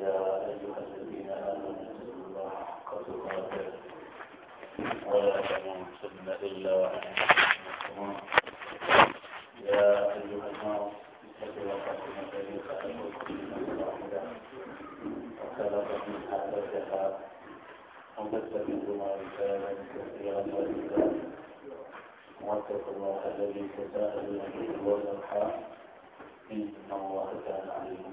يا أيها الذين آمنوا اتقوا الله حق تقاته ولا تموتن إلا وأنتم مسلمون يا أيها من واحدة وخلق منها زوجها وبث واتقوا الله الذي تساءلون به والأرحام إن الله كان عليكم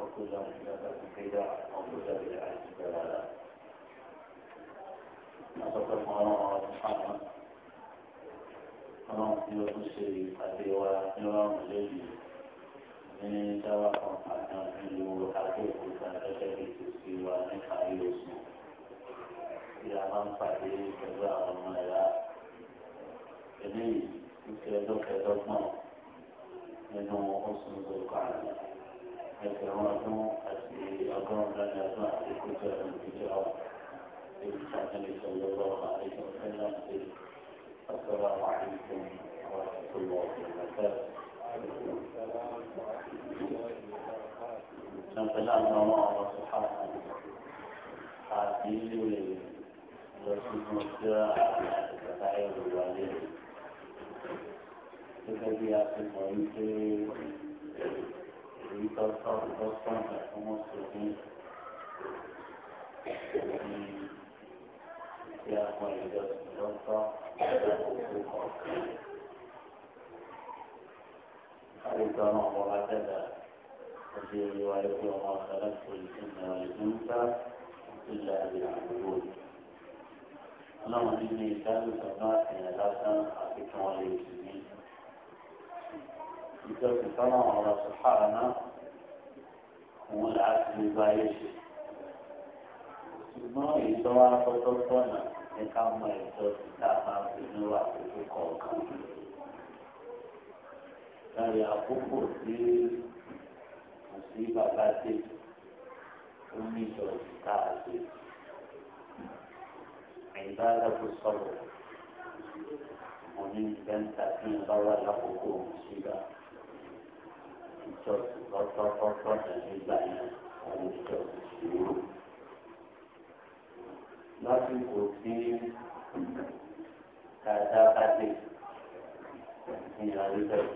وكل محدثة بدعة وكل بدعة ضلالة نسأل الله سبحانه ọlọ́run tí ó tún ṣe ìpàdé wa nírọ̀rùn lórí ní dáwà kan àjọ ìlú Abẹ́òkúta gẹ́gẹ́ bí ti ṣe wa nípa ìlòsùn tí a máa ń pàdé pẹ̀lú àwọn ọmọ ẹ̀yà eléyìí ti ṣe ẹjọ́ kẹẹ̀ẹ́dọ́gbọ̀n nínú oṣù tó kọ́ àná. ẹgbẹ̀rún àti ọgọ́rùn-ún lẹ́nu ọdún àti kújọ ìgbìjọ ìlú sàtẹ́lẹ̀ ìṣòro lọ́wọ́ àti ìṣòro ti ọ̀sọ́lá wà ní ìṣòro àwọn ìṣòro ìgbàgbọ́. Nàìjíríà ń lọ wọn àwọn sùpàá àti ilé lọ sí Mọ́síra àgbàtà ẹ̀rọ wálé. Gẹ́gẹ́ bí a ti mọ̀ wípé èyí tó sọ tó sọ nígbà tí wọ́n sọ ní ní tí a kọ ìjọsìn lọ́tọ́ ìjọsìn kọ̀ọ̀kan. àwùjọ náà wọ́n bá dẹ́gbà ọdún yìí wáyé pé ọmọ ọ̀sán kò ní sí ìmọ̀ ìdúntà ìlà ìlànà ọlọ́run nínú ìdálòsàn náà ẹ̀yẹ lásán àti kí wọ́n lè sì ní. ìjọsìn tọ́lá ọ̀rọ̀ sùhárà náà. òun là á ti lè bá yé ṣe. ṣùgbọ́n ìtọ́ afọ́tọ́ tọ̀nà ní ká mọ ìtọ́ sí tá a máa fi ní wà lójú kọ̀ọ̀kan. Lárí àkókò tí kò sí bàbá dé, ó ní ìtọ́ sí tá a ṣe. Àyíká lọ́kùn sọ̀rọ̀. Mo ní ìgbẹ́ńtà tí ń bá wà lákòókò òun síbà ìjọsìn lásìkò tí kàdá bá dé ìyá rí bẹ́ẹ̀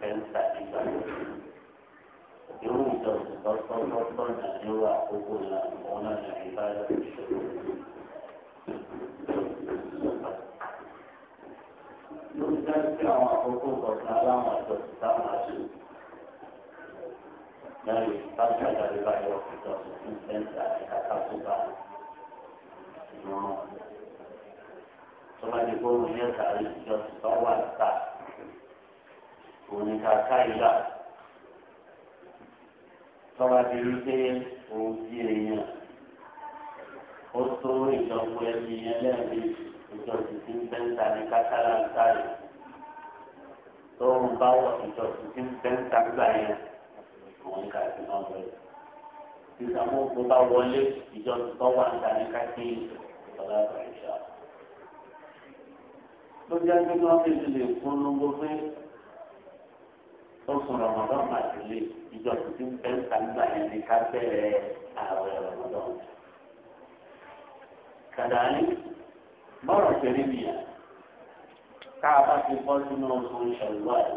pẹ́ńtà nígbà yẹn. irú ìjọsìn kọ́kọ́kọ́kọ́ nàìjíríà àkókò náà wọn náà ní ṣòro. àdúrà yọ ìjọ sẹ́ńtà ìkàkà sùpà ìmọ̀ràn. Sọ́ba ti kó orin yẹn kàrí ìjọ sùpà wà níta. Òní kàkà ìlà. Sọ́ba rí pé òun ti èèyàn. Ó tó ìjọba ẹni ẹlẹ́ẹ̀mí ìjọ sùkúù sẹ́ńtà ní kàkàrà ń sáré. Tó ń bá wọ ìjọ sùkúù sẹ́ńtà gbà yẹn. 我们改变到这里。títí àwọn oko bá wọlé ìjọ tó wà níta ní kákí ìtọ́lá àgbàyíṣà. ló jẹ́ pé wọ́n fi lè polongo pé oṣù rọ̀mọ́dọ́ màdìlé ìjọ tuntun bẹ́ẹ̀ kàgbà yẹn ní ká bẹ̀rẹ̀ ààrẹ rọ̀mọ́dọ́. kàdáyé bọ́ọ̀rọ̀ tẹ̀lé nìyà tá a bá ti bọ́ sínú oṣù ìṣẹ̀lú àyè.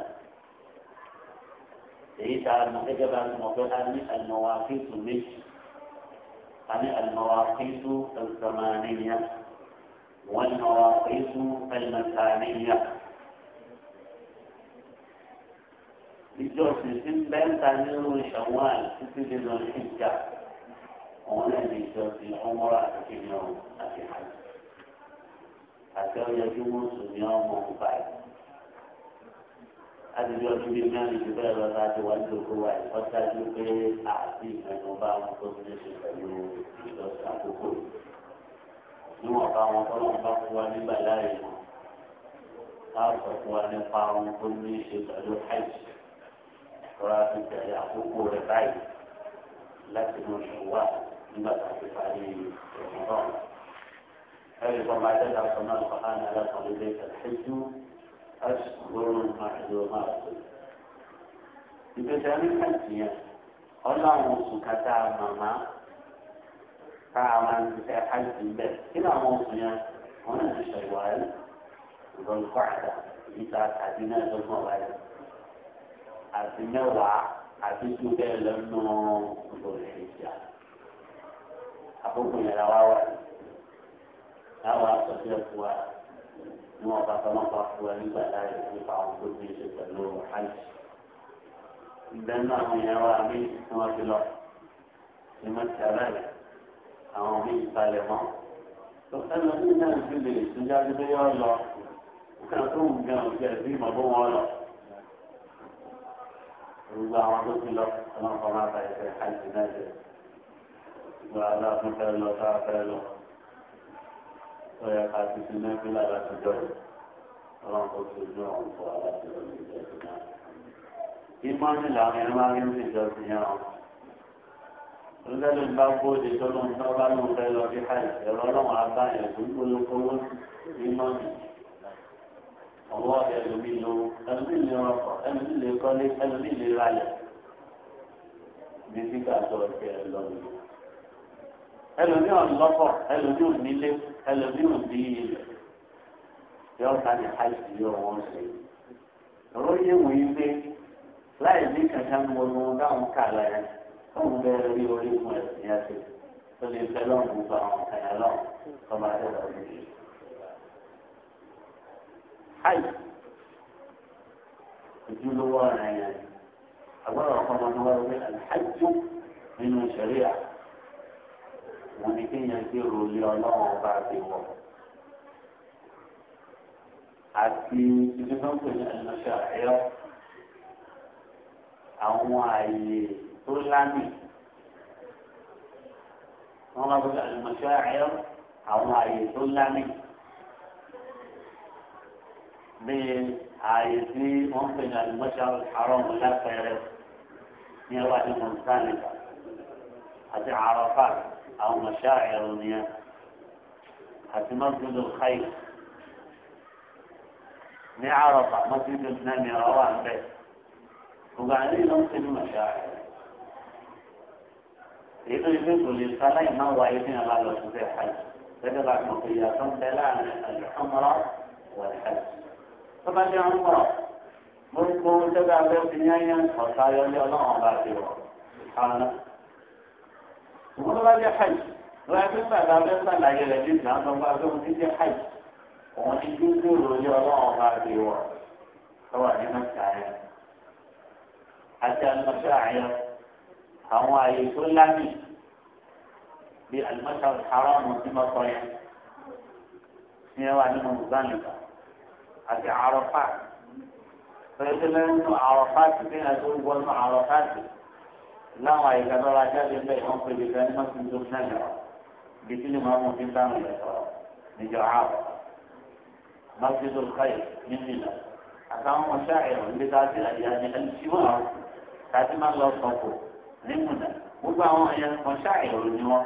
ليس على مجب المبلغ المواقيت منه عن المواقيت الزمانية والمواقيت المكانية يجوز يسمى بين تامير الشوال تسجد الحجة هنا يجوز العمر في اليوم في حج حتى يجوز يوم بعد adìyẹ ọdún bíi mẹ́rin ju bẹ́ẹ̀ lọ láti wá ní oko wa ìfọ́sá ju pé àti ìfẹ̀nùbá wọn tó ní ṣe pẹ̀lú ìlọsí àkókò níwọ̀n bá wọn tọ́lọ́ bá fún wa nígbà láàyè wọn ká sọ fún wa nípa wọn tó ní ṣe pẹ̀lú hajj rọra fi tẹ̀lé àkókò rẹ̀ báyìí láti mú ṣùgbọ́n nígbà tá a ti parí ìrọ̀rùn náà. ẹ̀rí kan máa dẹ́ta sọ náà sọ أشهر معلومات ìgbésẹ̀ oníkàtìyàn ọlọ́run oṣù kata màmá tá a máa ń ṣiṣẹ́ àjù bẹ́ẹ̀ kí ni àwọn oṣù yẹn wọn náà ti ṣe ìwà rẹ̀ ìrọ̀lùkọ́ àdá ìta àti náà tó mọ̀ wáyé àti mẹ́wàá àti tó bẹ́ẹ̀ lọ́nà ìbòlẹ̀ ìjà àkókò yẹn la wá wà láwọn aṣọ wa. نقطة نقطة ولد لا يقطع كل شيء له حج دنا من أوامي ما كل ما كبر أوامي سالما فكان لنا كل سجاد بيا الله وكان توم كان كذي ما بوم الله رجع ما كل أنا فما تعرف حج نجد ولا فكر لو تعرف ọ̀yà ká ti fi náà fi lára ti jọ ọlọ́run tó ti ojú ọ̀hún fún wa láti lọ sí ìjọsìn náà. ìmọ̀ ní làwọn ẹ̀rọ máa ń fi ìjọsìn yẹn hàn. olùdarí ń bá bóde tọ́lọ́ ń tọ́ bá lóun fẹ́ lọ sí káyì ẹ̀rọ ọlọ́run abá yẹn tó ń polówó ìmọ̀ ní. ọwọ́ ẹlòmí lo ẹlòmí lè rọpò ẹlòmí lè kọ́lé ẹlòmí lè ralẹ̀ bí ẹlòmíràn bí ilẹ̀ ní àìsí yọ wọn ṣe ọ̀rọ̀ yẹ wò yí pé láì ní kankan mo ní wọn dáhùn ká láyé tóun bẹ rí orí mu ẹsìn ẹsẹ tó lè fẹ lọ́hùn gbogbo àwọn kàyà lọ́hùn tó máa dé lọ sí i. àì ojúlówó ọ̀ràn yẹn àgbọ̀dọ̀ ọkọ̀ ọmọdé wá wọlé àlùfáàjò nínú ìṣẹ̀rí àti wọn ni kéèyàn gbé rolé ọlọ́run bá ti wọ̀ àti ìdíkọ́pẹ̀ ìrìnàṣà ẹ̀yọ́ àwọn ààyè tó lámì wọn bá gbé ìrìnàṣà ẹ̀yọ́ àwọn ààyè tó lámì bíi ààyè tí wọ́n ń pè ní àlùmọ́ṣà àrọ̀ lápẹ̀rẹ̀ ní ọwọ́ àti mọ̀nsánì àti àrọ̀fà. او مشاعر يا حتى مسجد الخير نعرف مسجد الاسلام يا رواه بس وبعدين ننقل مشاعر إذا يجب للصلاة ما هو يدين على الوصول في الحج فإذا بعد مقياسا فلا عن الحمرة والحج طبعا دي عمرة ملكون تبع في الدنيا ينفع صار يولي الله عم بعد يوم سبحانه ṣùgbọ́n tó bá jẹ́ hajj lọ́wọ́ ẹgbẹ́ sàgbà bẹ́ẹ̀ sàlàyé rẹ̀ ní ìgbà tó bá tó ti jẹ́ hajj òun ti dún dúró ní ọlọ́run bá ti wọ̀ lọ́wọ́ ní mẹ́ta yẹn àti àlùmọ́ṣẹ́ àyẹn àwọn àyè tó lámì bíi àlùmọ́ṣẹ́ àrọ́mù tí mo sọ yẹn ní ẹwà nínú mùsàlùmá àti àrọ́fà pẹ̀lú àrọ́fà ti dín àti ó wọnú àrọ́fà ti láwọn àyíká lọ́ra jáde bẹ́ẹ̀ wọ́n pè lè ní wọ́n ti tó sẹ́lẹ̀ bìtí ni màmú fi bá mi sọ̀rọ̀ níjọ ààbò masjidu káyì níbi ìlà àtàwọn ọmọ sáàyè ọ̀hún lè dá sí àyà ní ẹni tí wọ́n àwọn tàbí má lọ sọ̀kò nímùnà gbogbo àwọn ẹ̀yà ọmọ sáàyè ọ̀hún ni wọ́n.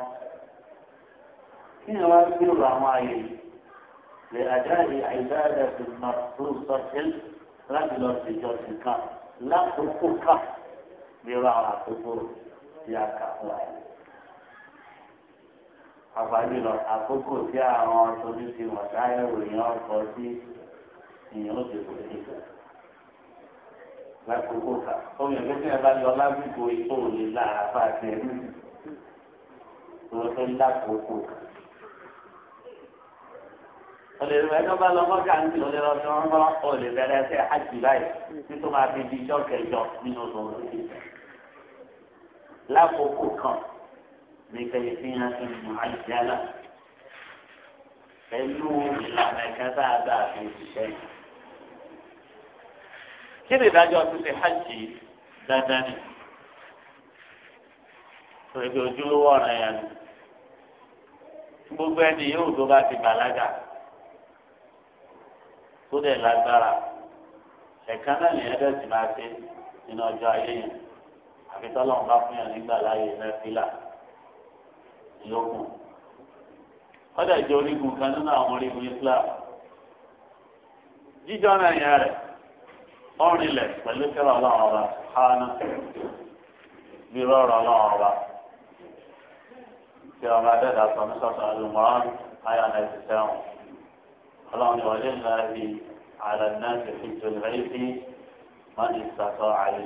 kí ni wọ́n fi rọ àwọn àyè lè àjáde àìdáàdà tó máa tó sọ̀tẹ́lì bí àwọn àkókò tí a kà fún ẹ. àpàdé lọ àkókò tí àwọn tóbi ti wọ̀n sáyẹ̀ ròyìn ọkọ̀ sí ìyẹn ó ti kò sí. lákòókò kan omi ìgbé tí ẹ bá yọ lábìbò ètò òní lára bá ti ẹ ní. lákòókò kan. olè rẹ bá lọ mọ́kà ń tì olè lọ bá olè bẹ̀rẹ̀ sí àjì máa fi di ijọ́ kẹjọ nínú tòun. lákòókò kan nìkan ìfihàn ti mọ àìjálà pẹ̀lú ìlànà ìkẹta àgbà àti òṣìṣẹ́ yìí. kí ni ìdájọ́ hajj dandan ni? pẹ̀lú ojúlówó ọ̀ràn yẹn ni gbogbo ẹni yóò tó bá ti bàlágà tó dẹ̀ lágbára ẹ̀ka náà lè ẹ̀dẹ̀ sì máa ṣe nínú àfi tọ́lọ́run bá fún yàn nígbà láàyè náà fílà lókun ọ̀dà ìjọ orígun kan nínú àwọn orígun Islam jíjọ́ náà yẹn rẹ̀ ọ̀rìnlẹ̀ pẹ̀lú kẹ́rọ̀ ọlọ́run ọba hánà bí rọ̀rọ̀ ọlọ́run ọba tí ọba dẹ́dà sọ ní sọ́sọ́ àlùmọ́ọ́nù ayọ̀ náà ti sẹ́wọ̀n ọlọ́run ni wọlé ńlá bíi àlànà ti fi jòlè rẹ̀ bí wọ́n ti sàtọ̀ àlè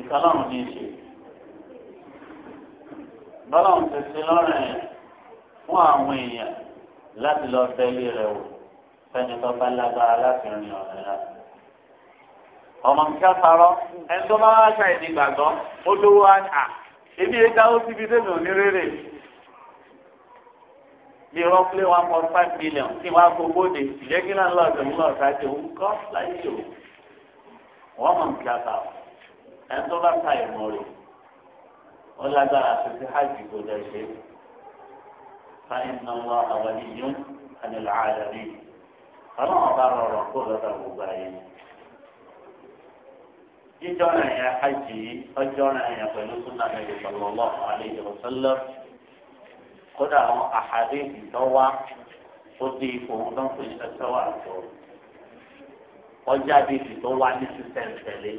ìtọ́lọ́run ní í ṣe bọ́lọ́run ti ṣe lọ́rùn yẹn fún àwọn èèyàn láti lọ tẹ́lé rẹ̀ wò fẹ́ni tó bá lágbára láti rìn ọ̀rẹ́ rẹ̀ ọmọ nǹkan parọ́ ẹni tó bá wá ṣàì ní gbàgbọ́ ó lówó á ní à ebi ẹ̀ka ó ti fi tẹ̀sán ní rere bí roughly one point five million tí wọ́n á kó bóde ìjẹ́kí náà lọ́ọ̀dọ̀ nígbà ọ̀sán kọ́ láyé o wọ́n mọ̀ nǹkan parọ́ ẹni tó bá ka ìmọ̀ rẹ̀ ó lágbára àti hajj kò dẹ̀ ṣe fa iná lọ àwọn ènìyàn àdìlà àdàbí ọlọ́run bá rọrùn kó lọ́dọ̀ gbogbo ayé jíjọ́ náà yẹ hajj yìí ọjọ́ náà yẹ pẹ̀lú súnà nàbì sọlọ́lọ́ àlejò sọlọ́ kódà àwọn àhàdé ìtọ́wá ó di ipò wọn tó ń pè é sẹ́tọ́wà tó ọjà bíbí tó wá ní sísẹ́ǹtẹ̀lé.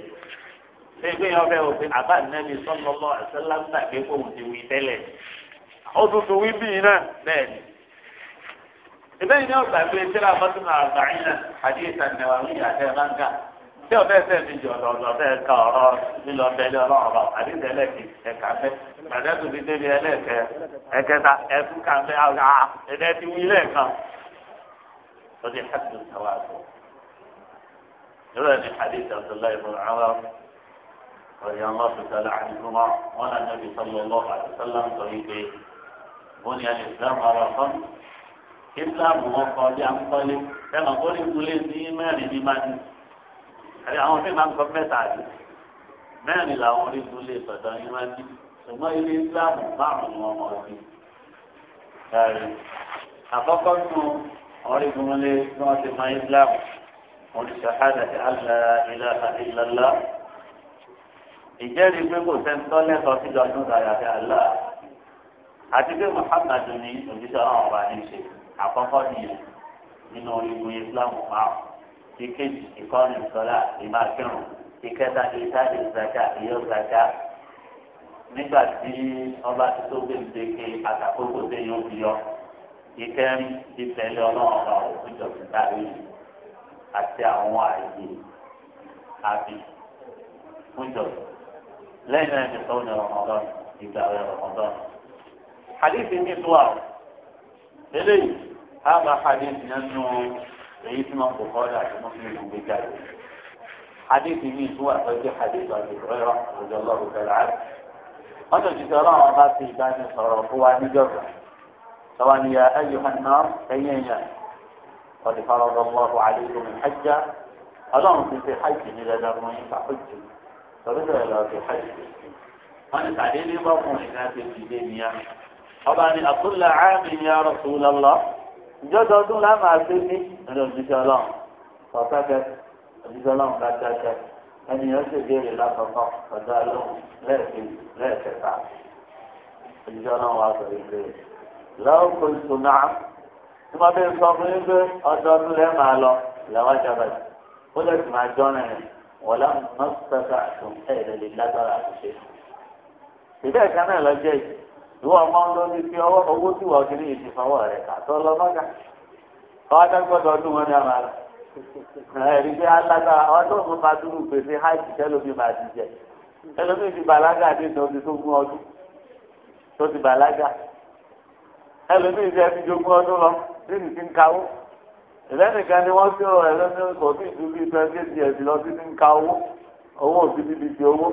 ṣé ìgbé yẹn òfin àbá nẹ́bí sọ́lọ́lọ́ àṣẹláńtà pé kóun ti wí tẹ́lẹ̀ ó tún wí bíi náà bẹ́ẹ̀ ni. ìbéyìí ni ọ̀gbà gbé tíra fọ́túnà àgbáyìn náà àdé ìtànẹ̀wà wí àtẹ̀ báńkà tí ọ̀bẹ ẹsẹ̀ mi jọ lọ́dọ̀ bẹ́ẹ̀ ka ọ̀rọ̀ lílọ bẹ́ẹ̀lẹ́ ọlọ́ọ̀rọ̀ àbí tẹ́lẹ̀ kì ẹ̀ka fẹ́ gbàdẹ́ tó fi débi ẹlẹ́ẹ̀kẹ́ ẹ̀kẹta ẹ̀kú kan fẹ́ àgbà ẹ̀dẹ́ ti wí lẹ́ẹ̀kan lọ́dẹ̀ hàdùn tàwa àgbọ̀. lọ́dọ̀ ni hadith abdullahi رضي الله تعالى عنهما قال النبي صلى الله عليه وسلم طريقه بني الإسلام على خمس إسلام وقع بأمثاله كما قول ابن الإيمان بمن يعني àwọn fi máa ń sọ mẹ́ta ni mẹ́rin làwọn orígun lè sọ̀tọ̀ yín máa ń bí ṣùgbọ́n ilé islámù márùn-ún ni wọ́n mọ̀ ọ́ bí. àkọ́kọ́ nù orígun lé bí wọ́n ti mọ islámù oníṣàhádà ti àlá ilaha illallah ìjẹ́rìí pé kò sẹ́ni tó lẹ́tọ̀ọ́ sí ìjọdún àyàfi àlá àti pé Muhammad ní òjíṣẹ́ ọ̀hún ọba ní ṣe àkọ́kọ́ nìyẹn nínú orígun Islam márùn ìkejì ìkọ́ni ìsọ́lá ìmákírun ìkẹta ìtàdé ìzàkà ìyọ́ ìzàkà nígbà tí ọba ti tó gbèǹdéke àtàkókò téyàn ó fi yọ ìkẹrin ìtẹ̀lé ọlọ́run ọba òfin ìjọsìn tàbí àti àwọn àyè àbí fún ìjọsìn. لنا من صوم رمضان بدعوى رمضان حديث المسوار إلي هذا حديث لأنه اسم البخاري عن مسلم بكاته حديث المسوار ففي حديث أبي هريرة رضي الله تعالى عنه أنا جدران في بان صرف وعن جرة سواء يا أيها الناس كيين قد فرض الله عليكم ألا ألم في حج إلى دار فحجة torí náà lọ sí hajj wọn ní tàdé ní bọ́kùnrin náà ti fi dé níyà ọba ní àkúlẹ̀ àmì ní arọ̀sùn lọ́lọ́ ìjọba ọdún láàmú àti ní ẹni òjíṣẹ́ ọlọ́run kọ̀ọ̀kẹ́kẹ́ òjíṣẹ́ ọlọ́run bá dákẹ́ ẹni yẹn sì béèrè lákọ̀ọ́kọ́ ọ̀dọ́ alóhùn lẹ́ẹ̀kẹ́ lẹ́ẹ̀kẹta òjíṣẹ́ ọlọ́run wà sọ ìbéèrè lọ́wọ́ kò tí wọ́n bẹ́ẹ̀ sọ fún yín pé ọdọọdún lẹ́ẹ̀ máa lọ làwọn wọ́n lọ mọ́ sọ́sọ́ àtúntò ẹ̀rọ lè lágbára àtúnṣe. ìdá ìka náà lọ jẹ́ ìwọ ọmọ ń lórí fi ọwọ́ owó tí wọ́n kiri yìí ti fọwọ́ rẹ̀ kà tó lọ mọ́gà. ọwọ́ adágbọ́dọ̀ ọdún wọn ni a máa rà. ẹ̀rí bí alágbára ọdún òun máa dúró gbèsè hajj tẹ́lómi máa ti jẹ. tẹ́lómi ti bàlágà dé ìtọ́jú tó gún ọdún tó ti bàlágà. ẹlòmíì ti ẹni jogún ọdún lọ nínú ti ń kawó ìlẹ́nìkan ni wọ́n kírun ẹ̀ lẹ́nu kò sí ìdú bíi twenty years lọ sí ní nka owó owó òbí bíbi ti owó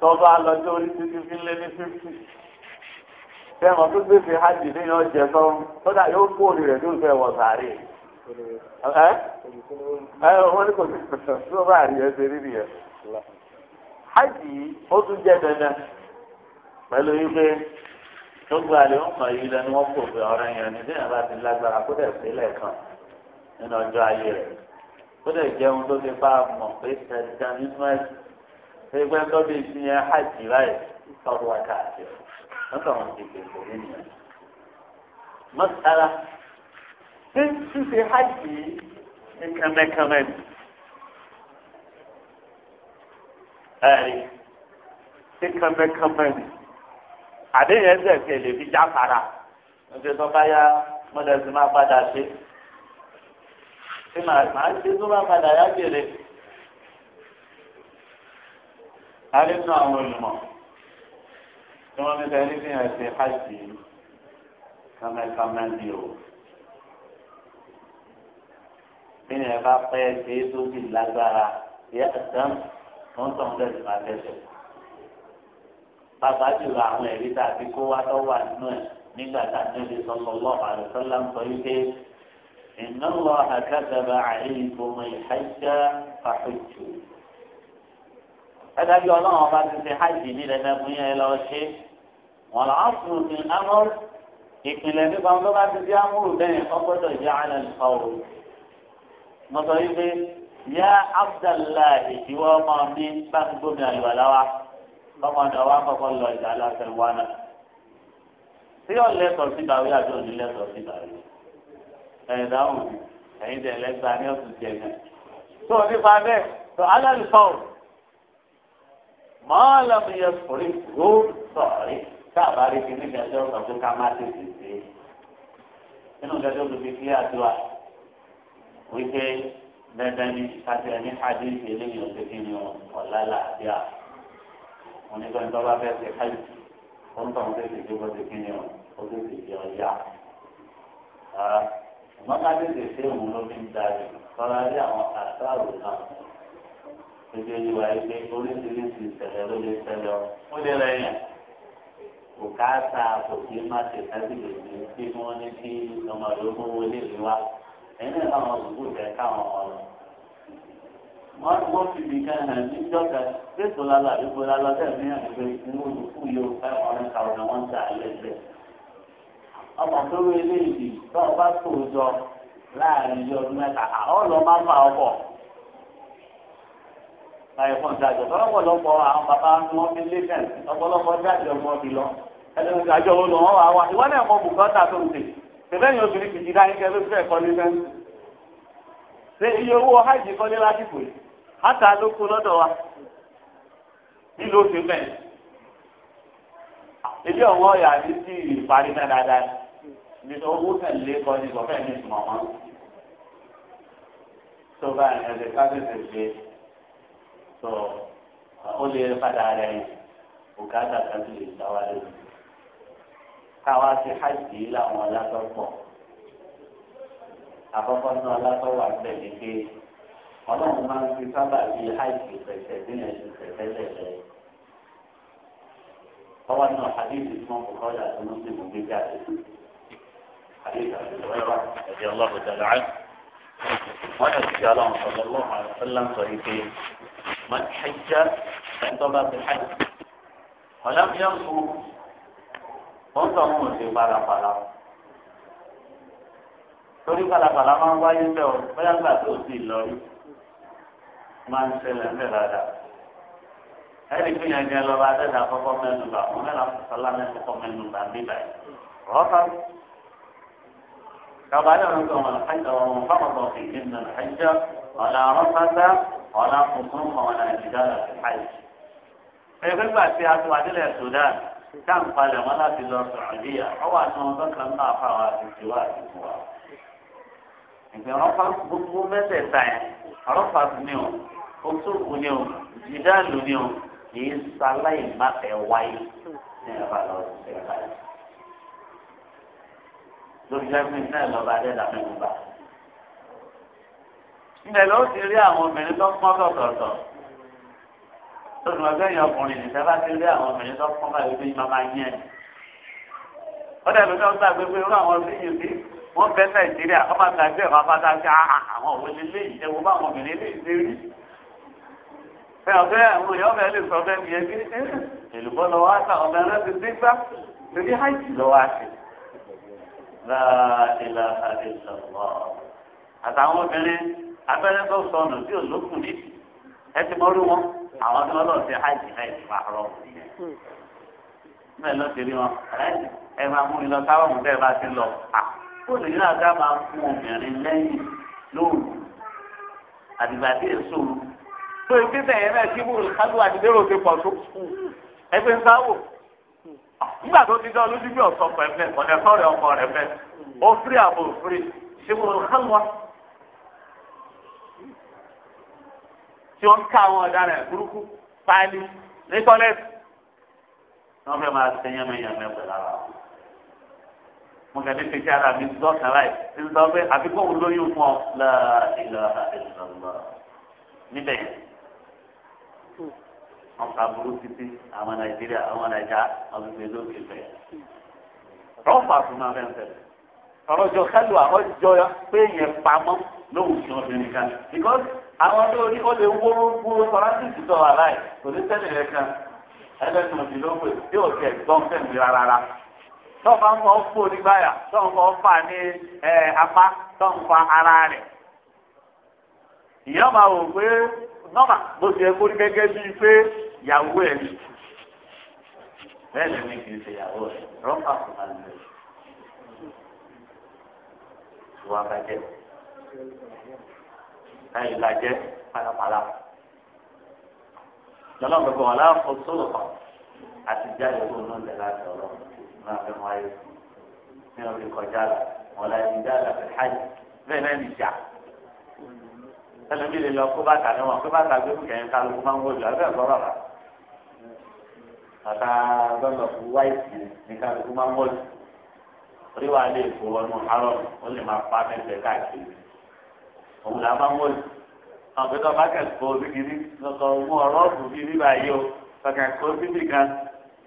tọ́ba lọ́jọ́ orí títí fi lé ní fifty fẹ́ràn tó gbèsè hajj níyàn jẹ sọ́run kódà yóò kó orí rẹ̀ tó fẹ́ wọ̀ sàárè ẹ ẹ wọ́n ní kò sí tó bá rí ṣe rí rí hajj ó tún jẹ dandan pẹ̀lú yìí pé gbogbo àlè wọn mọ yìí lẹnu wọn kò fẹ ọ̀rọ̀ yẹn ní bẹ́ẹ̀ bá ti lágbára kó dẹ̀ sí lẹ́ẹ̀kan nínú ọjọ́ ayé rẹ̀ kó dẹ̀ jẹun tó ti bá mọ̀ pé sẹdán nísúmẹsì ṣé gbẹ tó bí ti yẹn hajj láì tọrọ wákà àti wọn tọ wọn ti pèsè nìyẹn. mọ́tàlá ṣé ṣíṣe hajj ní kẹ́mẹ́kẹ́mẹ́ ni. ẹ̀rí ṣé kẹ́mẹ́kẹ́mẹ́ ni àdéhùn ẹsẹ̀ ti lè fi já para ọjọ́ tó bá yá mọ́tò ti máa padà ṣe ṣé màá màá ṣe tó bá padà yá gèrè alẹ́nu àwọn olùmọ̀ tí wọ́n ní sẹ́ni fi hàn ṣe hajj kàmẹ́kàmẹ́ ni o bí ni ẹ bá pẹ́ ṣe é tó sì lágbára yẹ ẹ̀sán tó ń tọ̀ ń bẹ̀rẹ̀ máa tẹ̀sẹ̀ bàbá jùlọ àwọn ẹ̀rí tá a fi kó wá tọ́wọ́ àdúnú ẹ̀ nígbà tá a níbi sallallahu alaihi wasallam ń sọ wípé inna Allaha kataba alaykumul hajja fahujju. ẹ̀dá bí ọlọ́run ọba ti ṣe hajj nílẹ̀ mẹ́fún yẹn lọ ṣe wọn lọ áfùrù ní amọ́ ìpìlẹ̀ nípa wọn bá ti di amúrù bẹ́ẹ̀ ọgbọ́dọ̀ yá alẹ́ nǹkan o. mo yá Abdullahi ìwọ ọmọdé wa kọ́kọ́ lọ ìdá aláṣẹ wa náà tí yóò lẹ́tọ̀ sí ìdàwé àti òní lẹ́tọ̀ sí ìdàwé ẹ̀yìn dáhùn ẹ̀yìn tẹ̀ lẹ́gbàá ní ọ̀sùn tiẹ̀ náà tó o nípa bẹ́ẹ̀ tó aláàlú sọ̀rọ̀ màá lọ́mú yẹ sọ̀rí ló sọ̀rí káàbá rí kí nígbà tó sọ pé ká má tètè dé nínú gẹ́gẹ́ olùbí kí àdúrà wípé dandan ní kàtẹ́ ní hadith eléyìí ọ̀sẹ̀ kí ni ọ̀lá làbíà onígbàntọ́ bá fẹ́ ṣe hajj ó ń tọ́wọ́n tètè tó bọ́sẹ̀ kí ni ó tètè di ọjà. ṣùgbọ́n ká tètè ṣe òun ló fi ń darí tọ́lá rí àwọn àtàrò náà. ṣèṣe ìwà ẹgbẹ́ oríṣiríṣi ìṣẹ̀lẹ̀ ló lè ṣẹlẹ̀ ọ́ ó lè rẹ̀ yàn. kò ká ta kò sí má ṣe kábíyè ní kí wọ́n ní kí ọmọ ìlú wọlé ìlú wa ẹ̀yìn náà káwọn òkú tẹ káwọn ọ̀rọ̀ wọ́n wọ́n fi mi kan hàn ní dọ́kà pépò lálọ́ àdúgbò lálọ́ bẹ́ẹ̀ ní àgbègbè inú olùkú yóò fẹ́ ọ̀rẹ́ kàwọn wọn ta ẹlẹ́gbẹ́. ọmọ tó wé léèdì tó o bá tó o jọ láàrin iye ọdún mẹ́ta àwọn lọ máa ń fa ọkọ̀. láyé fún ìdájọ́ lọ́pọ̀lọpọ̀ àwọn bàbá wọn fi lé fẹ́ǹsì ọ̀pọ̀lọpọ̀ dájọ́ ọmọ bì lọ ẹlẹ́nu ìdájọ́ wọn lọ wọ́n wá ìwọ́n náà mọ bùkọ́tà tó ń tè tẹ̀lẹ́yìn hátà ló kó lọ́dọ̀ wa nílò òsè mẹ́rin ilé ọ̀wọ́ ọ̀yà ní sí ìparí náà dáadáa ní owó tẹ̀lé kọ́ ní ìgbọ̀fẹ́ ní ìtumọ̀ wọn tó bá ẹ̀rẹ̀ kábíyèsí ṣe tó ó lè padà rẹ̀ bùkátà kájú lè gbá wa lórí káwa ti hajj láwọn alátọ́ pọ̀ àkọ́kọ́ náà alátọ́ wà tẹ̀lé pé ọlọ́run máa ń fi sábà bí àìsí pẹ̀sẹ̀ nílẹ̀ ju pẹ̀sẹ̀lẹ̀ lẹ̀. ọwọ́ náà àdéhùn tí wọ́n kò kọ́jà tó ń sìn gbé jáde. àdéhùn àti ìwẹ́wà ẹ̀jẹ̀ ọlọ́run dàgbà á. wọ́n yẹ kí ọlọ́run sọ̀rọ̀ lọ́wọ́ àlùfẹ́lá sọ ike máa ń máa ń ṣẹlẹ̀ ńbẹ̀ dáadáa. ẹ̀rí fún yẹn gẹ́gẹ́ lọ́ba adẹ́dà kọ́kọ́ mẹ́nu bá wọn mẹ́ra sọ́lá mẹ́nu kọ́ mẹ́nu bá ń bíbá yìí. rọ́ọ̀tà kaba yẹn ló ń sọ̀rọ̀ àjọ wọn fáwọn tó fi kí nínú àjọ ọ̀nà rọ́ọ̀tà ọ̀nà kùnkùn ọ̀nà ìdíjára àjọ. ẹgbẹ́ gbà tí a tún adílẹ̀ Sudan táǹpalẹ̀ wọn láti lọ Saudiya ọwọ́ àti gbogbo mẹ́tẹ̀ẹ̀ta yẹn ọ̀rọ̀ fà mí o òtúrùkù ni o ìdáàlú ni o kì í sáláì má fẹ́ wáyé ní ìjọba lọ sí ìjọba yìí. lórí jẹ́pín náà lọ́ba adé làmé gbogbo. ilẹ̀ ló ti rí àwọn obìnrin tó pọ́n tọ̀tọ̀tọ̀ olùwàgbé yẹn ọkùnrin nìkan bá ti rí àwọn obìnrin tó pọ́n báyìí bí máa máa yẹn. ó dẹ̀ lóṣù ọgbà gbégbé irú àwọn obìnrin yìí wọ́n bẹ Nàìjíríà ọmọ àgbàgbé ọmọ afátáṣá àwọn òwe lélẹ́yìí ẹ ọ̀fẹ́ àwọn èèyàn ọ̀fẹ́ lè sọ ọ̀fẹ́ mi yẹn bí èlùbọ́ lọ wá sá ọ̀fẹ́ rẹ ti dé gbá torí hajj lọ wá sí. láàlá àdìsọ̀lọ́ àtàwọn obìnrin abẹ́rẹ́ tó sọnù tí ò lókun ní ẹ ti mọ́rú wọn àwọn tí wọ́n lọ sí hajj náà ti máa rọ bẹ́ẹ̀ ló ti rí wọn ẹ máa mú ilọ táwọn ọmọdé bá ti lọ kó lè ní àga máa fún obìnrin lẹ́yìn lóru àdìgbà tí èso tó ibi bẹ́ẹ̀ náà kí wúrò kálù àdìlérò ti pọ̀ tó ẹgbẹ́ ń sáwò nígbà tó ti dán lójú bí ọ̀sán pẹ̀ fẹ́ ọ̀dẹ̀ sọ̀rọ̀ ọkọ rẹ̀ fẹ́ ó fírí àbò fírí ṣé wúrò kálù wa. tí wọ́n ká àwọn ọ̀daràn burúkú páálí ní tọ́lẹ́tì wọ́n fẹ́ máa ṣe yánmẹ́yánmẹ́ pẹ̀lú ara wọn mo kàn ní fèsì ara mi dọ́kàn láì ti sọ pé àfikún òun lóyún fún ọ láàrin ìlànà ìlànà níbẹ̀ wọn fa burú títí àwọn nàìjíríà àwọn nàìjà àwọn ìgbè lókè fẹ rọ fà fún ma fẹ fẹ ọlọjọ kálù àkọjọ pé yẹn pamọ́ lóhùn sí obìnrin kan because àwọn tó ní ó lè wó wó fọlásìkì tó wà láì kò ní ṣẹlẹ̀ rẹ kan ẹlẹsìn òbí ló pè tí ò tẹ gbọ́n fẹmi rárá tọ́ọ̀fà ń fọ fún onígbàyà tọ́ọ̀fà ń fà ní apá tọ́ọ̀fà ara rẹ̀ ìyá máa wò pé nọ́mà bó ti ẹ kórí gẹ́gẹ́ bíi pé yàwó ẹ̀ ní bẹ́ẹ̀ lè ní kì í ṣe yàwó ẹ̀ rọ́pà kò máa lè wà bàjẹ́ láì lajẹ́ pàlàpàlà lọ́nà gbogbo wọn láàfọ̀ sọ̀rọ̀ kan àti jáde kó nù lẹ̀ láti ọ̀rọ̀ náà fẹ́ mọ ayé ní ọdún kọjá la wọn láì ní jáde àti hajj bẹ́ẹ̀ náà nìjà ẹlòmíì lè lọ kó bàtà ní wọn kó bàtà gbé kẹ̀yìn kálukú máa ń wọlé abẹ́ ẹ̀kọ́ bàbá bàtà gbọdọ̀ fún wáìtì ní kálukú máa ń bọ̀ jù orí wa lè fò wọnú arọ ó lè máa pa mẹ́fẹ̀ẹ́ káàkiri òun là máa ń wọ̀ jù àwọn pẹ̀lú ọba kẹ̀kọ́ òbíkiri lọ́kọ̀ ogun ọ̀rọ̀ òbíkiri báyìí o kẹ̀kọ́ bíbí kan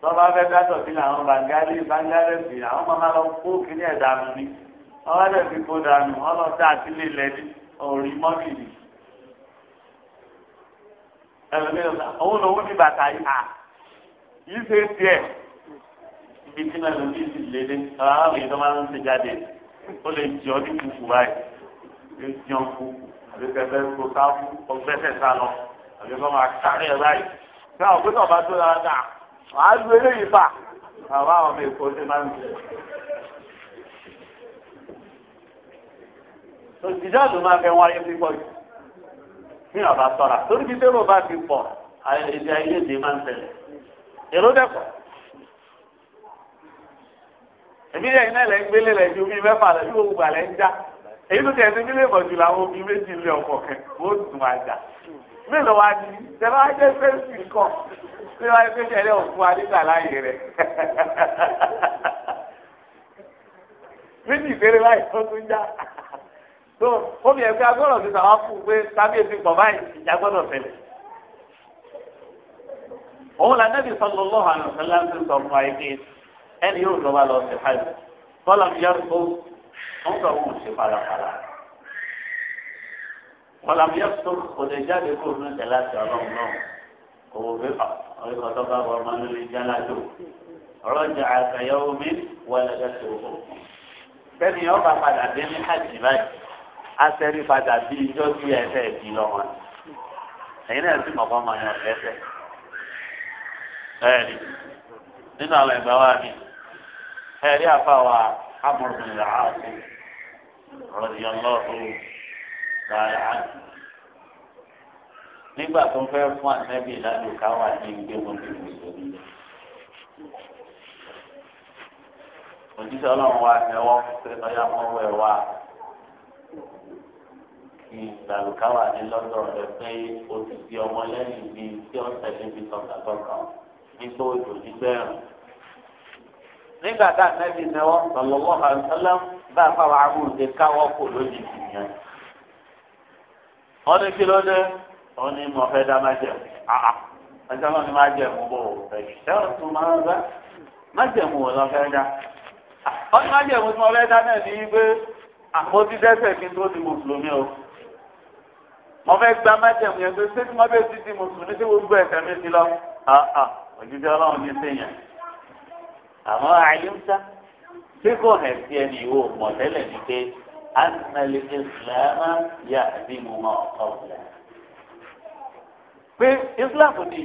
lọ́ba fẹ́ dátọ̀ sí làwọn bangali bangalẹ́sì àwọn máa lọ kó kíní ẹ̀dá nù ni ọba dẹ̀ fi kó dànù ọlọ́dà sílé lẹ́ni òòrì mọ́bìlì ẹ̀rọ mi lọ́sà òun lòun ní bàtà yìí yìí ṣe tiẹ̀ ibi tí màá lòdì sí lédè àwọn èèyàn máa ń ṣe jáde ó lè jọ ní kùkù báyìí lè jọ kú àbí kẹfẹ kó ká ọgbẹsẹ sá lọ àbí kọ́ máa sáré ẹ báyìí ṣé àwọn ògbésọ̀ bá tó dára dà wàá lu eléyìí fà àwọn àwọn ọmọ èkó ṣe máa ń ṣe. òṣìṣẹ́ ló máa fẹ́ wáyé pípọ̀ yìí ní ọ̀bá sọ̀rọ̀ torí bí dérò bá ti pọ̀ ayẹyẹ ayé èrò dẹ́kọ̀ èmi lẹ́yìn náà lẹ́yìn gbélé lẹ́yìn ju bíi mẹ́fà lẹ́yìn gbogbo gbà lẹ́yìn já èyí tó tẹ̀sí nílé ìmọ̀jú làwọn obì méjì lé ọkọ̀ kẹ ó dùn àjà mélòó wa ni tẹ̀lé wa jẹ́ fẹ́ǹsì kọ̀ tí wọ́n á gbé tẹ̀lé òkú wa nígbà láàyè rẹ̀ méjì ìbéèrè láì tó tún já tó omi ẹ̀gbẹ́ agbọ́dọ̀ ti sàwọn fún un pé sábẹ́ ti pọ̀ báyìí ìjà gbọ́dọ̀ tẹ̀lé òun là nẹ́bí sallallahu alaihi wasallam ń sọ fún ayé kéé ẹni yóò lọ́ba lọ sí hajj bọ́lá mi yára tó ń sọ òun ṣe parapara bọ́lá mi yára tó kò lè jáde kó ní ìtẹ̀lá sí ọlọ́run náà kò wò pé pa ah, ọ̀rẹ́ kan tó bá wọ ọmọ nílé jálá jò rọ́jà àkàyẹ̀wò mi wọlé gẹ́sẹ̀ òkú sẹ́ni ọba padà dé ní hajj báyìí asẹ́rí padà bí ijó bí ẹ̀fẹ́ ìdí lọ́wọ́ ẹ̀yin náà sì mọ̀ fọ́ ọmọ yẹn ọ̀fẹ́ fẹ́. ẹ̀rí nínú àwọn ẹ̀gbẹ́ wa ni ẹ̀rí àfàwà amúrùmí là á sí rọ̀dìyà lọ́rùn láyà á ní. nígbà tó ń fẹ́ fún àtẹ́bí ìdádùká wà ní ìgbé wọn ní ìwòsàn ní. òjíṣẹ́ ọlọ́run wa ẹ̀wọ́ pé lọ́dọ̀ rẹ̀ pé o ti di ọmọ lẹ́yìn tí ó tẹ̀lé nítorí òjíṣẹ́ rẹ̀. nígbà tá a nẹ́bi náwó sọlọ́wọ́ àǹtọ́lá bá a fáwọn amúnde káwọ́ kò lójijì yẹn. wọ́n ní kí ló dé wọ́n ní mo fẹ́ dá má jẹ̀ àà ẹjọ́ náà ni má jẹ̀ mú bò ẹ̀ṣẹ́ ọ̀tún máa ń bá má jẹ̀ mú wọn lọ fẹ́ dá. wọ́n ní má mú tí mo fẹ́ dá náà ní pé àpótí dẹ́sẹ̀ kí n tó di mùsùlùmí o mo fẹ́ gba má mú yẹn pé ṣé tí mo fẹ́ ti di mùsùlùmí tí gbogbo ẹ̀ṣẹ̀ mi ti lọ òjijì ọlọ́run ní sèyàn àmọ́ àyíǹsá tí kò hẹ̀ sí ẹni ìwò mọ̀ tẹ́lẹ̀ ní pé anàlè ìsìlámà yà bí mo mọ ọ̀gbìn. pé islam ni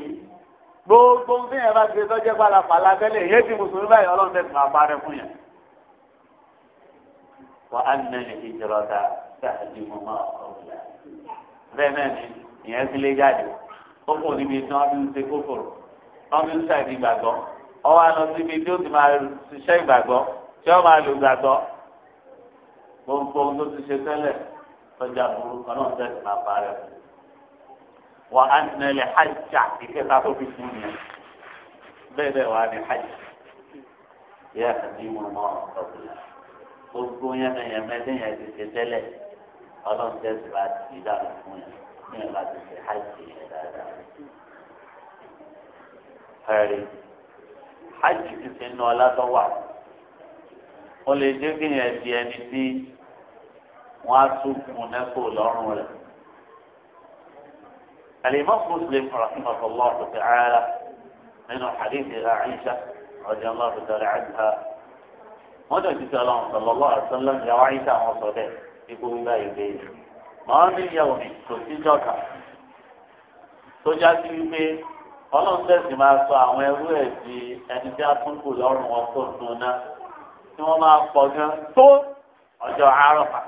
gbogbo ní ẹ̀ bá ti tọ́jẹ́ pàlàpàlà tẹ́lẹ̀ yé ti mùsùlùmí báyìí ọlọ́run tẹ̀ fún abárẹ́ fún yẹn. wà á nà ní ìjọba yà bí mo mọ ọ̀gbìn. bẹ́ẹ̀ náà ni ìyẹn ti lé jáde kókò níbi tí wọ́n fi ń ṣe kókòrò wọn fi ń ṣàìdí ìgbàgbọ́ ọwọ́ àná síbi tí ó ti máa ṣiṣẹ́ ìgbàgbọ́ tí ó máa lò ìgbàgbọ́ gbogbo ohun tó ti ṣe tẹ́lẹ̀ tọ́jà burú ọlọ́run tẹ̀sí máa bá rẹ̀ wà á nílẹ̀ hajj ìkẹta tó fi fún mi bẹ́ẹ̀ bẹ́ẹ̀ wà á ní hajj yẹ àdìmọ̀ mọ́ ọ̀gbìn gbogbo yẹn yẹn mẹ́tẹ́ yẹn ti ṣe tẹ́lẹ̀ ọlọ́run tẹ̀sí máa ti dáhùn fún yẹn ní ìlànà ti hajj yẹn dáadáa. ẹ̀rí hajj ti fi nu wà ó lè jẹ́ kí yẹn di ẹni tí wọ́n á tún kun nẹ́kọ̀ lọ́rùn rẹ̀. الإمام مسلم رحمه الله تعالى من حديث عائشة رضي الله تعالى عنها ماذا تسألون صلى الله عليه وسلم يا عائشة وصدق يقول لا يبين ما من يوم كنت جاكا Soja ọlọ́run tẹ̀sí máa sọ àwọn ẹrú ẹ̀ di ẹni tí a tún kù lọ́rùn wọn tó dùn náà tí wọ́n máa pọ̀ gan tó ọjọ́ àárọ̀fà.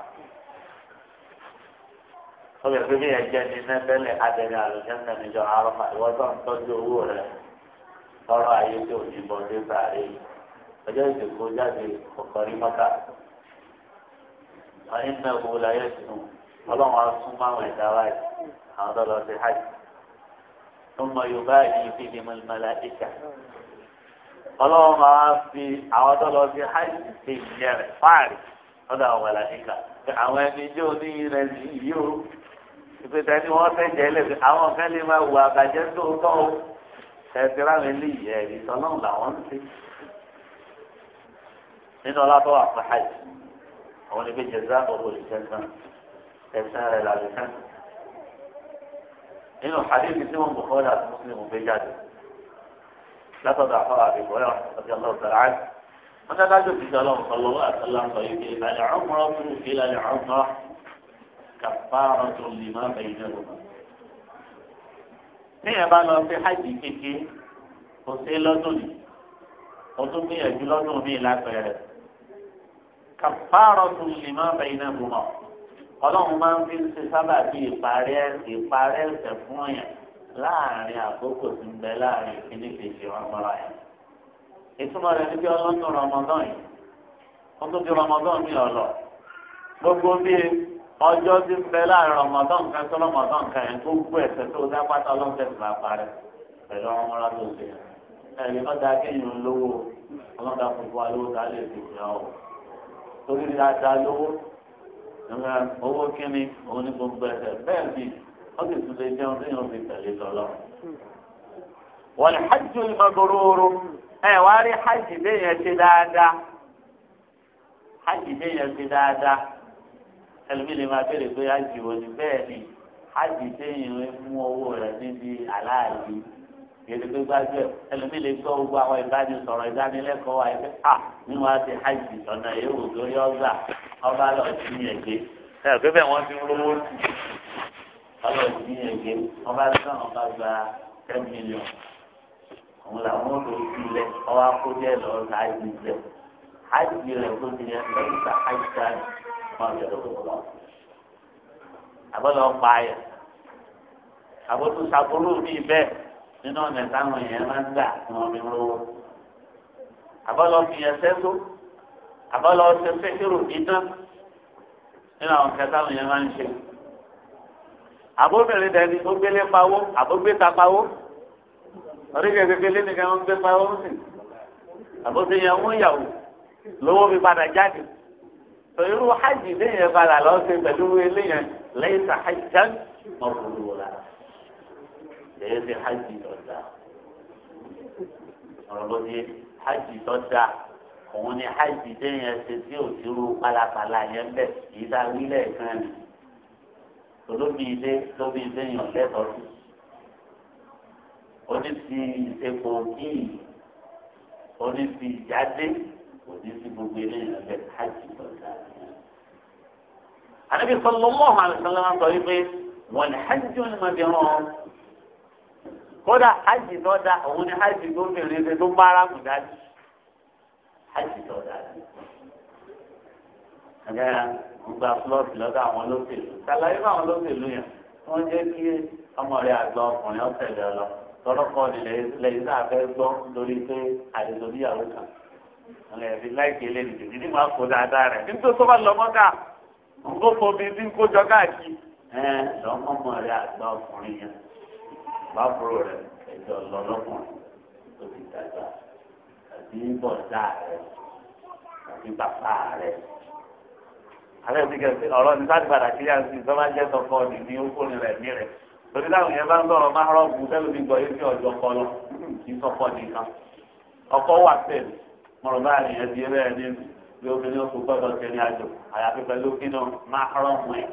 ó lè fi ẹ̀jẹ̀ ní àárọ̀fà ń tọ́jú owó rẹ̀ ayé tí ò ní sàárè ọjọ́ jáde ọ̀yìn náà kò wọlé ayé ọlọ́run á máwọn ẹ̀dá wáyé àwọn tó ثم yorùbá yìí الملائكة. lè mọ ìmọ̀lá ìkà في máa fi àwọn tó lọ sí hajj ṣe ìyẹn rẹ̀ fáàrí ọ̀dọ̀ àwọn ìmọ̀lá ìkà àwọn ẹni jẹ́ oníyìn rẹ̀ nìyí o ìpèsè ẹni wọ́n fẹ́ jẹ́ lẹ́sẹ̀ àwọn kan lè máa wù àbàjẹ́ tó tọ́ o ẹ̀sìn ráwọn eléyìí ẹ̀rí sọlọ́run làwọn ń ṣe nínú ọlọ́tọ́ wà fún hajj àwọn ìgbẹ́jẹ̀ sáà ọ̀bọ̀ ìṣẹ́ nínú hadithi tí wọn bọ̀kọ́ láti mùsùlùmí gbé jáde látọ̀dọ̀ àfọwọ́ àbẹ̀wọ̀ yọ ọ̀sẹ̀ ọlọ́run sọ̀rọ̀ àti wọn ní adájọ́ ti sọ ọlọ́run sọ̀rọ̀ lọ́wọ́ àtàlà sọ yìí pé ìlànà ọmọrọ tó ń fi ìlànà ọmọrọ kàfàrà tó lè má ní ẹ̀ bá lọ sí hajj kéke kò sí lọ́dún ni ọdún gbìyànjú lọ́dún mi lápẹ̀rẹ̀ kàfàrà tó lè má bẹ̀yìn náà lọ́wọ́ ọlọ́run máa ń fi ṣe sábà bí ìparí ẹ̀sìn ìparí ẹ̀sẹ̀ fún yẹn láàrin àkókò tí ń bẹ láàrin ìkíní kejì wọn mọ́ra yẹn. ìtumọ̀ rẹ̀ ní bí ọlọ́run rọmọdán yìí wọ́n tún fi rọmọdán mi ọ̀lọ́ gbogbo bí ọjọ́ tí ń bẹ láàrin rọmọdán kan tó rọmọdán kan yẹn gbogbo ẹ̀sẹ̀ tó dá pátá ọlọ́run tẹ̀sí bá parẹ́ pẹ̀lú ọmọ mọ́ra tó ṣe yẹn. ẹ̀rí lọ́dà ẹ̀ka owó kínní òun ní gbogbo ẹ̀sẹ̀ bẹ́ẹ̀ bí ó sì tún lè jẹun tí yóò fi tẹ̀lé lọ́lọ́. wọ́n lè hajj mabrur ẹ̀ wá rí hajj déyẹn ṣe dáadáa hajj déyẹn ṣe dáadáa ẹlòmíì lè máa béèrè pé hajj wo bẹ́ẹ̀ ni hajj mú owó rẹ̀ níbi aláàbí. yẹtù pé gbájú ẹlòmíì lè gbọ́ gbogbo àwọn ìbánisọ̀rọ̀ ìdánilẹ́kọ̀ọ́ wa à nínú àti hajj ọ̀nà yòówù tó yọ ọgbà ọba lọ sí ẹgbẹ́ ẹ pé bẹ́ẹ̀ wọ́n ti ń rówó sí ọlọ sí ẹgbẹ́ ọba sàn ọba gba ten million òun làwọn lò sí ilẹ̀ ọwọ́ akójẹ́ lọ láàyè ilẹ̀ hajj rẹ̀ tó ti yẹ lọ́yìn sá hajj sáà wọn bẹ̀rẹ̀ lọ́wọ́ àbọ̀lọ́ pa ayẹ̀ àbótú sàbúrú bẹ́ẹ̀ nínú ọ̀nà táwọn èèyàn máa ń gbà tí wọ́n fi lówó. àbọ̀lọ́ fi ẹsẹ̀ tó àbọ̀lọ́ ṣe fẹ́kẹ̀rù dídán nínú àwọn kẹta táwọn èèyàn máa ń ṣe. àbóbìnrin dẹni ó gbélé pawó àbógbéta pawó oríkèé kékeré nìkan ń gbé pawó sí. àbóṣe yẹn ń yàwó lówó fi padà jáde. irú hajj léyìn padà lọ́ọ́ ṣe pẹ̀lú eléyìn lẹ́yìn sàhájá mọ̀kúrú rárá lẹ́yìn sí hajj tọ́jà ọ̀rọ̀ bó ti hajj tọ́jà òun ni hajj téèyàn ṣe tí ò ti rú pálapàla yẹn bẹ̀ yìí tá a wí lẹ́ẹ̀kan ni olóbi ilé lóbi ilé yàn lẹ́tọ̀ọ́ sí oní ti epo kíì oní ti ìjáde òní ti gbogbo ilé yàn bẹ̀ hajj tọ́jà. àdébí sọlọ́mọ́ àlùfáà lọ́wọ́ sọ wípé wọ́n hajj ní màdìrán kódà hajj tó da òun ni hajj tó bèrè ṣe tó bára mù dájú hajj tó da ni. àgbẹ̀ gba flọ́ọ̀tì lọ́dọ̀ àwọn olóṣèlú ṣàlàyé fún àwọn olóṣèlú yẹn wọ́n jẹ́ kí ọmọ rẹ̀ àgbà ọkùnrin ọ̀sẹ̀ lọ lọ tọ́lọ́kọ́ ni lẹ́yìn náà fẹ́ gbọ́ lórí pé àdìsọ níyàwó kan ọlẹ́yìn fi láìpẹ́ eléyìí tètè ní máa kó dáadáa rẹ̀ nítorí tó bá lọ mọ́ká nǹkó fomi bí ń jọ káàkiri. ẹ lọ́mọ́mọ́ rẹ̀ àgbà ọkùnrin yẹn àbábúrò rẹ ẹjọ́ lọ́lọ́kùn tó ti dàgbà àbí bọ̀dá rẹ àbí bàbá rẹ. alẹ́ ti kẹ́sì ọ̀rọ̀ ní sáà padà kí yára sí i sọ́mà jẹ́ sọ́kọ́ ọ̀dì ní ókùnrin rẹ̀ ní rẹ̀ torí láwọn yẹn bá ń sọ̀rọ̀ máa rọ̀ bù sẹ́lẹ̀ mi gbọ́ yé sí ọjọ́ kọ lọ kí sọ́kọ́ nìkan ọkọ̀ wà pẹ̀lú mọ̀rọ̀ báyìí yẹn ti rẹ̀ ní bí obìnrin ó kú gbọ́dọ̀ kẹ́ni àjò àyàfi pẹ̀lú kí náà máa rọ̀ mọ́ ẹ̀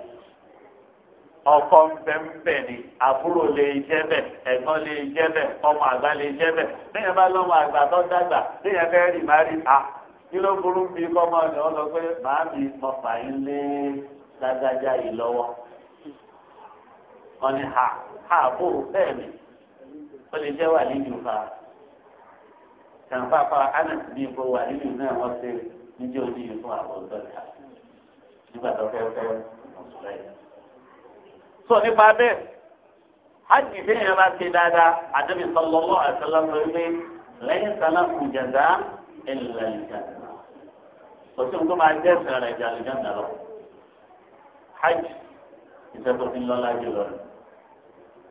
ọkọ ńbẹ́ńbẹ́ ni àbúrò lè jẹ́ bẹ̀ ẹ̀gbọ́n lè jẹ́ bẹ̀ ọmọ àgbà lè jẹ́ bẹ̀ bẹ́ẹ̀ bá lọ́mọ àgbà tó dàgbà bẹ́ẹ̀ fẹ́ rì má rí a kí ló burú bí kọ́mọ ni ọ lọ pé màá mi mọ fàyín lé lágájá yìí lọ́wọ́ wọn ni ha ha bò bẹ́ẹ̀ ni ó lè jẹ́ wà nínú fa kàǹfààfà anas bí ipò wà nínú náà wọ́n ṣe níjẹ́ òní ìfún àbọ̀ ọ̀dọ́ nígbà tó fẹ́ fẹ́ ọ̀ṣun lẹ́yìn sọ nípa bẹ́ẹ̀ hajj bí yẹn bá ti dáadáa àdébí sallallahu alaihi wasallam pé lẹ́yìn sálá kù jẹ̀dá ẹ̀lẹ́ ìjà kò sí nǹkan máa jẹ́ ẹ̀sìn rẹ̀ jà lójà nàlọ́ hajj ìṣẹ́kọ̀tì ńlọ́lá jù lọ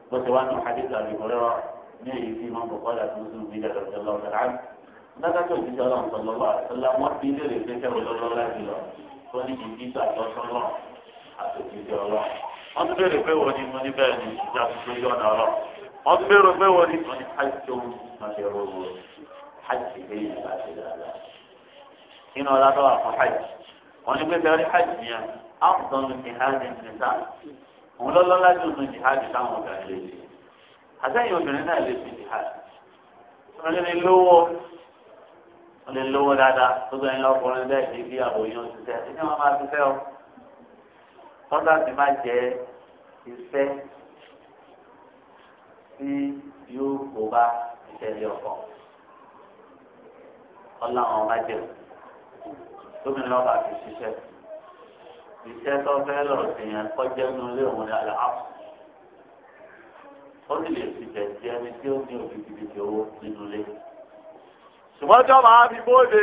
bó ti wá ní hadith àbí ìkórẹ́rọ́ ní èyí tí wọ́n kọ̀ kọ́lá tó sùn bí dàdà ọ̀jọ̀ lọ́wọ́ dàdà lọ́dọ̀tò ìdíjọ́ ọlọ́run tó lọ́wọ́ wọ́n tún béèrè pé wo ni mo ní bẹ́ẹ̀ ni ìjà tuntun yọ̀ ọ̀nà ọ̀rọ̀ wọ́n tún béèrè pé wo ni mo ní hajj ohun àti ẹ̀rọ wo hajj lè yí láti dáadáa. inú ọ̀la tó wà fún hajj wọ́n ní pé bẹ́ẹ̀ rí hajj yẹn áwùjọ ní jihadi nìta òun lọ́lọ́ lájú ní jihadi táwọn obìnrin lè ṣe àtẹ̀yìn obìnrin náà lè ṣe jihadi. wọ́n ní lówó wọ́n ní lówó dáadáa tó bẹ́ẹ̀ ní ọkùnrin bẹ́ẹ̀ kọ́dà ti máa jẹ iṣẹ́ tí yóò kó bá ìṣẹ̀lẹ̀ ọkọ̀ ọlá àwọn máa jẹ gómìnà ọba ti ṣiṣẹ́ iṣẹ́ tó fẹ́ lọ sí yẹn kọjá nínú ilé òun ní alẹ́ àpò ó sì lè fi jẹ̀jẹ̀ ẹni tí ó ní òbí gidigidi owó nínú ilé ṣùgbọ́n tí wọ́n máa fi bóde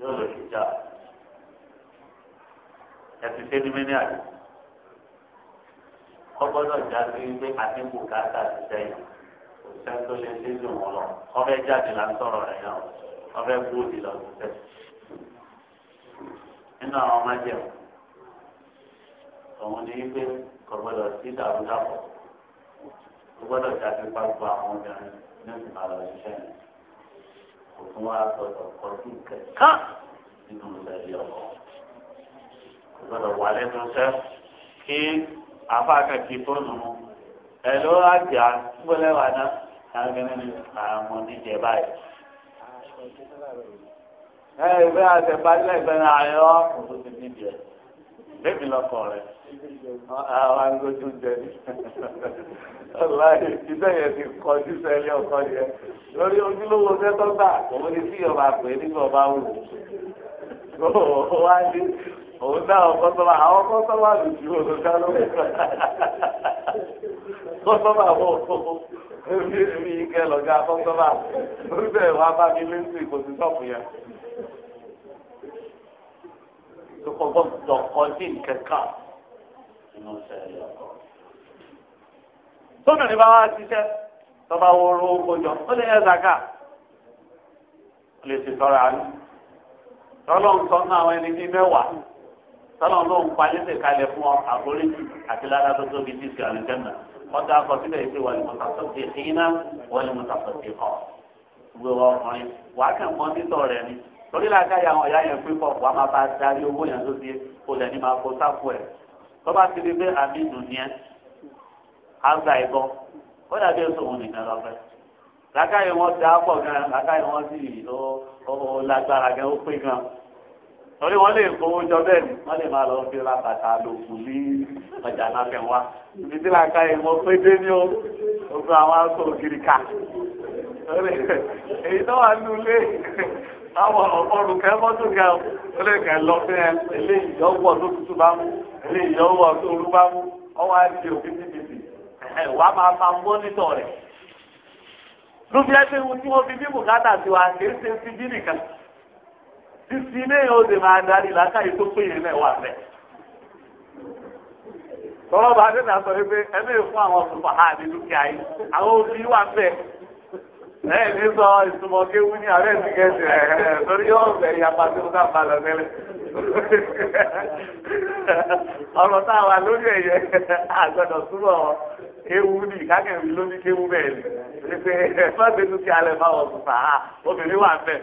yóò lè fi jà ẹ̀sìn ṣe ní mẹ́rin àjò kọ́gbọ́dọ̀ jáde pé àdínkù káàkiri àtijọ́ yìí kò sẹ́ni tó lè ṣe jù wọ́n lọ ọbẹ̀ jáde là ń sọ̀rọ̀ rẹ̀ yàn ọbẹ̀ gbòdì lọ sí sẹ́ni. nínú àwọn ọmọ jẹun òun ni pé kọ́gbọ́dọ̀ sí dàrúdàpọ̀ kọ́gbọ́dọ̀ jáde pàgbọ́ àwọn obìnrin ní ìgbà ṣiṣẹ́ yìí kò tún wá sọ̀tọ̀ kọ́ kẹ̀kẹ́ nínú ìṣẹ̀lẹ̀ ọkọ̀ gbọ́dọ̀ wà lẹ́nu iṣẹ́ kí afáàkàkì fóònù mu ẹ ló àjà gbọ́lẹ̀ wà ná àgbẹ̀rẹ̀ ni àwọn oníjẹ báyìí. ẹ ìgbẹ́ àtẹ̀bálẹ̀ ìgbẹ́ni àyọ́ kò tó ti níbi ẹ̀ bẹ́ẹ̀ mi lọkọ̀ rẹ̀ àwọn agbójú jẹ ní ọláyé iṣẹ́ yẹn ti kọ jíṣẹ́ ilé ọkọ yẹn lórí ojúlówó sẹ́tọ́gbà òun ni tí ọba pè é nígbà ọba wù ó wá ní òun dá àwọn àwọn kọ́sọ́mà lù ju òun ká ló ń sọ kọ́sọ́mà wọ̀ èmi èmi ike lọ́jà kọ́sọ́mà lóríbẹ̀ wà bá mi lẹ́sìn kò sí sọ́ọ̀pù yẹn. Sọkọ̀gbọ́n dọ̀kọ́ sí nkẹ́kà inú sẹ́yìn ọkọ̀. Tóbi ní bá ṣiṣẹ́ tọ́ba wo ro owó jọ ó lè yẹ zaka lè ṣètọ́ra ní. Tọ́lọ́ ń sọ fún àwọn ẹni bíi mẹ́wàá sọlọ ló ń palẹsẹ kalẹ̀ fún ọ àforíjì àti lára tó tóbi ní ìsìn àlùjẹmà ọdọ akọsílẹ̀ ìpè wà ní mọtàkọsí ìhìnà wà ní mọtàkọsí kọ gbogbo ọkùnrin wà á kàn mọ̀ títọ́ rẹ ni torí làákà yà wọn ìyá yẹn pípọ̀ wà á máa bá darí owó yẹn tó di olè ní máa kó sáfù ẹ tọ́ba ti di pé àmì ìdùn ni ẹ á gba ìbọn ó dàbí èso òun nìkan lọ fẹ́ làákà wọn dáa pọ̀ gan làákà wọn sì lágbára gan ó pé gan torí wọ́n lè kówó jọ bẹ́ẹ̀ ni wọ́n lè máa lọ fi ra bàtà lòkù ní ọjà láfẹ́ wa ibi tí làákà yìí mo pé dé ní o gbogbo àwọn aṣọ ògiri ká èyí tó wà nínú ilé àwọn ọ̀pọ̀lù kẹ́ mọ́tò kẹ́ ó lè kẹ́ lọ fún ẹ eléyìí yọ wọ̀ tó tutù bá mú eléyìí yọ wọ̀ tó rú bá mú ọwọ́ àti òfin bìbìbì wà á máa máa mọ́nítọ̀ rẹ̀. lóbi tí wọ́n fi bí bùkátà sí kì í ṣe ti bí nìkan. títí ilé yẹn ó lè máa darí làákàyè tó péye náà wà bẹ́ẹ̀. tọ́lọ́ bá dé náà sọ pé ẹ ha fún àwọn ọ̀sùnfà á ní dúkìá yìí àwọn òbí wà bẹ́ẹ̀. lẹ́yìn ní sọ ìtumọ̀ kéwú ní àárẹ̀ ya pàṣẹ fún káfà lọ tẹ́lẹ̀. ọ̀rọ̀ tá a wà lórí ẹ̀yẹ àgbẹ̀dọ̀ súnmọ̀ ewu ní ìkákẹ́rin lórí kéwú bẹ́ẹ̀ ni.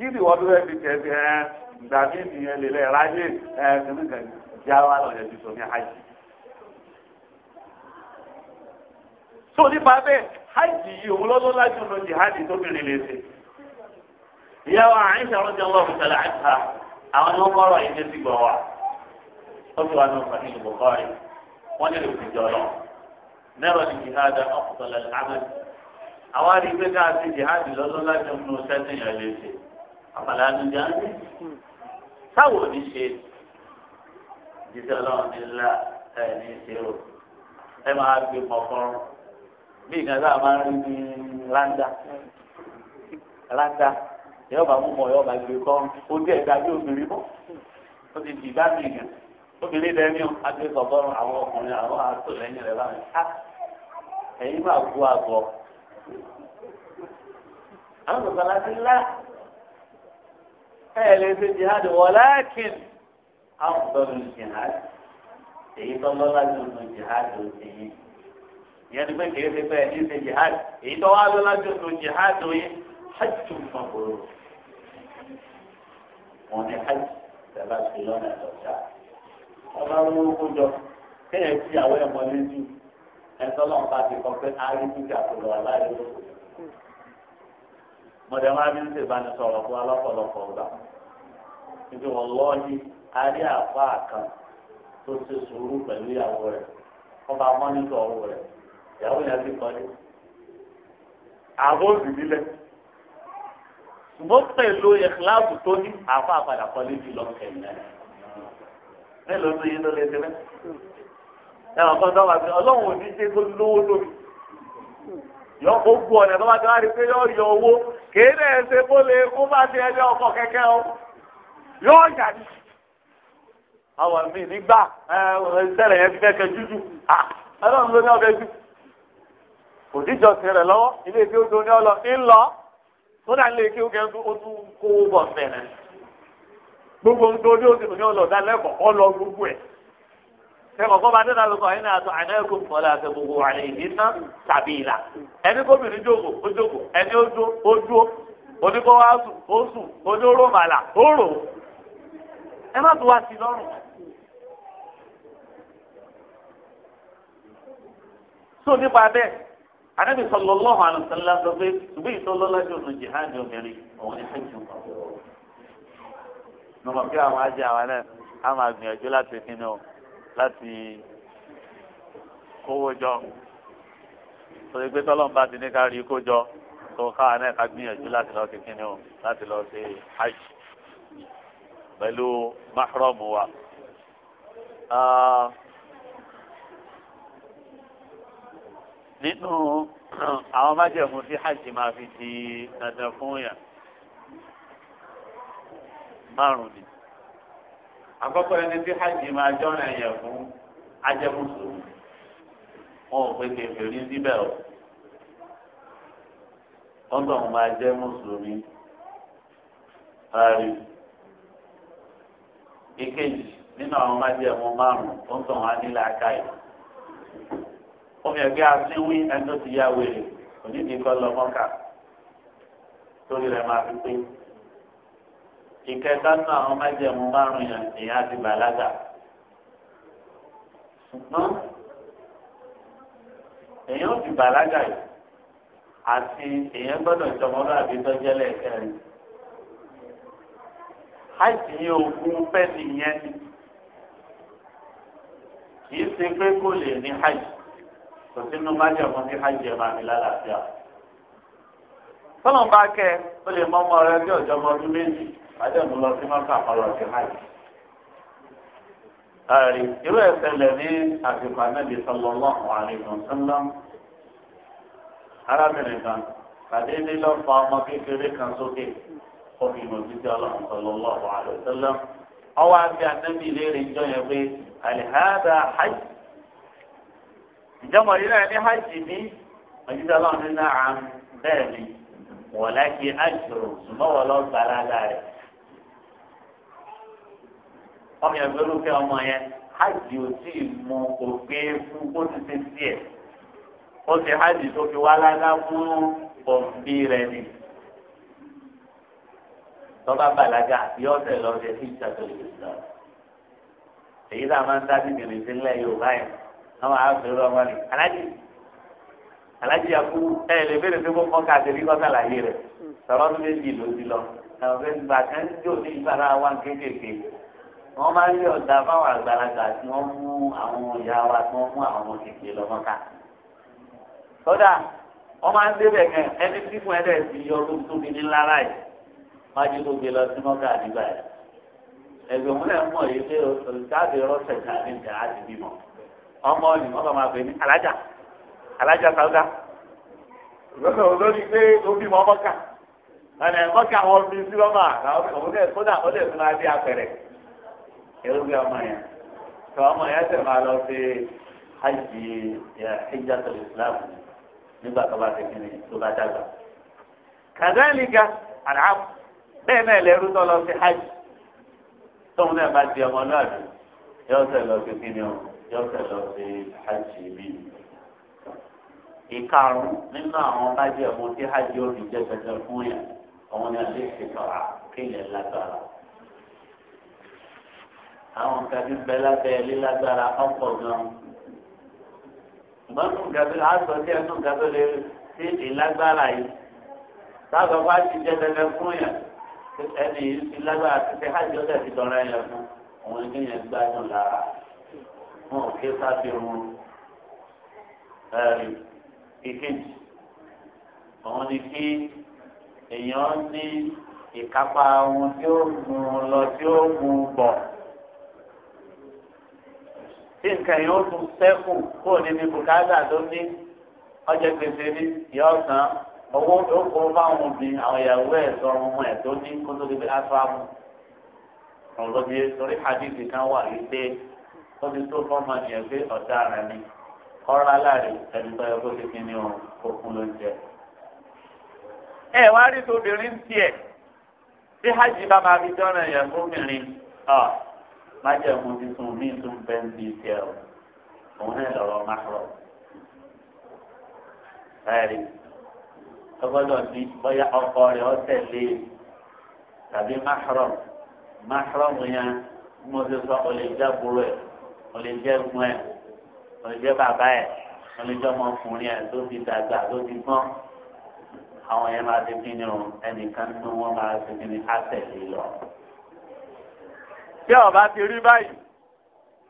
kí ni wọ́n fẹ́ fi kẹ́ fi ẹ́ dàbí ìyẹn lè lẹ́ ráyè ẹ́ lọ yẹ tuntun ní hajj. tó nípa bẹ́ẹ̀ hajj yìí òun lọ́dún lájú jihad ọlọ́run tẹ̀lé àwọn ni wọ́n ọ̀rọ̀ yìí wa. ó fi ní wọ́n ní lè fi jọ lọ. nẹ́rọ̀ ni jihad ọ̀pọ̀lọpọ̀ àwọn àdìgbé jihad lọ́dún lájú àpàlà àdúgbò àti táwọn oníṣe jíjẹ ọlọ́run nílá ẹni ṣe o ẹ máa gbé mọ̀kọ́rọ́ bí ìgbà tá a máa ń rí ní ráńdà ráńdà yóò bá mú mọ yóò bá gbé kọ́ ojú ẹ̀ka bí obìnrin mọ́ ó ti dìgbà mí gan obìnrin dẹ́ni ó adé sọ̀kọ́rọ́ àwọn ọkùnrin àwọn àtòlẹ́yìn rẹ̀ báyìí á ẹ̀yin máa gbó àgọ́ àwọn sọ̀kọ́lá ti lá ẹ lè ṣe jihad walakin afdal jihad èyí tó lọ́la jùlọ jihad ò sí yín ìyẹn ni pé kì í ṣe pé ẹni ṣe jihad èyí tó wá lọ́la jùlọ jihad ò yín hajj mọ̀kòrò wọn ni hajj tẹ̀lá sí lọ́nà ìtọ́jà ọba ló ń kójọ kéèyàn fi àwọn ẹ̀mọ́ létí ẹ̀tọ́ lọ́nà bá ti kọ́ pé a rí dúkìá tó mọ̀tẹ́ máa bí ń ṣe ìbánisọ̀rọ̀ fún alọ́pọ̀lọpọ̀ gbà níbi wọn lọ́ọ́yí arí àfa kan tó ṣe sùúrù pẹ̀lú ìyàwó rẹ̀ wọ́n bá mọ́nítọ̀ ọ̀rọ̀ rẹ̀ ìyàwó yẹn ti kọ́lé àbóòsì nílẹ̀ ṣùgbọ́n pẹ̀lú ìkíláàsì tó ní àfa àpàdà kọ́lé jù lọ kẹ̀lẹ́ mélòó tó yé tó wà sí ọlọ́run ò ní yọ ogun ọ̀nà tó bá ti wá rí pé yọ yọ owó kèé náà ṣe bó lè kó bá ti ẹni ọkọ̀ kẹ̀kẹ́ o yọ yà ni. àwọn míì nígbà ìṣẹ̀lẹ̀ yẹn fi kẹ́kẹ́ jújù ọlọ́run ló ní ọbẹ̀ jù kò díjọ sí rẹ̀ lọ́wọ́ ilé tí ó do ní ọlọ ńlọ tó dà nílé kí ó kẹ́ ó tún kó bọ̀ fẹ̀rẹ̀ gbogbo ń do ní oṣù ní ọlọ́dà lẹ́kọ̀ọ́ ọlọ gbogbo ẹ̀ sẹ́kọ̀ kọ́ bá dẹ́ta lókọ̀ ẹ̀yin àtọ̀ àdáyẹ̀kùn kọ́ la ṣe gbogbo àlẹ́ ìdí ná tàbí ìlà ẹni gómìnir jókòó ó jókòó ẹni ó dúró ó dúró oníkọ́ wa sùn ó sùn onírò màlà ó rò ẹ má tó wá sí lọ́rùn. sọ nípa bẹ́ẹ̀ anábì sallallahu alaihi wasallam sọ pé ṣùgbọ́n ìtọ́lọ́lájú ọ̀nà jihad obìnrin òun ni fẹ́ẹ́ jù nọmọ kí àwọn ajé àwọn náà á máa gbìyànjú láti fi ní o láti kówó jọ torí pé tọ́lọ́mùbá ti ní ká rí kó jọ tó káwa náà ká gbìyànjú láti lọ sí kíni o láti lọ sí hajj pẹ̀lú mahram wa. nínú àwọn májẹ̀mú tí hajj máa fi di dandan fún yàn márùn-ún àkọ́kọ́ ẹni tí hajj máa jọ́nà yẹn fún ajẹ́mùsù wọn ò pé kèfèrí síbẹ̀ o wọ́n tọ̀ máa jẹ́ mùsùlùmí rárí ìkejì nínú àwọn májẹ̀mú márùn-ún tó ń tọ̀ wá nílẹ̀ akáyì omi ẹgbẹ́ asínwí ẹni tó ti yá wèrè onídìí kọ́ lọ mọ́kà torí rẹ̀ máa fi pé ìkẹta náà àwọn májẹ̀mú márùn yàn a àti bàlágà ṣùgbọ́n èèyàn ò ti bàlágà yìí àti èèyàn gbọ́dọ̀ jọmọlú àbí tọjẹlẹ kẹrin hajj yẹn òkun pẹ̀lú yẹn ni kìí ṣe pé kò lè ní hajj kò sínú májẹ̀mú ní hajj ẹ máa ní lálàáfíà tọ́lọ̀ bá kẹ́ ọ lè mọ ọmọ rẹ bí ọ̀jọ̀gbọ́n ọdún méjì àjọ̀dún lọ sí mọ́tò àkọlọ́ ti hajj. Ààrẹ irú ẹ̀sẹ̀lẹ̀ ní àfikún anábì sallallahu alaihi wasallam. Arábìnrin kan, àdéhùn lọ fa ọmọ kékeré kan sókè fọ́bí mọ̀títí ọlọ́run sallallahu alaihi wasallam. Ọwọ́ àti anábì léèrè jọ yẹn pé àlìhádà hajj. Ìjọba yìí náà hajj ní mọ̀títí ọlọ́run ní náà bẹ́ẹ̀ ni wọ̀láki àjùrò ṣùgbọ́n wọ́n lọ gbàlá láàrin ọmọ yẹn pẹ̀lú fẹ́ ọmọ yẹn hajj ò tí ì mọ òfin fún kó ti ṣe sí ẹ̀ ó ti hajj tó fi wá ládá fún òǹbí rẹ̀ ni tọ́ba bàlágà yóò tẹ̀ lọ sí ẹ̀sìn ìṣàkóso ìṣàkóso èyí tá a máa ń dá sí bèrè sílẹ̀ yorùbá yẹn àwọn àgbèrè ọmọ rẹ̀ alájì alájì àkú ẹ lè bèrè pé kó kọ́ka àtẹ̀lé kọ́ka làyè rẹ̀ sọ̀rọ̀ tó lè jì lòdì lọ àwọn fẹ́ẹ́ gbà kẹ́ńtì òní ìbára wa kéékèèké wọ́n máa ń lé ọ̀dà fáwọn àgbàlagbà tí wọ́n mú àwọn ìyá wa tí wọ́n mú àwọn kékeré lọ́mọ́ká. kódà wọ́n máa ń débẹ̀ kẹ́ ẹni tí fún ẹ̀dẹ̀ ti yọ ọdún tóbi ní lára yìí wọ́n á jí tó gbé lọ sí mọ́ká àdìgbà yìí. ẹ̀gbọ́n mi náà mọ̀ yìí pé olùdáàbò rọ́ṣẹ̀ tàbí ìjà á ti bímọ. ọmọ ni wọ́n bá máa pè ní alájà alájà sáúdà. lọ́sọ̀ olórí pé ó bímọ mọ́ká. ọ̀nà mọ́ká wọn fi sí lọ́mọ ẹrú bí ọmọ yẹn tó ọmọ yẹn tẹ̀ máa lọ sí hajj hijjatul islam nígbà tó bá ti kí ni tó bá dàgbà. kàdáníga àlàm bẹ́ẹ̀ náà lẹ́rú tó lọ sí hajj tóun náà bá di ọmọ náà dùn yóò tẹ̀ lọ sí kí ni o yóò tẹ̀ lọ sí hajj bí. ìkarùn nínú àwọn bá ọmọ tí hajj ó fi jẹ́ pẹ̀lú fún yẹn òun ni a lè ṣe tọ́ra kéèyàn lágbára àwọn kàbí bẹ lábẹ́ lílágbára ọ̀pọ̀ gan. ìmọ̀nù kàbí aṣọ tí ẹnu kàbí lè ṣe ìlágbára yìí táàbà bá ti jẹ tẹlẹ fún yẹn ẹni yìí ti lágbára títí hajj ọ̀sẹ̀ ti dọ̀rọ̀ yẹn fún òun ní yẹn gbádùn lára wọn ò ké sáfihàn ẹ̀rí ìkejì òun ni kí èèyàn ní ìkápá ohun tí ó mú lọ tí ó mú bọ̀ tí nǹkan yìí ó tún sẹ́kù kó níbi bùkátà tó ní ọjà gbèsè ní ìyá ọ̀sán owó tó kó fáwọn obìnrin àwọn ìyàwó ẹ̀ sọ ọmọ ẹ̀ tó ní kó tó débi aṣáájú ọ̀rọ̀ bíi torí hadithi kan wà yìí pé ó ti tó fọ́ọ̀mù yẹn pé ọ̀daràn ni ọ̀rọ̀ aláàrẹ̀ ẹni tó yẹ kó ti kíni o kó fún ló ń jẹ. ẹ wá rí tobìnrin tiẹ̀ tí hajj bá máa fi jọ́ràn yẹn fún májẹ̀mú tuntun míì tún bẹ́ ń bí tiẹ̀ o òun náà lọ́rọ̀ máhùrọ̀ ẹ̀rí ọgbọ́dọ̀ ní bóyá ọkọ rẹ̀ ọ tẹ̀lé tàbí máhùrọ̀ máhùrọ̀ yẹn mo ti sọ ọ lè jẹ́ burú ẹ̀ ọ lè jẹ́ gun ẹ̀ ọ lè jẹ́ bàbá ẹ̀ ọ lè jẹ́ ọmọkùnrin ẹ̀ tó ti dàgbà tó ti gbọ́n àwọn yẹn máa ti kí ni ẹnìkan tó wọ́n máa ti kí ni á tẹ̀lé lọ tí ọba ti rí báyìí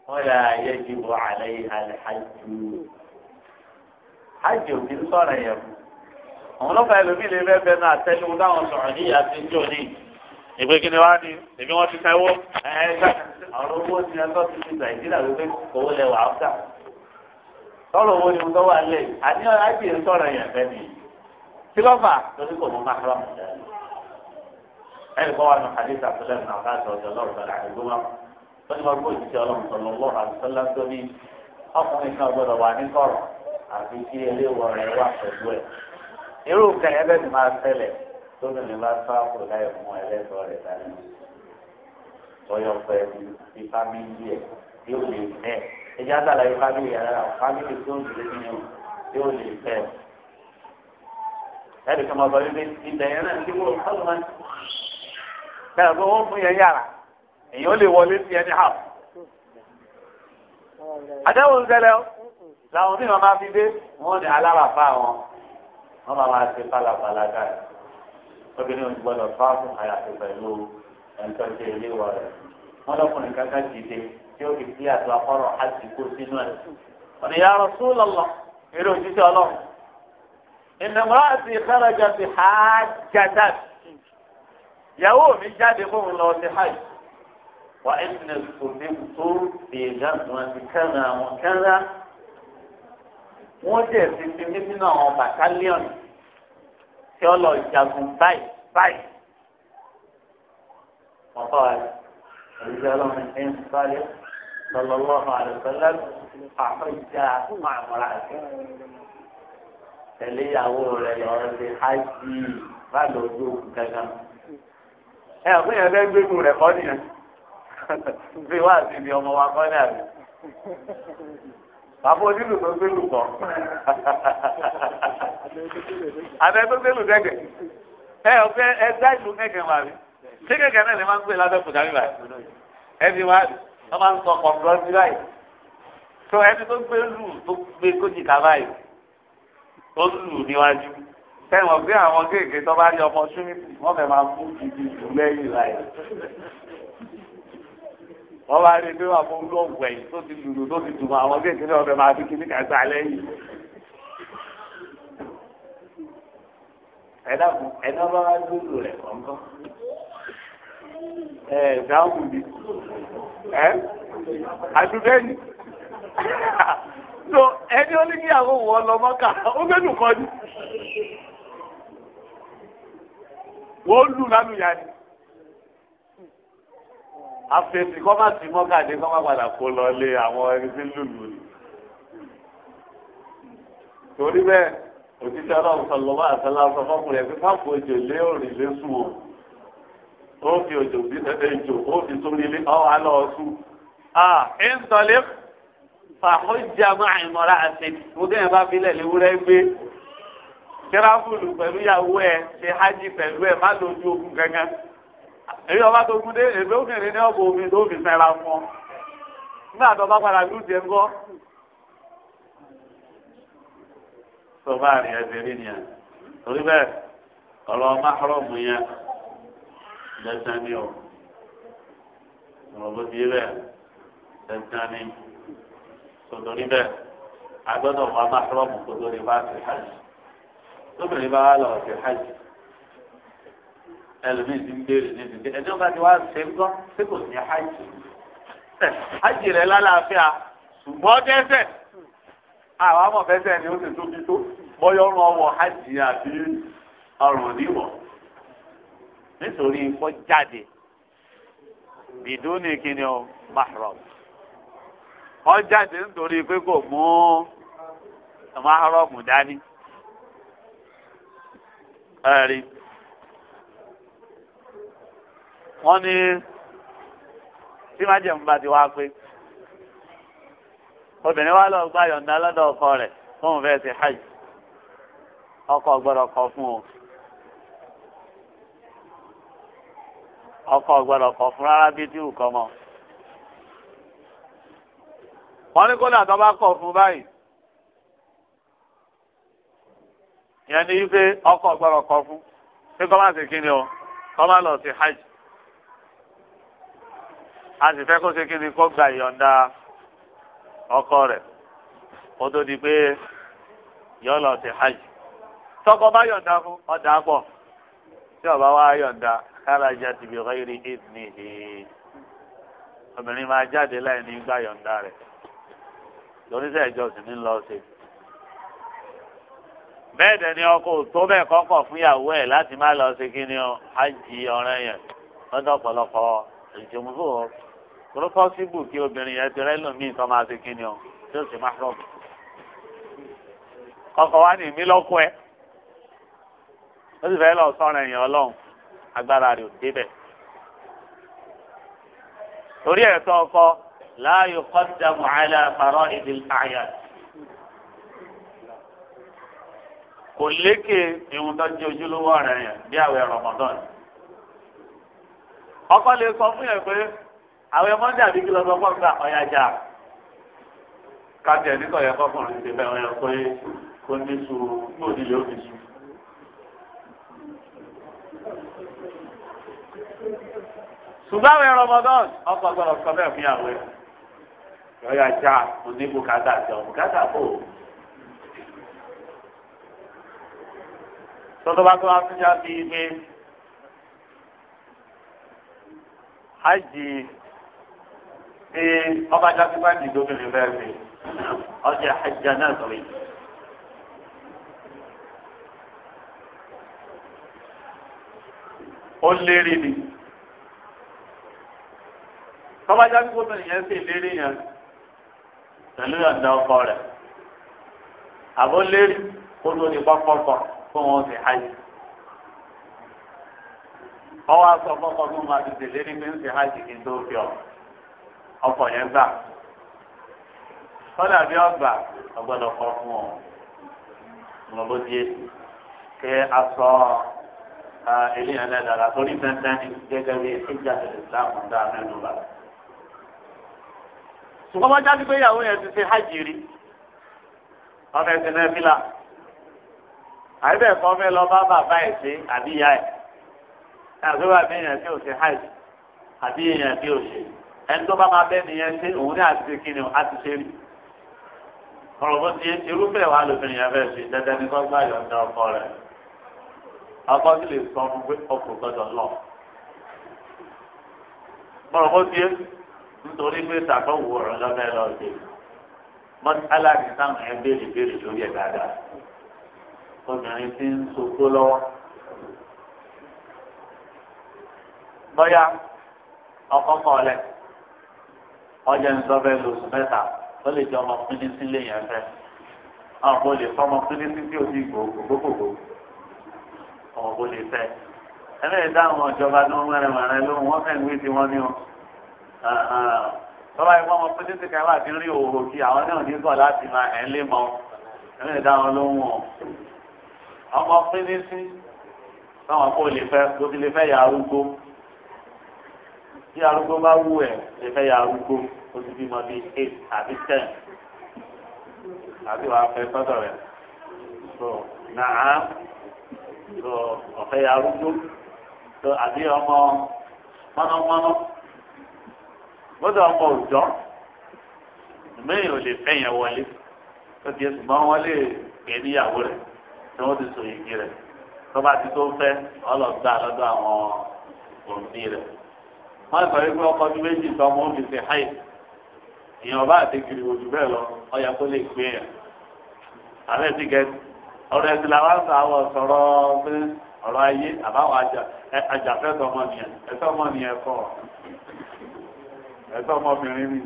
wọn là yẹ jìbọ àlẹ alhaji hajj òbí sọ̀rọ̀ yẹn àwọn ọlọ́pàá ẹlòmíì lè fẹ́ bẹ́ẹ̀ náà tẹnu táwọn sọ̀rọ̀ ní àti jò ní ìpè kí ni wàá ní èmi wọn ti fẹwọ ẹ ẹ ọ̀rọ̀ owó ti ẹ tọ́ ti fi nàìjíríà wípé owó lẹ wàá fà sọ̀rọ̀ owó ni mo tọ́ wà lẹ̀ àníyàn hajj sọ̀rọ̀ yẹn fẹ́ mi kí lórí kò mú máa rà ẹnì kan wà ní hadith abdullahi bin abbas ọjọ́ lọ́rọ̀ bẹ̀rẹ̀ àdúgbò wọn ni wọn kó ìdíje ọlọ́run sọlọ lọ́rọ̀ àdúgbò tó ní ọkùnrin kan gbọ́dọ̀ wà ní kọ̀rọ̀ àti kí eléwọ rẹ wà pẹ̀lú ẹ irú nǹkan ẹgbẹ́ ti máa tẹ́lẹ̀ tóbi ní bá sáàpù láì mú ẹlẹ́tọ̀ọ́ rẹ̀ dání tọyọ pẹ̀ ní fámìlì ẹ̀ yóò lè fẹ́ ẹjẹ́ àtàlàyé fámìlì ẹ̀ fámìlì tó ń dìde nínú yóò lè fẹ́ ẹ̀ẹ́dì kan máa bọ̀ wípé ìbẹ̀yẹn náà ti wọ́n ọ̀hún kẹ́rẹ̀ pé wọ́n mú yẹn yàrá èyàn lè wọlé sí ẹni hà. àdéhùn ṣẹlẹ̀ làwọn mìíràn máa fi dé wọ́n ní aláràfà wọn wọ́n máa máa ṣe pálapàla káyọ̀ obìnrin ò gbọ́dọ̀ fáwọn àyàfi pẹ̀lú ẹ̀ńtọ́jú ilé wọ̀ rẹ̀ wọ́n lọ́kùnrin kankan dìde tí ó fi kí àtọ́ akọ́rọ̀ àti kó sínú ẹ̀. ọ̀nà ìyá Rasulullah eré òjíṣẹ́ ọlọ́run ìnàmúrà ìyàwó mi jáde fóun lọ sí hajj wà á ẹni sòdí tó èèyàn wọn ti kẹ́ra àwọn kẹ́ra wọ́n jẹ́ ti fi mí sínú àwọn bàtálíọ̀nù tí ó lọ jagun báyìí báyìí wọ́n kọ́ ẹ ẹ̀rọ ọlọ́run ẹ̀ ń sáré lọ́lọ́lọ́run àlùfẹ́lẹ́ àfẹ́jà màmúra tẹ̀lé ìyàwó rẹ̀ lọ́ọ́ sí hajj bá lọ́ọ́ dóògùn gángan ẹ ọ̀pẹ́ yẹn fẹ́ gbẹ́gun rẹ̀ kọ́ nìyẹn fi wá sí ibi ọmọ wa kọ́ náà rẹ̀ bàbá onílù tó gbẹ́lù kọ́ àbẹ tó gbẹ́lù dẹ́gẹ̀ ẹ ọ̀pẹ́ ẹ dá ìlú kẹ̀kẹ́ wà rí ṣé kẹ̀kẹ́ náà lè máa ń gbé lábẹ́ kùtà rí báyìí ẹ fi wá rí wọ́n máa ń sọ kọ̀ọ̀kan sí báyìí tó ẹni tó gbẹ́lù tó gbé kójì ká ó lù níwájú tẹ̀wọ̀n bí àwọn kéèké tó bá rí ọmọ súnmítì wọ́n fẹ́ máa fún ibi ìlú lẹ́yìn láyé. wọ́n bá rí pé wà fún lóògùn ẹ̀yìn tó ti lùlù tó ti dùn àwọn kéèké náà fẹ́ máa fi kíní kàgbà lẹ́yìn. ẹ̀dá ẹ̀dá bá wá lóòlù rẹ̀ kọ̀ọ̀kan. ẹ̀ dáhùn mi ẹ̀ àdúgbẹ́ni so ẹni ó ní kí àwọn òun ọlọmọ kà ó gbẹ́dùn kan ni wọ́n lù lánàá yá ni. àfẹ̀sì kọ́ máa sì mọ́kàdé kọ́ máa padà kó lọ lé àwọn ẹni tí ń lùlù ni. torí bẹ́ẹ̀ òtítọ́ ọlọ́run sọ lọ́wọ́ àtàlà sọ fọ́kùnrin ẹ̀fí fáàpù òjò lé òrìn lé sùn o. ó fi òjò bí ẹ̀ẹ́dẹ́ ìjò ó fi sórí ilé ọ̀ alọ́ ọ̀sùn. à ń sọ lé fàkójà máa ìmọ̀ra àti ìfúdẹ́yìn bá fi lẹ̀ léwúrẹ́ gbé tíráfùlù pẹ̀lú ìyàwó ẹ ṣe hajj pẹ̀lú ẹ má lójú ogun kankan èyí ọba tó gún dé èmi obìnrin ní ọ̀bọ̀ omi tó fi fẹ́ra fún ọ nígbà tó bá padà lù tiẹ̀ ńkọ́. tó bá rìn ẹsẹ̀ rí nìyẹn torí bẹ́ẹ̀ ọ̀rọ̀ máhárọ̀mù yẹn dandan ni o ọ̀rọ̀ bó ti yé bẹ́ẹ̀ dandan ni tòtòrí bẹ́ẹ̀ agbọ́dọ̀ wà máhárọ̀mù kó tó lè bá ti hajj lóbìnrin bá wà lọ sí hajj ẹlòmíì ti ń béèrè níbi tí ẹjọ́ bá ti wá ṣe ń gbọ́ tí kò sí hajj hajj rẹ̀ lálàáfíà ṣùgbọ́n dẹ́ṣẹ̀ àwọn amọ̀fẹ́sẹ̀ ni ó ti tóbi tó bọ́yọ̀ ọ̀rùn ọwọ́ hajj àti ọ̀rùn níwọ̀ nítorí kọ́ jáde bìdúnì kìíní ọ mahram ọ jáde nítorí pé kò mú mahram dání. ẹ̀rí wọ́n ni tí májèmú bá ti wá pé obìnrin wa lọ gba yọ̀ǹda lọ́dọ̀ ọkọ rẹ̀ fóun fẹ́ ti hajj ọkọ gbọ́dọ̀ kọ̀ fún o ọkọ gbọ́dọ̀ kọ̀ fún rárá bí tí ò kọ́ ìyẹn ni wípé ọkọ̀ gbọ́dọ̀ kọ fún pé kọ́ máa ṣe kí ni o kọ́ máa lọ sí hajj a sì fẹ́ kó ṣe kí ni kó gba ìyọ̀ǹda ọkọ rẹ̀ ó tó di pé yọ lọ sí hajj tọkọ bá yọ̀ǹda fún ọ̀dà pọ̀ tí ọba wa yọ̀ǹda kárajà ti bí ọ̀gáyìrì ìdìní hìí obìnrin máa jáde láì ní gbà yọ̀ǹda rẹ̀ lóníṣẹ́ ìjọsìn ní lọ́ọ́ bẹ́ẹ̀ dẹ̀ ni ọkọ tó bẹ́ẹ̀ kọ́kọ́ fún ìyàwó ẹ̀ láti má lọ sí kí ni ọ ájì ọ̀rẹ́ yẹn lọ́dọ̀ ọ̀pọ̀lọpọ̀ ìjòmùfò tó pọ́síbù kí obìnrin yẹn ti rẹ́lò míì tó máa sí kí ni ọ tí ó sì má rọ̀bù. ọkọ̀ wa ní ìmí lọ́kọ ẹ̀ ó sì fẹ́ lọ sọ́ra ẹ̀yìn ọlọ́run agbára rẹ̀ ò débẹ̀. torí ẹ̀ sọ ọkọ láàyò kọ́ kò lékè ìwọn tó jẹ ojúlówó rẹ yẹn bí àwẹ̀ Ramadan ọkọ lè sọ fún yẹn pé àwẹ̀ mọdé àbí kí lọsọ fún ọgbà ọyájà kájẹ nígbà yẹn kọkùnrin ti bẹ ọyàn pé kò ní sùúrù yóò ní yóò ní sùúrù. ṣùgbọ́n àwẹ̀ Ramadan ọkọ gbọ́dọ̀ sọ bẹ́ẹ̀ fún yàwó ẹ̀ ọyájà oníbùkátà jọ bùkátà kò. tọ́tọ́ bá tó wá tún já bíi pé hajj ṣe ọba jáde bá di gómìnà bẹ́ẹ̀ fi ọjà hajj náà sọ̀rọ̀ yìí. ó lérí ni tọ́ba jáde gómìnà yẹn sì lérí yẹn pẹ̀lú ọ̀dà ọkọ rẹ̀ àbó lérí kó tó di pọ́npọ́npọ́n fún wọn fi hajj ọwọ́ aṣọ fọ́kọ́ fún ma ti tẹ̀lé ní pé ń fi hajj kí n tó fi ọ ọkọ̀ yẹn gbà kọ́dà bí ọgbà ọgbọ́dọ̀ kọ́ fún ọ lọ́bọ̀ díẹ̀ kẹ́ aṣọ eléyàn lẹ́dàrà torí pẹ́ńpẹ́ ní gẹ́gẹ́ bí ìjà ìsìlámù dáa mẹ́nu bá. ṣùgbọ́n wọ́n jáde pé ìyàwó yẹn ti ṣe hajj rí ọ̀fẹ́ ti náà àbíbẹ̀ kan fẹ́ lọ bá bàbá ẹ̀ sí àbí ìyá ẹ̀ àbí wà bí èèyàn tí ò ṣe hajj àbí èèyàn tí ò ṣe ẹni tó bá máa bẹ́ nìyẹn ṣe òun ní àti kíni a ti ṣe rí ọ̀rọ̀ bó ti irúfẹ́ wa lóbìnrin yẹn fẹ́ ṣe dandan ní kọ́gbà yọ̀ǹda ọkọ rẹ̀ ọkọ sì lè sọ fún pé ọkọ gbọdọ̀ lọ ọ̀rọ̀ bó ti nítorí pé sàkọ́wò ọ̀rọ̀ lọ́fẹ́ lọ́ọ́ ṣe mọ́tálá ní obìnrin tí ń sopó lọ́wọ́. bọ́yá ọkọ kọ̀ọ̀lẹ̀ ọjà ń sọ́fẹ́ lóṣù mẹ́ta ó lè jẹ́ ọmọ pínísí lè yẹn fẹ́ àwọn kò lè fọ́ ọmọ pínísí tí ò sí gbogbogbò ọmọ kò lè fẹ́ ẹlẹ́yìn táwọn ìjọba tó ń wẹ́rẹ̀ wẹ́rẹ̀ lóhùn wọ́n fẹ́ wí sí wọn ní o tọ́lá ìwọ́n ọmọ pínísí kan láti rí òhò kí àwọn náà ní ọmọ pínísí táwọn kò lè fẹ́ ló ti lè fẹ́ yà arúgbó bí arúgbó bá wù ẹ̀ lè fẹ́ yà arúgbó ó ti bímọ bíi eight àbí ten àbí wàá fẹ́ sọ́dọ̀ rẹ̀ so nàá so ọ̀fẹ́ yà arúgbó so àbí ọmọ mọ́nàmọ́ná gbọ́dọ̀ ọmọ òòjọ́ ìmọ̀ èèyàn ò lè fẹ́ yẹn wọlé tó ti ẹ̀sùn bá wọlé pè níyàwó rẹ̀ tí wọ́n ti so ìgbì rẹ̀ tọ́ba ti tó fẹ́ ọlọ́gbà lọ́dọ̀ àwọn òǹdí rẹ̀. wọ́n sọ wípé ọkọ bí méjì tó ọmọ òbí ti háì èèyàn bá àti kiri ojú bẹ́ẹ̀ lọ ọyà kó lè gbé yẹn. àbẹ́ ti gẹ ọ̀rọ̀ ẹ̀sìn làwọn sọ àwọn sọ̀rọ̀ pé ọ̀rọ̀ ayé àbáwọn ajàfẹ́tọ̀ ọmọnìyàn ẹ̀tọ́ ọmọnìyàn kọ̀ ẹ̀tọ́ ọmọbìnrin mi.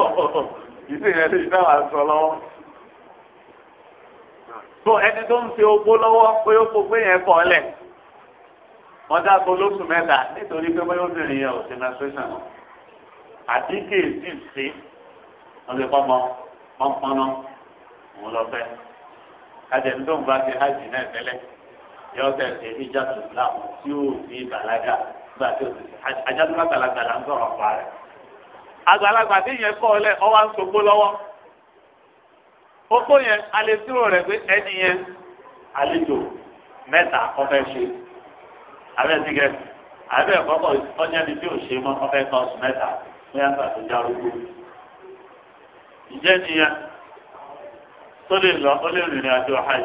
ìsìn yẹn tó ẹni tó ń fi ogbó lọ́wọ́ pé ó fòpé yẹn kọ́ ọ lẹ̀ wọ́n dáko lóṣù mẹ́ta nítorí pé bóyá obìnrin yẹn ò ṣe menstruation àti kéèsì sí wọ́n lè pọ́nmọ́ pọ́npọ́nà òun lọ fẹ́ kájẹ̀ ní tó ń bá ti hajj náà tẹ́lẹ̀ yọ tẹ̀sí tí ó fi bàlágà kókó yẹn alẹ́ dúró rẹ̀ pé ẹni yẹn àlejò mẹ́ta ọ̀fẹ́ ṣe abẹ́ sígẹ̀ abẹ́ kọ́kọ́ ọ̀nyẹ́ni tí ò ṣe mọ́ ọ̀fẹ́ kan oṣù mẹ́ta bóyá ń gbà tó já rúgbó. tó lè lọ ó lè rìnrìn àjò hajj.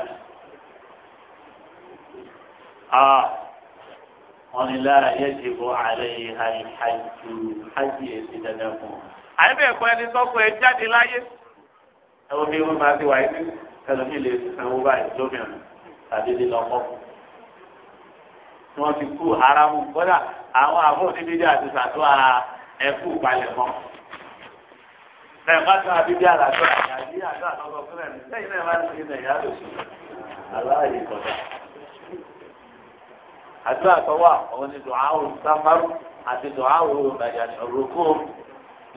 wọ́n ní lára ti bọ́ àlẹ́ yìí hajj hajj hajj yẹn ti dandan fún un. àyẹ̀bẹ̀ ẹ̀kọ́ ẹni sọ́kùn ẹ jáde láyé. ẹwọ bí wọn máa ti wà yìí ẹlòmíì lè sanwó báyìí lómìnira tàbí lè lọ kọ tí wọn ti kú aramu kódà àwọn àfọwọ́sí bíbí àti sàtó ara ẹkú balẹ̀ mọ́ bẹ́ẹ̀ bá tún abíbí àlàtọ àyàjí àjọ àtọkọ fún ẹni lẹ́yìn náà bá ti ṣe nàìjíríà lòsù aláàyè kọjá àdúrà tó wà òun ni dùn áwòrán sáfárù àti dùn áwòrán ìbàdàn òrùkú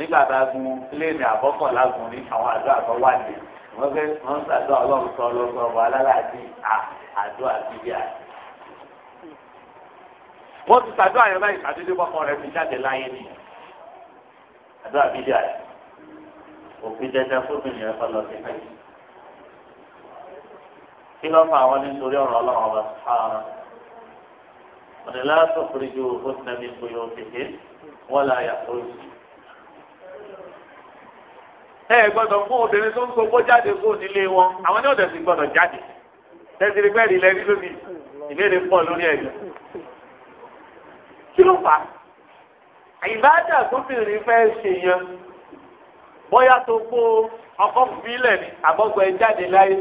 nígbà tá a gun pílẹ̀nì àkọ́kànlá gùn ní àwọn àdó àkọ́wádìí wọ́n fẹ́ wọ́n ń sàdó ọlọ́run sọ ọlọ́sọ ọba alálàájì àdó àbíyá. wọ́n ti sàdó àyẹ̀wò báyìí sàdédé kọ́kọ́ rẹ̀ fi jáde láyé ni àdó àbíyá rẹ̀ òfin dandan fóbìnrin rẹ̀ fọlọ́ sí pẹ́. kí ló fa àwọn nítorí ọ̀rọ̀ ọlọ́run ọba sùpáàrọ̀ ọ̀nìlá sọ̀kúrìjù fún nàbí gbòyò òkèké wọ́n là ẹ gbọ́dọ̀ fún obìnrin tó ń sọ gbọ́jáde kó nílé wọn àwọn ní ọ̀dẹ̀ sì gbọ́dọ̀ jáde tẹ́sí rí bẹ́ẹ̀ lẹ́rí lónìí ìbéèrè pọ̀ lórí ẹ̀ kí ló fà á ìbáàdà tóbìnrin fẹ́ ṣe yẹn bóyá tó kó ọkọ fílẹ̀ ní àbọ̀gbọ̀ ẹ jáde láyé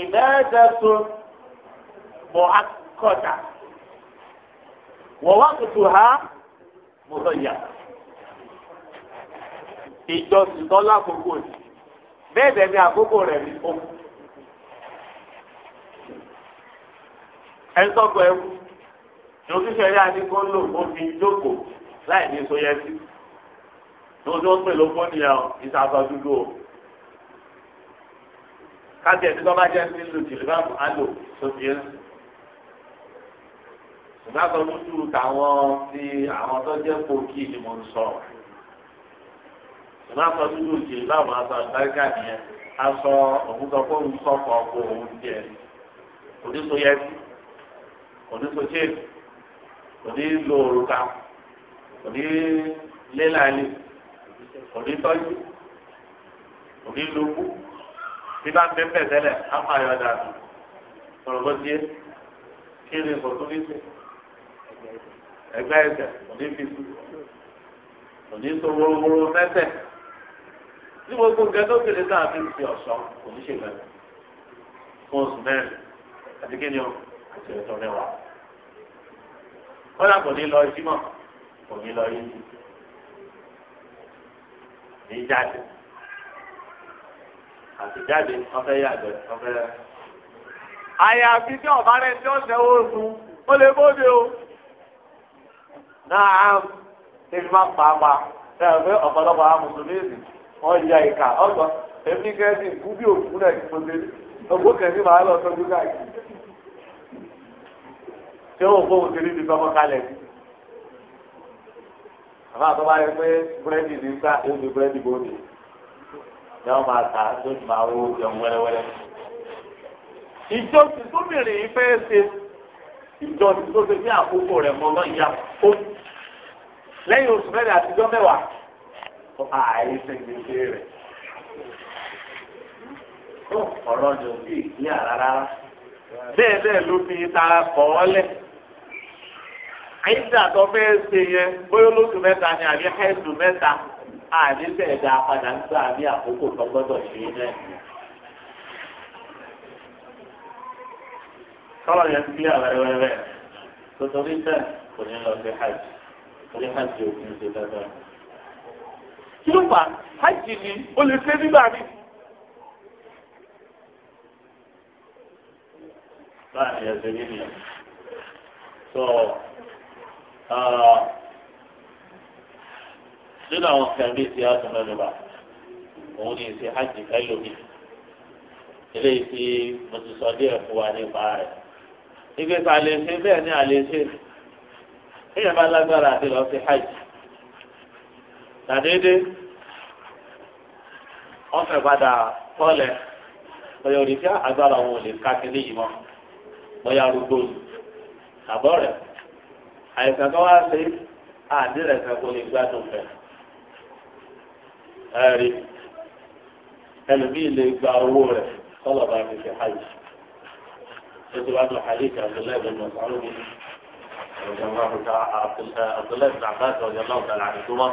ìbáàdà tó mọ̀ akọ̀dà wọ́n wá kùtù ha mo lọ yàtọ̀ ìjọsìn tó lákòókò ni bẹ́ẹ̀ dẹ̀ ni àkókò rẹ̀ ní o. ẹ sọ́kọ̀ ẹ̀wù ní ojúṣe rí adigun ń lò òfin jókòó láì ní so yẹn sí. ní ojú ó pè ló fún nìyẹn o ìsàkọ dúdú o. káàtì ẹ̀sìn tó bá jẹ́ sí lù jìlì bá mú àlò tó fi ń sùn. ṣùgbọ́n àkọ́kọ́ dúdú tàwọn ti àwọn tó jẹ́ pòkì ni mo ń sọ̀rọ̀ ìmọ̀ aṣọ dúdú ti láwọn aṣọ àgbáríkà nìyẹn aṣọ òun sọ pé òun sọ fọ ọkọ òun tiẹ̀ oníṣó yẹtí oníṣó chéèkì òní lo òrùka òní lélàálì òní tọ́jú òní lókù bí bá ń bẹ́ bẹ́ẹ̀ tẹ́lẹ̀ á máa yọ dànù sọ̀rọ̀ bó tiẹ̀ kí ni kò tún ní sí ẹgbẹ́ ẹsẹ̀ òní fi sùn òní sọ wórówóró mẹ́sẹ̀ tí gbogbo nǹkan tó kéré sáà fi ń fi ọ̀ṣọ́ kò ní ṣe mẹ́rin fún oṣù mẹ́rin àti kí ni o àti ẹ̀tọ́ mẹ́wàá. kọ́lá kò ní lọ ìjímọ̀ kò ní lọ yíyí ní jáde àti jáde ọ̀fẹ́ yàgbẹ́ ọ̀fẹ́. àyàfi tí ọ̀bá rẹ̀ tí ó ṣẹ́wó oṣù ó lè bóde o. náà ṣe fi máa pa pa ṣe é pé ọ̀pọ̀lọpọ̀ àwọn mùsùlùmí ọjà ìka ọgbọ èmi kẹ́ni ìkú bí òkú náà ti pọ́nlé ọgbọ́ kẹ́ni màá lọ sọ́jú káàkiri ṣé òun fóun ti rí ibi tọmọ kalẹ̀ ni àmọ́ àtọ́ba yẹ pé búrẹ́dì ní sá yóò fi búrẹ́dì bóde yóò máa ta tó ti máa wó jẹun wẹ́rẹ́wẹ́rẹ́ ìjọ ti tóbìnrin yìí fẹ́ ṣe ìjọ ti tó ṣe ní àkókò rẹ̀ mọ́ lọ́yà ó lẹ́yìn oṣù mẹ́rin àtijọ́ mẹ́wàá ààyè ṣègbèsè rẹ̀. ọ̀rọ̀ jò sí ìpínlẹ̀ rárá bẹ́ẹ̀ bẹ́ẹ̀ ló fi tara kọ́ ọ lẹ̀. àyíṣà tó fẹ́ ṣe yẹn bóyá olóṣù mẹ́ta ni àbí ẹ̀sù mẹ́ta àbí bẹ́ẹ̀ dáa padà ń gbà ní àkókò tó gbọ́dọ̀ ṣe náà. kọ́lọ̀ yẹn ti kílẹ̀ wẹ́rẹ́wẹ́rẹ́ tuntun ní sẹ́ẹ̀ kò ní lọ sí hajj kò ní hajj òkú ní ti dáadáa kí ló ni ó lè ṣe nígbà mi. báyìí ẹ ṣe ní nìyẹn sọ uh, nínú àwọn kẹmí tí a tún lọ́nà bá òun ní ìṣe hajj kẹlòmí eléyìí tí mo ti sọ díẹ̀ fún wa nípa rẹ̀ ibi lè ṣe bẹ́ẹ̀ ni a lè ṣe èèyàn bá lágbára àti lọ sí hajj tàdédé wọ́n fẹ́ padà tọ́lẹ̀ bóyá orí tí agbára wọn ò lè ká kí níyì mọ́ bóyá arúgbó ni àbọ̀ rẹ̀ àìsàn kan wá sí àdìrẹ̀ kan kò lè gbádùn fẹ́ ẹ̀rí ẹlòmíì lè gba owó rẹ̀ kọ́lọ̀ bá fi fi hajj ètò wàá hajj kan tó lẹ́gbẹ̀ẹ́ mọ̀ sáré mi. Abdullahi bin Abbas radiyallahu ta'ala anhu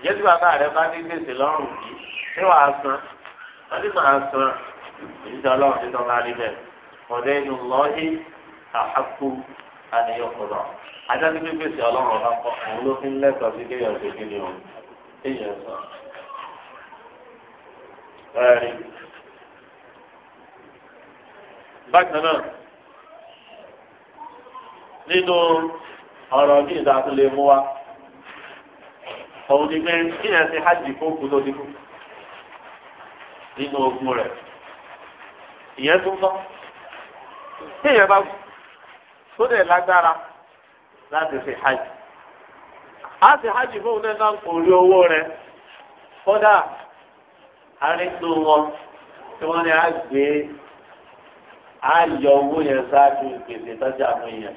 ìjẹ́ tí bàbá rẹ bá ní gbèsè lọ́rùn yìí ṣé wàá san wọ́n ní màá san ìdíje ọlọ́run ti tọ́ka rí bẹ́ẹ̀ ọ̀dẹ́ inú lọ́ọ́hí àhàkù àníyànkùnà adájọ́ ní gbèsè ọlọ́run ọba kọ́ òun ló fi ń lẹ́tọ̀ọ́ sí kéèyàn ṣe kí ni o kéèyàn san. bákan náà nínú ọ̀rọ̀ bí ìdá lè mú wa òun ni pé kí ẹ ṣe hajj kó kú tó dínkù nínú ogun rẹ̀ ìyẹn tó ń tọ́ tí ìyẹn bá tó dẹ̀ lágbára láti ṣe hajj a ṣe hajj fóun náà náà kò rí owó rẹ̀ kódà arínú wọn tí wọ́n ní àgbé ayọ̀ owó yẹn ṣáájú gbèsè tọ́jú àwọn èèyàn.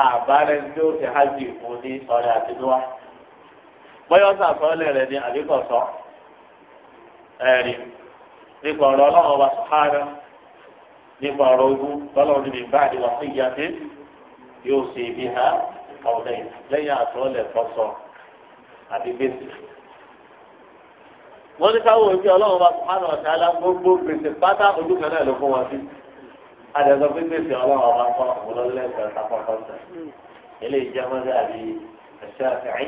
àbárẹ tí ó fi hajj fún ní ọ̀rẹ́ àtijọ́ bọ́yọ̀ sàkọọ́lẹ̀ rẹ̀ ní àdìkọ̀sọ́ ẹ̀rí nípa ọ̀rọ̀ ọlọ́run wa nípa ọ̀rọ̀ ogun tọ́lọ́run níbi bá àdìwà fún ìyá dé yóò ṣe ibi ha ọ̀lẹ́ lẹ́yìn àtọ́lẹ̀ kọ́sọ́ àti wọ́n ní káwọn òbí ọlọ́run ọ̀tá gbogbo àdàgbà pípé fi ọlọ́run ọba kọ́ ọ̀pọ̀lọ́lẹ́sẹ̀ ṣàkọ́kọ́sẹ̀ eléyìí jẹ́ mọ́tẹ́ àbí ṣáfi'í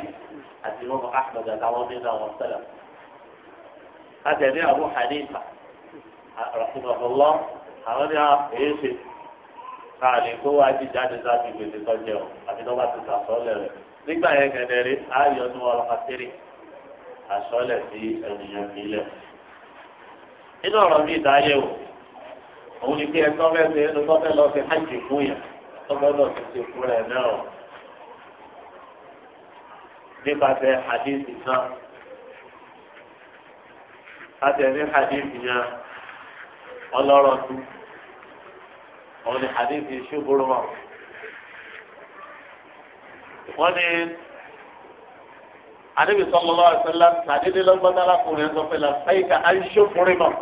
àti mọ́mọ́ ahmed àtàwọn nínú àwọn sẹ́lẹ̀. àtẹ̀lé àbú hanifa rahimahullah àwọn ní àpèéṣe káàlì kó wá jí jáde láti gbèsè tọ́jú ọ̀ àti tó bá ti sàṣọ́lẹ̀ rẹ̀ nígbà yẹn kẹ̀dẹ̀rẹ́ ayọ̀ ní wọn lọ́kàtẹ́rì àṣọ́lẹ̀ sí ẹ̀yìn ìlẹ̀. inú ọ̀rọ̀ mi ìdáyẹ̀wò òun ni bí ẹgbẹ́ ọ̀fẹ́ ṣe ẹnu tó fẹ́ lọ sí hajj fún yẹn tó gbọ́dọ̀ ti fún rẹ̀ náà nípasẹ̀ hadith náà látẹ̀lé hadith yẹn ọlọ́rọ̀ tún òun ni hadith ṣubúrú mọ́ wọ́n ní àdébìsọ́ lọ́wọ́ àti sẹ́lá tàdédé lọ́gbọ́dá lákùnrin sọ pé làṣẹ́yìká àìṣòkùnrin mọ́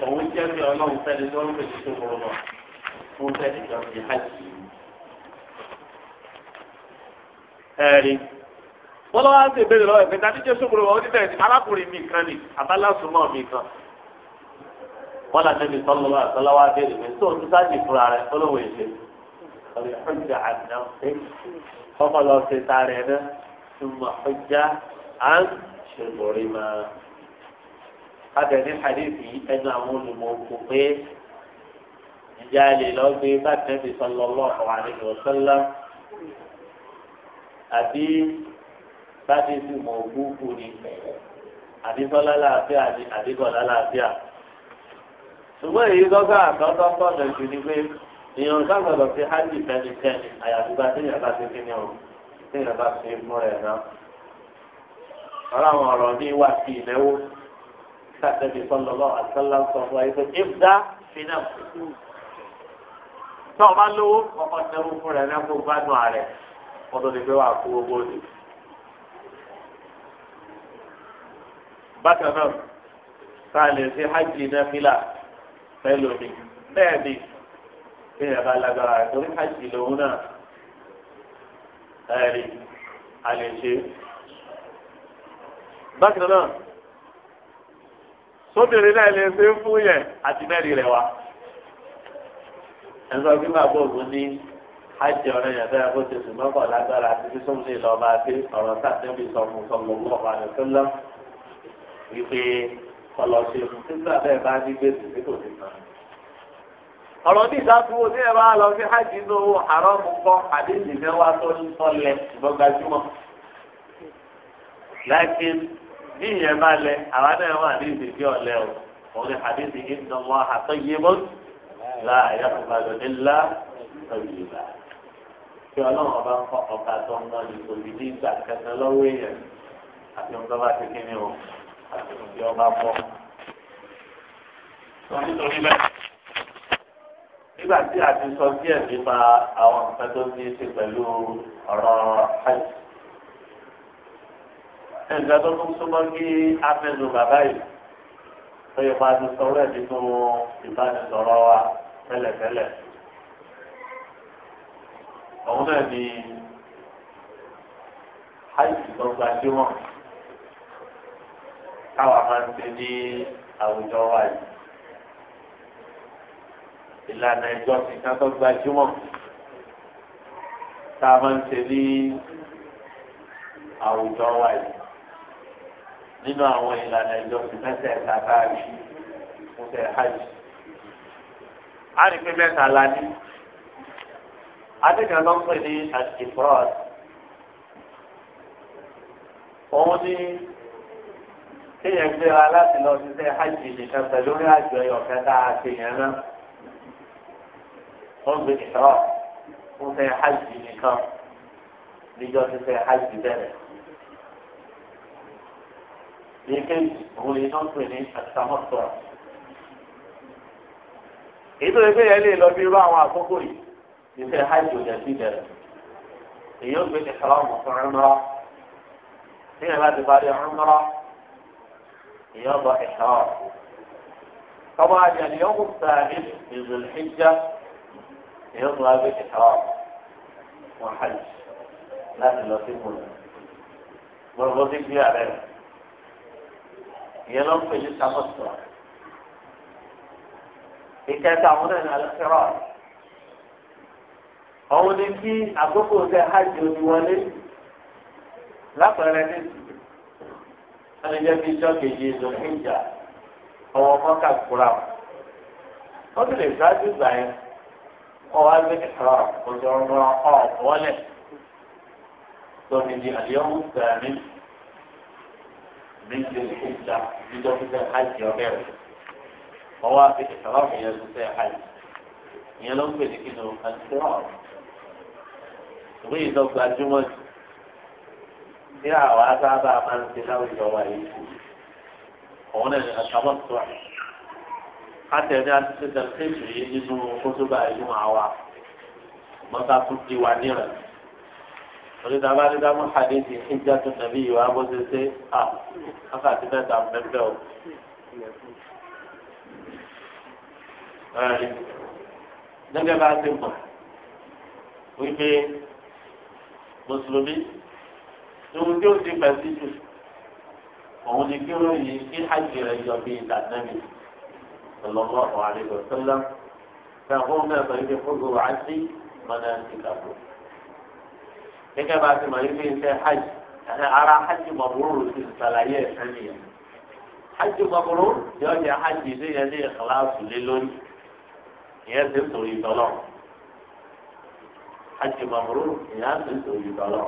òun jẹ́ pé ọlọ́run sẹ́ni tó ń pè sí kòkòrò náà fún sẹ́ni tó ti hajj. ẹ̀rí wọ́n lọ́wọ́ á ń ṣèbéèrè lọ́wọ́ ìpínlẹ̀ àti jésù kúrò wọn ó ní bẹ́ẹ̀ ni arákùnrin mi kan ni àbálàsùmọ̀ mi kan wọ́n làtẹ́ mi sọ́nù lọ́wọ́ àtọ́láwá béèrè pé tó o sáàjì fúnra rẹ̀ olówó ìṣe ọ̀lẹ́hùnjà àná ọkọ̀ lọ́ọ́ ṣe tààrẹ̀ náà adẹ̀ní hadithi ẹnu àwọn olùmọ̀ọ́kù pé ìjà lè lọ gbé bàtẹ́bí sallallahu alaihi wasallam àbí bàtẹ́bí mọ̀ọ́kù ni àbí sọlá làáfíà ni àbí gọ̀lá làáfíà. ṣùgbọ́n èyí gọ́gọ́ àtọ́tọ́ tọ̀nà jù ni pé èèyàn sábàdọ̀ sí hajj fẹ́nikẹ́ni àyàfígbà tí ìyàbá ti fi ní ọ̀rọ̀ tí ìyàbá ti fún ẹ̀ náà. ọ̀rọ̀ ọ̀rọ̀ ní wà sí ìnáwó sàtẹ́bí sọlọ́lọ́ àtẹ́lá ń sọ fún wa yìí pé dá fínà tó o bá lówó ọkọ̀ tẹ́wó fún rẹ̀ náà kó gbádùn ààrẹ wọ́n tó lè fẹ́ wà kó owó ni. bákan náà tá a lè ṣe hajj náà fílà pẹ̀lú mi bẹ́ẹ̀ ni bí ẹ̀ bá lágbára torí hajj lòun náà ẹ̀rí a lè ṣe. bákan náà sóbìnrin náà lè ṣe fún yẹn àti mẹ́rin rẹ̀ wá. ẹnìkan kí máa bọ̀ ògùn ní hajj ọ̀rẹ́ yẹn fẹ́ kó ṣe sùn mọ́kàn lágbára àti fi sóun lè lọ́ọ́ máa fi ọ̀rọ̀ sàtẹ́bí sọ̀mù sọ̀mù ọ̀pọ̀ àdìsọ́lá wípé kọlọ́ọ̀ṣe fún sísá bẹ́ẹ̀ bá ní gbèsè tí kò ní san. ọ̀rọ̀ ní ìdákúwò tí ẹ bá lọ sí hajj ní àrọ́mù kọ́ àdéhùn ìfẹ́ tó ń tọ́lẹ̀ ìgbọ́gbajúmọ̀. lákìn bí ìyẹn bá lẹ àwọn náà wà ní ìdíje ọ̀lẹ́ o wọ́n ní àdéhùn ìdíje ọmọ àtọ́yé mọ́ láàyè àkùnbàdàn ńlá ọ̀yẹ̀ bá kí ọlọ́run ọba ń kọ́ ọba tó ń náà nípa òbí ní ìgbà kẹta lọ́wọ́ èèyàn àti ọ̀gá bá ti kíni o àti ọ̀gá ọba bọ̀. nígbà tí a ti sọ díẹ̀ nípa àwọn nǹkan tó ní í ṣe pẹ̀lú ọ̀rọ̀ àìsàn ẹ̀ka tó tún súnmọ́ kí afẹ́nu bàbá yìí tó yẹ máa ti sọ̀rọ̀ ẹ̀ nínú ìbánisọ̀rọ̀ wa tẹ́lẹ̀tẹ́lẹ̀. Òun náà ni àìsí tó gbajúmọ̀ káwa máa ń ṣe ní àwùjọ wa yìí. Ìlànà ìjọsìn kan tó gbajúmọ̀ tá a máa ń ṣe ní àwùjọ wa yìí nínú àwọn ìlànà ìjọsìn mẹ́sẹ̀ tàbáàrí mọ́sẹ̀ hajj. a rí pé mẹ́ta la ní. adéka ló ń pè ní àtìfọ́ọ̀d. òun ní kéèyàn gbéra láti lọ síṣẹ́ hajj nìkan pẹ̀lú orí àjọ ẹ̀yọ̀kẹ́ tá a ṣe yẹn náà. wọ́n gbé ìtọ́ mọ́sẹ̀ hajj nìkan níjọ́ síṣẹ́ hajj bẹ̀rẹ̀ èkejì òun ni wọ́n pè ní àtàmọ́tò. èyí tó yẹ pé yẹn lè lọ bí irú àwọn àkókò yìí ní sẹ́ hajj òjò sí bẹ̀rẹ̀ èyí ó gbé ní sàlámù fún ọmọrọ tí yẹn ti parí ọmọrọ èyí ó bọ ìṣọ́ kọ́mọ àjẹlẹ̀ yóò kó sàmì ìzùl hijja èyí ó bọ abé ìṣọ́ wọn hajj láti lọ sí mùsùlùmí. Gbọ̀dọ̀ bó ti gbé àrẹ ìyẹn ló ń pè ní sàmọ́sọ̀ ìkẹta àwọn náà ní alẹ́sẹ̀rọ̀ ọ̀hún ni kí àkókò tẹ hajj òní wọlé lápẹẹrẹ ní ẹnìjẹ́ bíi jọ́kèjì ìdòmíjà ọwọ́ mọ́kà kúra wọ́n ti lè ṣáájú gbà yẹn ọwọ́ agbẹ́ni kọ́ ọ̀dọ̀ ọ̀rọ̀ ọ̀ọ́lẹ̀ tó ní di àlẹ́ gbà mí méjì òkúta jíjọ fífẹ hajj ọbẹ rẹ ọwọ àti ìsàlámù yẹn ló fẹ hajj ìyẹn ló ń pè ní kí ni antirọọlù ìwé ìdọgba júmọ ni tí àwọn asábà máa ń ṣe láwùjọ wa yìí òun náà ní àtàwọn tó wà kátẹ̀mí àti ṣẹṣẹ kéjì yìí nínú kótóbá ìlú àwa mọ́tà tó di wa níran oríta bá dé dámú hadithi ìjà tó nàbí ìwà bó ṣe ṣe à wákàtí mẹ́ta mẹ́fẹ́ o. gẹ́gẹ́ bá ti mọ̀ wípé mùsùlùmí ohun tí ó ti pẹ̀ sí jù òun ni kí wọ́n yí kí hajj rẹ̀ yọ bí ìdánẹ́bí sallallahu alaihi wasallam fẹ́ràn fún mẹ́ta ìdí fún gbogbo àti mọ́nà ìdàgbò gẹ́gẹ́ bá a ti mọ̀ ilé iṣẹ́ hajj ara hajj mabrur ti sàlàyé ẹ̀sán nìyẹn hajj mabrur yóò jẹ hajj ilé yẹn ní ìkàlásù lé lónìí ìyẹn ti sòrò ìtọ́lọ̀ hajj mabrur ìyẹn ti sòrò ìtọ́lọ̀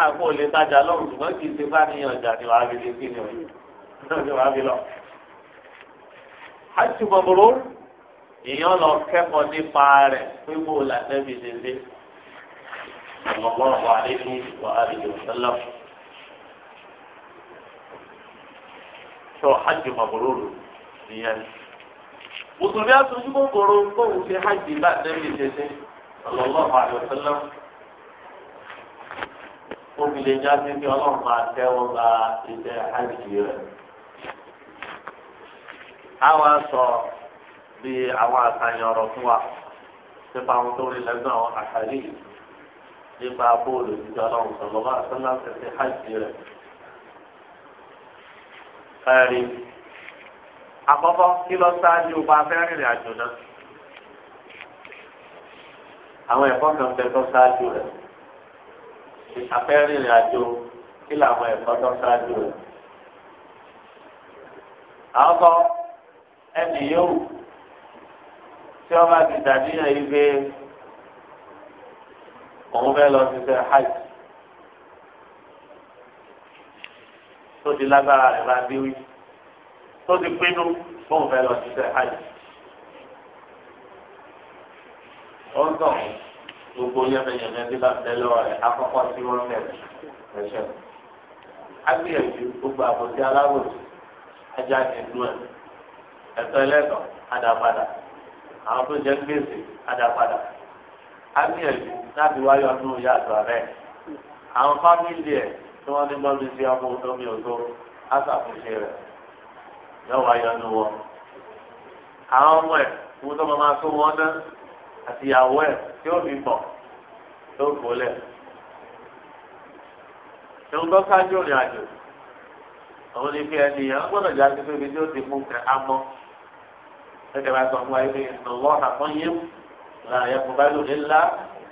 àpò lè tajà lọ́wọ́ ṣùgbọ́n kì í ṣe bá níyàn ọjà ni wàá fi lè kí ni o hajj mabrur ìyẹn lọ kẹ́kọ̀ọ́ nípa rẹ̀ pé mo là صلى الله عليه وآله وسلم sọ hajj mabrur nìyẹn mùsùlùmí aṣojú kòkòrò kóhùn ṣe hajj bá nẹ́bí ṣẹṣẹ sallallahu alaihi wasallam obìnrin já sí pé ọlọ́run máa tẹ́wọ́ gba iṣẹ́ hajj rẹ̀ àwa sọ bí àwọn àṣàyàn ọ̀rọ̀ fún wa nípa àwọn tó rí lẹ́gbẹ̀ẹ́ àwọn àṣàyàn yìí nípa bóòlù ìjọ ọlọ́run sọ̀rọ̀ bá sọ́lá tẹ̀sí hajj rẹ̀. ẹ̀rí àkọ́kọ́ kí lọ sáájú ọba abẹ́rẹ́ ìrìn àjò náà. àwọn ẹ̀kọ́ kan bẹ tó sáájú rẹ̀. abẹ́rẹ́ ìrìn àjò kí làwọn ẹ̀kọ́ tó sáájú rẹ̀. àkọ́kọ́ ẹnì yóò tí wọ́n ti dàbí ẹ̀ yí òun fẹ́ lọ sí sẹ́ hajj tó ti lágbára rẹ̀ bá dé wí tó ti pinnu fóun fẹ́ lọ sí sẹ́ hajj. ó ń tọ̀ gbogbo yẹmẹyẹmẹ tí bá bẹ lọ rẹ̀ akọ́kọ́ tí wọ́n fẹ́ ẹ̀ṣẹ̀. agbèyànjú gbogbo àbòsí aláwòsí ajá ti dùn ẹ̀ ẹ̀tọ́ ẹlẹ́tọ̀ àdàpadà àwọn tó jẹ́ gbèsè àdàpadà agbèyànjú láti wáyọ ọdún ìyá àtọ̀ rẹ̀ àwọn fámìlì ẹ̀ tí wọ́n ní lọ́dún sí ọmọ omi ògbó aṣàkóso rẹ̀ yóò wáyọ ọdún wọn. àwọn ọmọ ẹ̀ fún tó máa tó wọn ná àti ìyàwó ẹ̀ tí ó fi bọ̀ tó gbólẹ̀. ìwọ́n tó ṣáájú ìrìn àjò àwọn onífi ẹni yẹn wọ́n gbọ́dọ̀ jáde pé ibi tí ó ti mú kẹ́ amọ́ gẹ́gẹ́ fún wa yìí pé ìnáwó àkàkọ́ yẹn là yẹ kó bá ní ńlá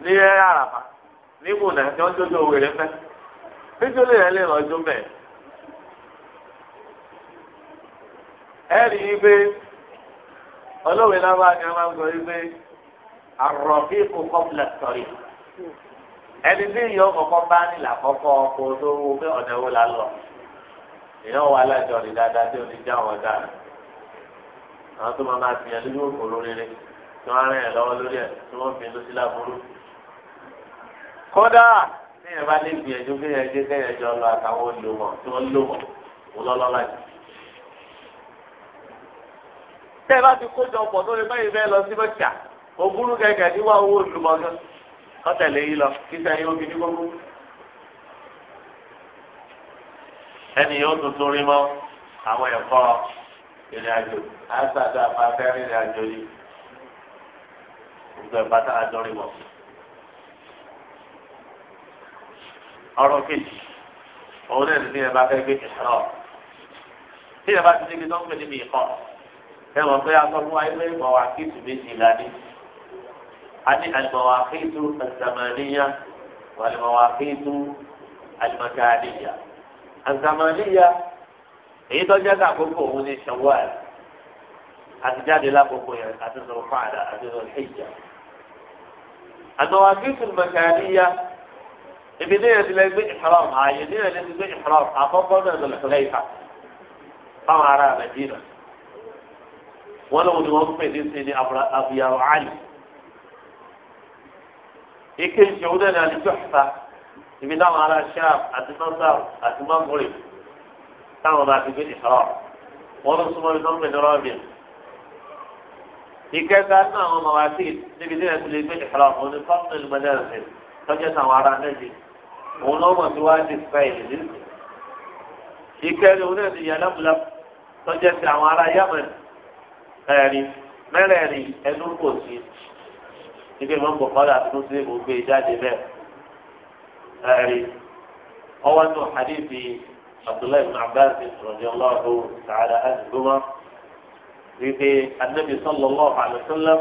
ní àràfà ní múnà ní wọn jójó wèrè fẹ nítorí rẹ lè rọjò mẹ ẹ rí i pé olóòwe náà bá ní wọn gbọ́ yí pé àròkí kò kọ́pìlà sọ̀rí ẹni tí ìyọ kọ̀ọ̀kan bá nílà kọ́kọ́ kó tó wo pé ọ̀nà wo la lọ èèyàn wà lájọ rí dáadáa tí oníjà wọn dà àwọn tó máa ma tìyàn lójú òkòrò rere tí wọn rìn ẹ lọ́wọ́ lórí ẹ tí wọn fi lọ sí láburú kódà kéèyàn bá lè gbìyànjú kéèyàn jẹ kéèyàn jọ lọ àtàwọn olùmọ tí wọn lò wọn wọn lọlọlá jù. tẹ́ ẹ bá ti kójọ pọ̀ tó lè báyìí bẹ́ẹ̀ lọ sí mọ́tíà òbúrú kẹ̀kẹ́ níwá owó olùmọ gan kọ́tẹ̀lé yìí lọ kí sẹ́yìn omi ní gbogbo. ẹnì yóò tuntun rí mọ́ àwọn ẹ̀kọ́ ìrìn àjò àṣà àti yìí gbogbo ẹ̀ bá tá a jọ mọ́. ọ̀rọ̀ kejì òun náà ní ẹ bá fẹ́ gbé ìṣòro tí ẹ bá ti débi tó ń pè níbi ìkọ ẹ mọ̀ pé asọ́fún wa ilé ìmọ̀ wa kí tù méjì lání a ní àlùmọ̀ wa kí tù àzàmàníyà àlùmọ̀ wa kí tù àlùmọ̀kàníyà àzàmàníyà èyí tó jẹ́ ká àkókò òun ní Ṣawwal àti jáde lákòókò yẹn àti Dhul-Qa'dah àti Dhul-Hijjah àlùmọ̀ wa kí tù àlùmọ̀kàníyà ibi ní ìrẹsì lẹ́gbẹ́ ìfọ̀rọ̀m ààyè ní ìrẹsì lẹ́gbẹ́ ìfọ̀rọ̀m àkọ́kọ́ náà lọ lọ́lẹ́ ìfà fáwọn ará nàìjíríà wọn lọ́wọ́ ni wọ́n pè ní sinmi àbúyàwó àlì ike ìṣòwò náà ní àlejò àṣà ibi táwọn ará sharp àti mọ́sáw àti mọ́múrì táwọn bá ti gbé ìfọ̀rọ̀m wọn lọ súnmọ́ ibi tán pè ní rọ́ọ̀bì ìkẹta náà wọn mọ̀ wá sí níbi ní ìrẹsì lẹ́gbẹ́ ìfọ̀rọ̀m òní fọ́ọ̀mù tọ́jú àwọn ará nàìjíríà òun náà mọ̀ tí wàá di fẹ́ẹ̀lì nínú. ìkẹrin òun náà ti yà lábùlá lọ́jọ́ sí àwọn ará yámẹ̀lì ẹ̀rin mẹ́rẹ̀ẹ̀rin ẹnu kò sí ibi ìmọ̀ bọ̀kọ́lá tó ṣe ògbé jáde bẹ́ẹ̀ ẹ̀rin ọwọ́ nù hadithi abdullahi ibn abbas radiyallahu ta'ala anhuma wípé anabi sallallahu alayhi wa sallam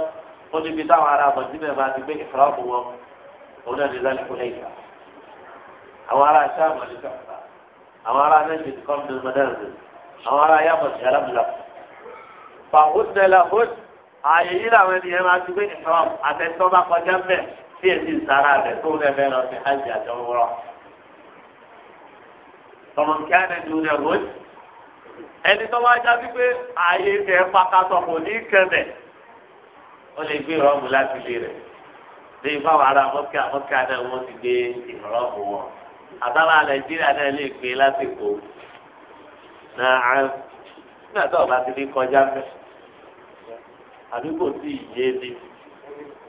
ó níbi táwọn ará àbọ̀dí mẹ́ta ti gbé ìfúráàbù wọn àwọn ará sáàmù àdìgbà àwọn ará nẹ́ẹ̀sì kọ́m ní mọ́dẹ́rẹ́dẹ́ àwọn ará yàtọ̀ sí alábùlà. fàhùnẹ́lá hùn ààyè yìí làwọn ènìyàn máa ti gbé ìtàn àtẹ̀tọ́ bá kọjá mẹ́ sí èsì ìsara rẹ̀ tó ń fẹ́ lọ sí hajj àti ọwọ́rọ́. tọmọkí ànẹ́dùnẹ́ hùn ẹni tó wáá jáde pé ààyè tẹ̀ pàkàtọ̀ kò ní kẹ́mẹ̀ ó lè gbé ìrọ̀mù láti lé rẹ̀ lè fáwọn ará mọ́kà mọ́kà náà ti gbé ìrọ̀mù wọn àtàrà nàìjíríà náà lè pè lásìkò náà nígbà tó o bá ti ní kọjá mẹ àbí kò sí ìyé ni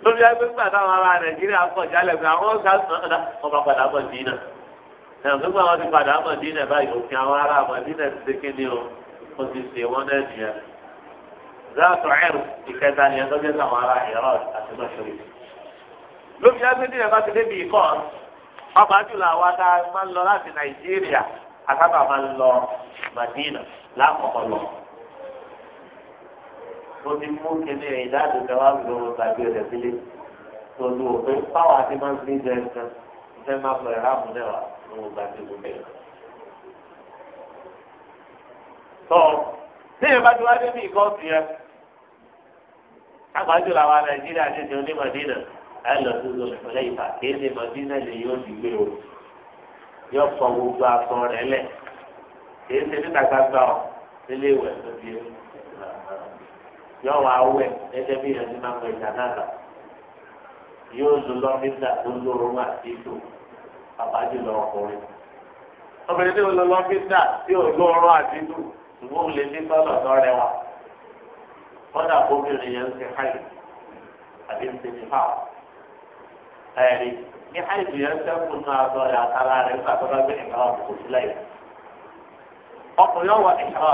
lórí ẹgbẹ́ nígbà táwọn ará nàìjíríà kọ̀ jálẹ̀ pé àwọn ọ̀gá náà wọ́n bá padà bọ̀ dínà náà gbogbo àwọn ti padà bọ̀ dínà báyìí òfin àwọn ará bọ̀ dínà ti ṣe kí ni o kò ti ṣe wọ́n náà nìyẹn láàtọ̀ ẹ̀rù ìkẹta nìyẹn tó jẹ́ àwọn ará ìrọ̀ àti mọ̀ṣọ́rì lórí ẹgbẹ́ nígbà tó ọba jùlọ àwa tá a máa ń lọ láti nàìjíríà àtàbà máa ń lọ madina lákòókò lọ. ó ti mú kíní ìdáàbò kẹwàá mi lọ́wọ́ tàbí rẹ̀ sílé tòlú òfin fáwọn àti máa ń gbé jẹ nǹkan ìfẹ́ máa pẹ̀lú ráàmù náà wà lọ́wọ́ gbàgbé gbogbo ẹ̀. tọ́ ní ìbájú wá dé bí ìkọ́ọ̀tù yẹn àgbájọ làwọn nàìjíríà ti di onímọ̀ dínà ẹlọ́dún ló ń pẹ̀lẹ́ ìfà kéde mọ̀dínà lè yóò ti gbé o yọ fọ gbogbo aṣọ rẹ̀ lẹ̀ kéde níta gbàgbà ọ nílé ìwẹ̀ tó di ẹ yọ wà wẹ̀ ẹgbẹ́ bí yẹn ti máa ń pẹ̀ ìjà náà yóò lò lọ́mídà tó lóró wà sí ìtò bàbá jùlọ ọkùnrin obìnrin tí ó lọ lọ́mídà tí ò lóró àti ìtò ṣùgbọ́n ó ní sọ́dọ̀ tó rẹwà kọ́dà kóbìnrin yẹn ń ṣe káyọ̀ àbí ń ṣe ní fáwọn ẹ̀rí ní àìsàn yẹn sẹ́kù náà sọ ẹ̀ àtàrà rẹ̀ nígbà tó bá gbé ìkàrà kò sílẹ̀ yìí. ọkùnrin ọwọ́ ìkàrà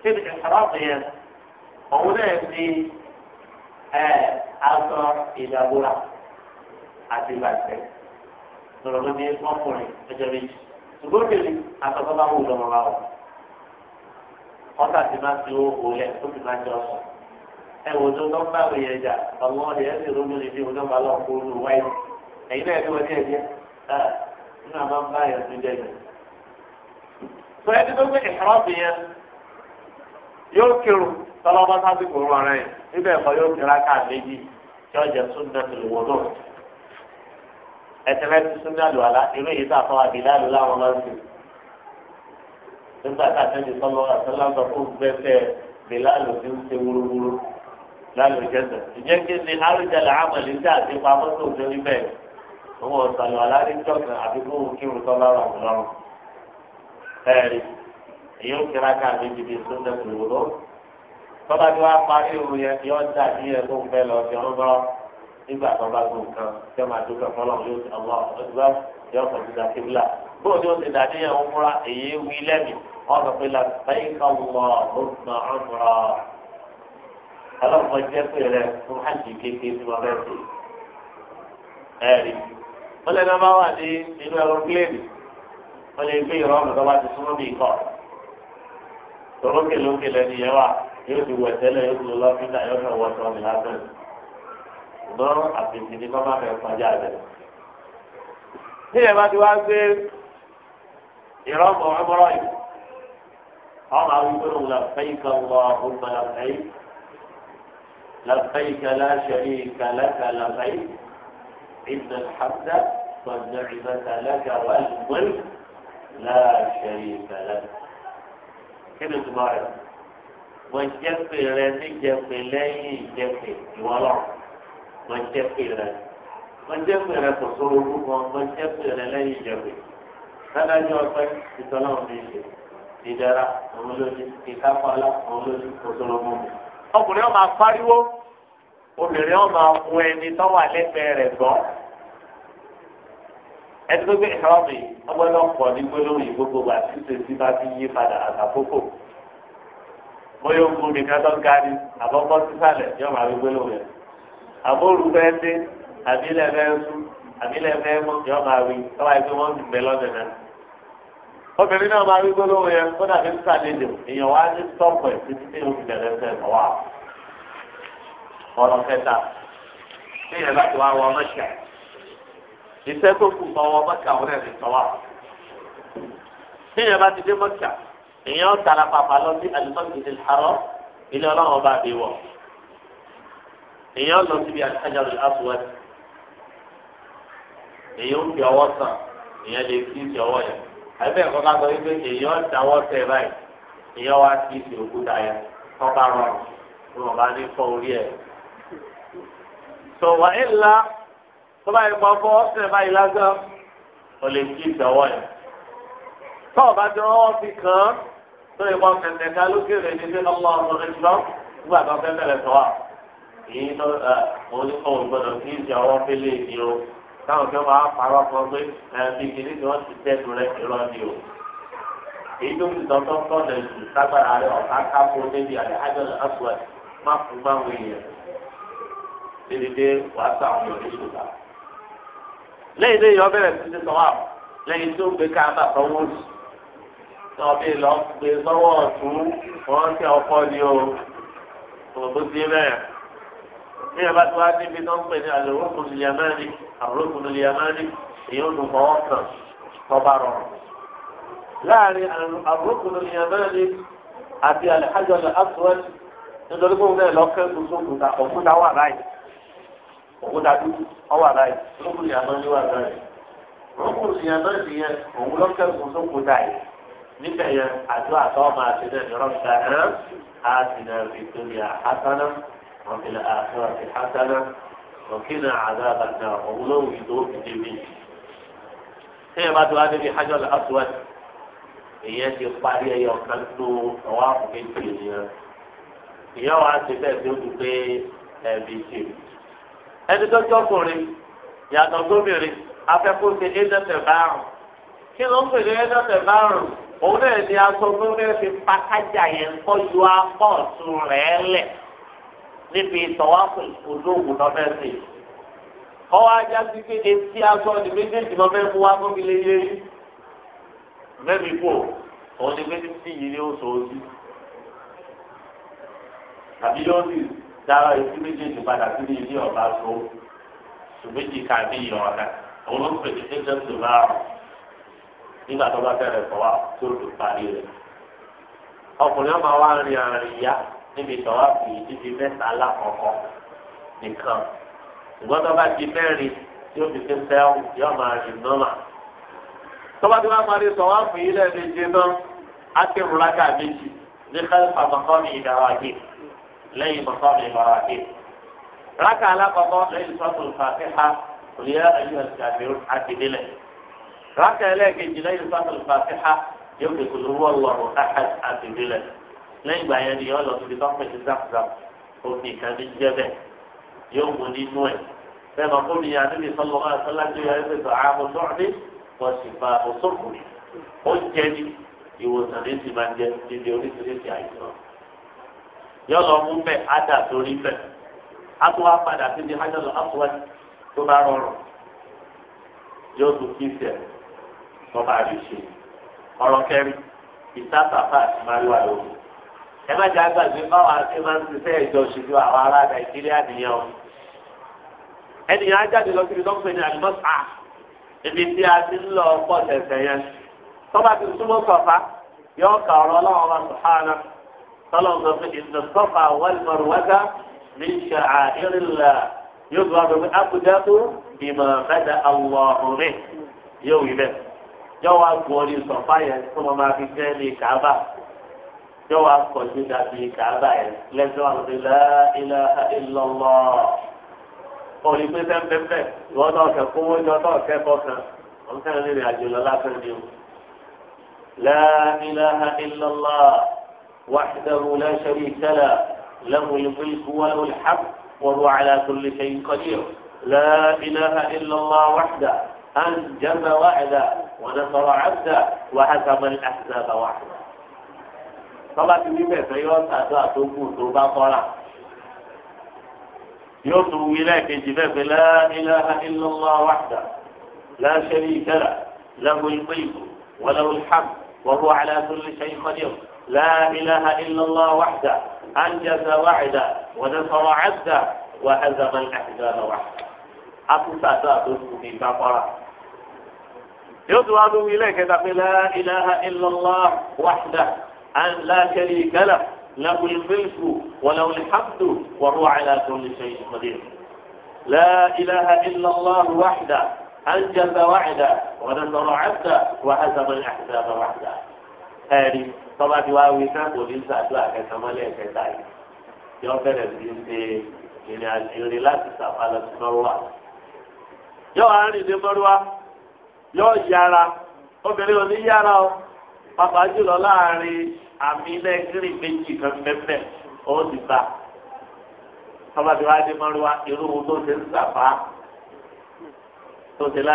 tí ní ìkàrà yẹn òun náà fi ẹ̀ aṣọ ìdàgbòrà àti ìbàjẹ́ lọ́rọ̀ ló ní ọkùnrin ọjọ́ méjì ṣùgbọ́n kiri aṣọ tó bá wù lọ́mọ bá wọ̀ ọ̀tà ti máa fi owó lẹ̀ tó fi máa jọ sùn ẹ̀ wò tó tó ń bá wòye jà ọ̀gbọ́n ọ̀dẹ̀ ẹ̀ sì rúmi lè fi wò tó ń bá lọ́ọ̀ kó lù wáyé. ẹ̀yin náà ẹ̀dínwó díẹ̀ díẹ̀ nínú àwọn bá yẹn tó jẹ́ yẹn. sọ ẹni tó gbé ìfọ̀rọ̀bì yẹn yóò kírù tọ́lọ́mọ sásìkò rún ọ̀rẹ́ yẹn níbẹ̀ ẹ̀kọ́ yóò kíra ká méjì tí ó jẹ́ tó lè wọ́dọ̀. ti àlá irú èyí a ti òun ọ̀sàlù aládìjọ́gbìn àbíkún kírun tó bá wà lọ́rùn. ẹ̀rí èyí ó kíra ká méjì bíi sóńdẹ̀ tòwúrọ̀. tọ́ba tí wàá parí òru yẹn kí ọ́ dà bí ẹ̀ tó ń fẹ́ lọ sí ọ̀rọ̀ bọ́ nígbà tó bá gùn kan tí ọmọ àti ọkọ̀ fọlọ́ yóò ti ọmọ ọdúnwá yóò kàn ti dàkí bílà. bó o ní o ti dà ní ẹ̀hún múra èyí wí lẹ́mì ọ̀sọ̀ pé pé rẹ̀ fẹ́ ṣe. wọ́n lẹ́nu ọba wà ní inú ẹ̀rọ̀pléènì wọ́n lè gbé ìrọ̀rùn tó bá ti súnmọ́ bí ikọ̀ lókèlókè lẹ́nu yẹn wà yóò ti wẹ̀ tẹ́lẹ̀ yóò ti lọ lọ́fíńdà yóò fẹ́ wọ́n sọ́ọ̀mì lásán ṣùgbọ́n àpèjì ni kọ́ máa fẹ́ kọjá rẹ̀. ní ẹ̀ bá ti wá gbé ìrọ̀mọ̀ ọmọrọ̀ yìí ọmọ àwọn ìgbẹ́ òun làfẹ́yì kan wọ ọmọ làfẹ́yì làfẹ́yì kan láṣẹ yìí kan láṣẹ làfẹ́yì ìdùnnà والنعمة لك والملك لا شريك لك كده تبارك وجبي رني جبي لي جبي ولا وجبي رني وجبي رني تصوره وجبي رني جبي هذا جوابك بسلام ليش ìdára òun ló ní ìkápálá òun ló ní òṣòlòmọ. ọkùnrin ọmọ apáriwo obìnrin ọmọ akun ẹni tó wà lẹ́gbẹ̀ẹ́ rẹ̀ ẹni tó gbé ìhàmì ọgbẹ́lọ́pọ̀ ní gbólóhùn yìí gbogbo wa títí tí bá fi yí padà àtàkókò bóyá ó kún nìkan tó ń kárí àkọ́kọ́ sísàlẹ̀ yóò máa fi gbólóhùn yẹn àbóòrù fẹ́ dé àbílẹ̀ fẹ́ sú àbílẹ̀ fẹ́ mú yóò máa wí tọ́wá yìí pé wọ́n ti bẹ̀ lọ́dẹ̀ náà obìnrin náà máa fi gbólóhùn yẹn kó dàbí sàlejò èèyàn wá ní sọ́pọ̀ ẹ̀ tí ó fi bẹ̀rẹ̀ fẹ́ ọ̀wà iṣẹ́ tó kù mọ́ wọn mọ́kà wọn náà lè sọ wá. tíyẹn bá ti dé mọ́kà èèyàn tara pàpà lọ sí alimọ́kìtì àrọ́ ilé ọlọ́run bá bí wọ̀. èèyàn lọ síbi àtàjàrò aswad èèyàn ń fi ọwọ́ sàn èèyàn lè fi ìṣe ọwọ́ yẹn. àbẹ́ ẹ̀kọ́ ká sọ wípé èèyàn dáwọ́ tẹ̀ báyìí èèyàn wá sí ìṣe òkúta yẹn kọ́ rọrùn kó wọn bá ní fọ́ orí ẹ̀. sọ̀wọ́ ẹ̀ tó bá yẹ kó fọ ọ́sẹ̀ báyìí lásán ò lè kí ìdánwò yẹn. tó o bá ti rán ọ́fì kan tó lè kọ́ kẹ̀kẹ́ ká lókèrè ní sí ọmọ ọmọ ìjọ nígbà tó fẹ́ bẹ̀rẹ̀ sọ́wọ́ èyí ló ẹ oníkọ̀ ògbọ́dọ̀ kí ìdánwò fẹ́lẹ̀ ni o táwọn fẹ́ wàá parọ́ kan pé ẹ bí kìíní tí wọ́n ti tẹ́tù rẹ̀ irọ́ ni o èyí tó ti dọ́tọ́ tọ́lẹ̀ jù lágbára rẹ̀ ọ̀ká káfó wàá sàwọn èèyàn ní ṣùgbọ́n lẹ́yìn lẹ́yìn ọbẹ̀ rẹ̀ ti sọ wà lẹ́yìn tó gbé káàbà sọ́wọ́ sí ọbẹ̀ lọ gbé sọ́wọ́ ọ̀tún wọ́n tẹ ọkọ ni o òbó ti bẹ́ẹ̀ ní ìyàbá tó wá níbi tó ń pè ní àlòrókùn lìyàmánì àlòrókùn lìyàmánì èyí ò dùn fọwọ́ kàn tọ́ba rọrùn láàrin àlòrókùn lìyàmánì àti àlẹ́hájọ́ àlẹ́ àtúwẹ́sì nítorí pé òun náà lọ́kẹ́ tuntun kùtà òkúta wà báyìí òkúta dúdú ọwà báyìí lókùn ìyàtọ̀ ní wà báyìí lókùn ìyàtọ̀ sì yẹn òun lọ́kẹ́kùn sókúta yìí níbẹ̀ yẹn àjọ àtọ́ máa ti dẹ̀ rọ́ṣà ẹ̀ á ti nà victoria hasana ọ̀bìlà àtúrọ̀sì òkìnà àdáàbà náà òun ló wù tó fi débi. sẹ́yìn bá tó wá débi hajj al-aswad ìyẹn ti parí ẹyọ kan tó ọwọ́ àkùnrin tì í ìyẹn wàá ti bẹ́ẹ̀ tó dùn pé ẹ̀ẹ́dì tì í ẹni tó jọkùnrin yàtọ̀ gómìnrin afẹ́kùnrin ẹ̀ẹ́dẹ́sẹ̀ márùn kí ló ń pè ní ẹ̀ẹ́dẹ́sẹ̀ márùn òun náà ni aṣọ gómìnrin fi pàkájà yẹn kọ́ ju apá ọ̀tún rẹ̀ lẹ̀ níbi ìtọ́wáfù olóògùn lọ́fẹ́sì ọwọ́ ajá gbígbé etí aṣọ ni méjèèjì lọ fẹ́ mú wá gómìnrin lé yé mẹ́mi kú òun ni méjèèjì yìí ni ó tàbí yóò sì dára ikú méjèèjì padà sí ní ilé ọba tó ṣùgbẹ́jì ká bí ìyọ̀ ọ̀dà òun ló pè ní ẹgbẹ́ tó bá rọ̀ nígbà tó bá bẹ̀rẹ̀ kọ́ wa tó lù parí rẹ̀. ọkùnrin ọmọ wa ń rin àrìn ìyá níbi tọ́wá fi níbi mẹ́ta alákọ̀ọ́kọ́ nìkan ṣùgbọ́n tó bá di mẹ́rin tí ó fi ṣe sẹ́wọ̀n yóò máa rìn nọ́mà. tó bá ti wá parí tọ́wá fi ilẹ̀ méje náà á ti rúlákà méjì ní lẹ́yìn bàtà mi bàrà ké. rákà alákọ̀ọ́kọ́ lẹ́yìn sọ́tò fàtíhà òyà ayélujára ìjàmbá àti délẹ̀. rákà ẹlẹ́ẹ̀kejì lẹ́yìn sọ́tò fàtíhà yóò fi kùlù wọ́ lọ́rùn ahad àti délẹ̀. lẹ́yìn ìgbà yẹn ni yóò lọ síbi tó ń pèsè zamzam omi kan ní jẹ́bẹ̀ yóò mú nínú ẹ̀. bẹ́ẹ̀ ma fún mi yà níbi sọ́lọ́ aláṣálájú yọ lọ mú bẹ ada torí bẹ ató wa padà síbi hajj lọ ató wa tó bá rọrùn yóò tún kí sẹ tó bá rí ṣe ọ̀rọ̀ kẹrin ìsáta fà àti mariwa lóko ẹ má jẹ àgbàgbé báwa ṣe máa ń ṣiṣẹ́ ìjọ ṣojú àwọn ará nàìjíríà nìyẹn o ẹnìyàn ajáde lọ síbi lọ́pọ̀ ní àlùmọ́sà ibi tí a ti ń lọ pọ̀ tẹ̀sẹ̀ yẹn tọ́ba ti súnmọ́ sọ̀fà yọ ọ̀kà ọ̀rọ̀ ọlọ́wọ́ wa sùhánà tọ́lọ́n sọ fún ìdùnnú sọ́fà wàlúmọ̀rù wájà ní ṣàá ìrìnlá yóò gbọ́ àgbẹ̀ pé àkùdàtú ìmọ̀ bẹ́ẹ̀ àwọ̀ ọ̀rẹ́ yóò wí bẹ́ẹ̀ yóò wá gbọ́ ní sọ̀fà yẹn tó mọ̀ máa fi fẹ́ ní kàába yóò wá kọ̀ sí dàbí kàába yẹn lẹ́sọ̀ àlùfẹ́lá ilá ìlọ́lọ́ òní pé وحده لا شريك له له الملك وله الحمد وهو على كل شيء قدير لا إله إلا الله وحده أنجب وعده ونصر عبده وهزم الأحزاب وحده tọ́ba ti wí bẹ́ẹ̀ sọ yóò sàdúrà tó kù tó bá kọ́ra yóò tún wí lẹ́ẹ̀kejì bẹ́ẹ̀ pé la ilaha illallah wahda la sharika lahu lahul mulku wa lahul hamd wa huwa ala kulli shay'in qadir. لا إله إلا الله وحده أنجز وعده ونصر عبده وهزم الأحزاب وحده أقصى ذاته في بقرة يطلب إليك لا إله إلا الله وحده أن لا شريك له له الملك وله الحمد وهو على كل شيء قدير لا إله إلا الله وحده أنجز وعده ونصر عبده وهزم الأحزاب وحده ẹ̀rí tọ́ba ti wá wí sáà kò ní sàdúrà kẹsàn-án-mọ́lẹ̀ kẹta yìí yọ bẹ̀rẹ̀ sí ṣe ìrìn láti sàfà lọ sí mọ́rúwà. yọ àárín ní mọ́rúwà yọ yára obìnrin ò ní yára o pàpà jùlọ láàrin àmì lẹ́gírì méjì kan mẹ́mẹ́ ó ti bá tọ́ba ti wá dé mọ́rúwà irú ohun tó ṣe ń sàfà tó ti la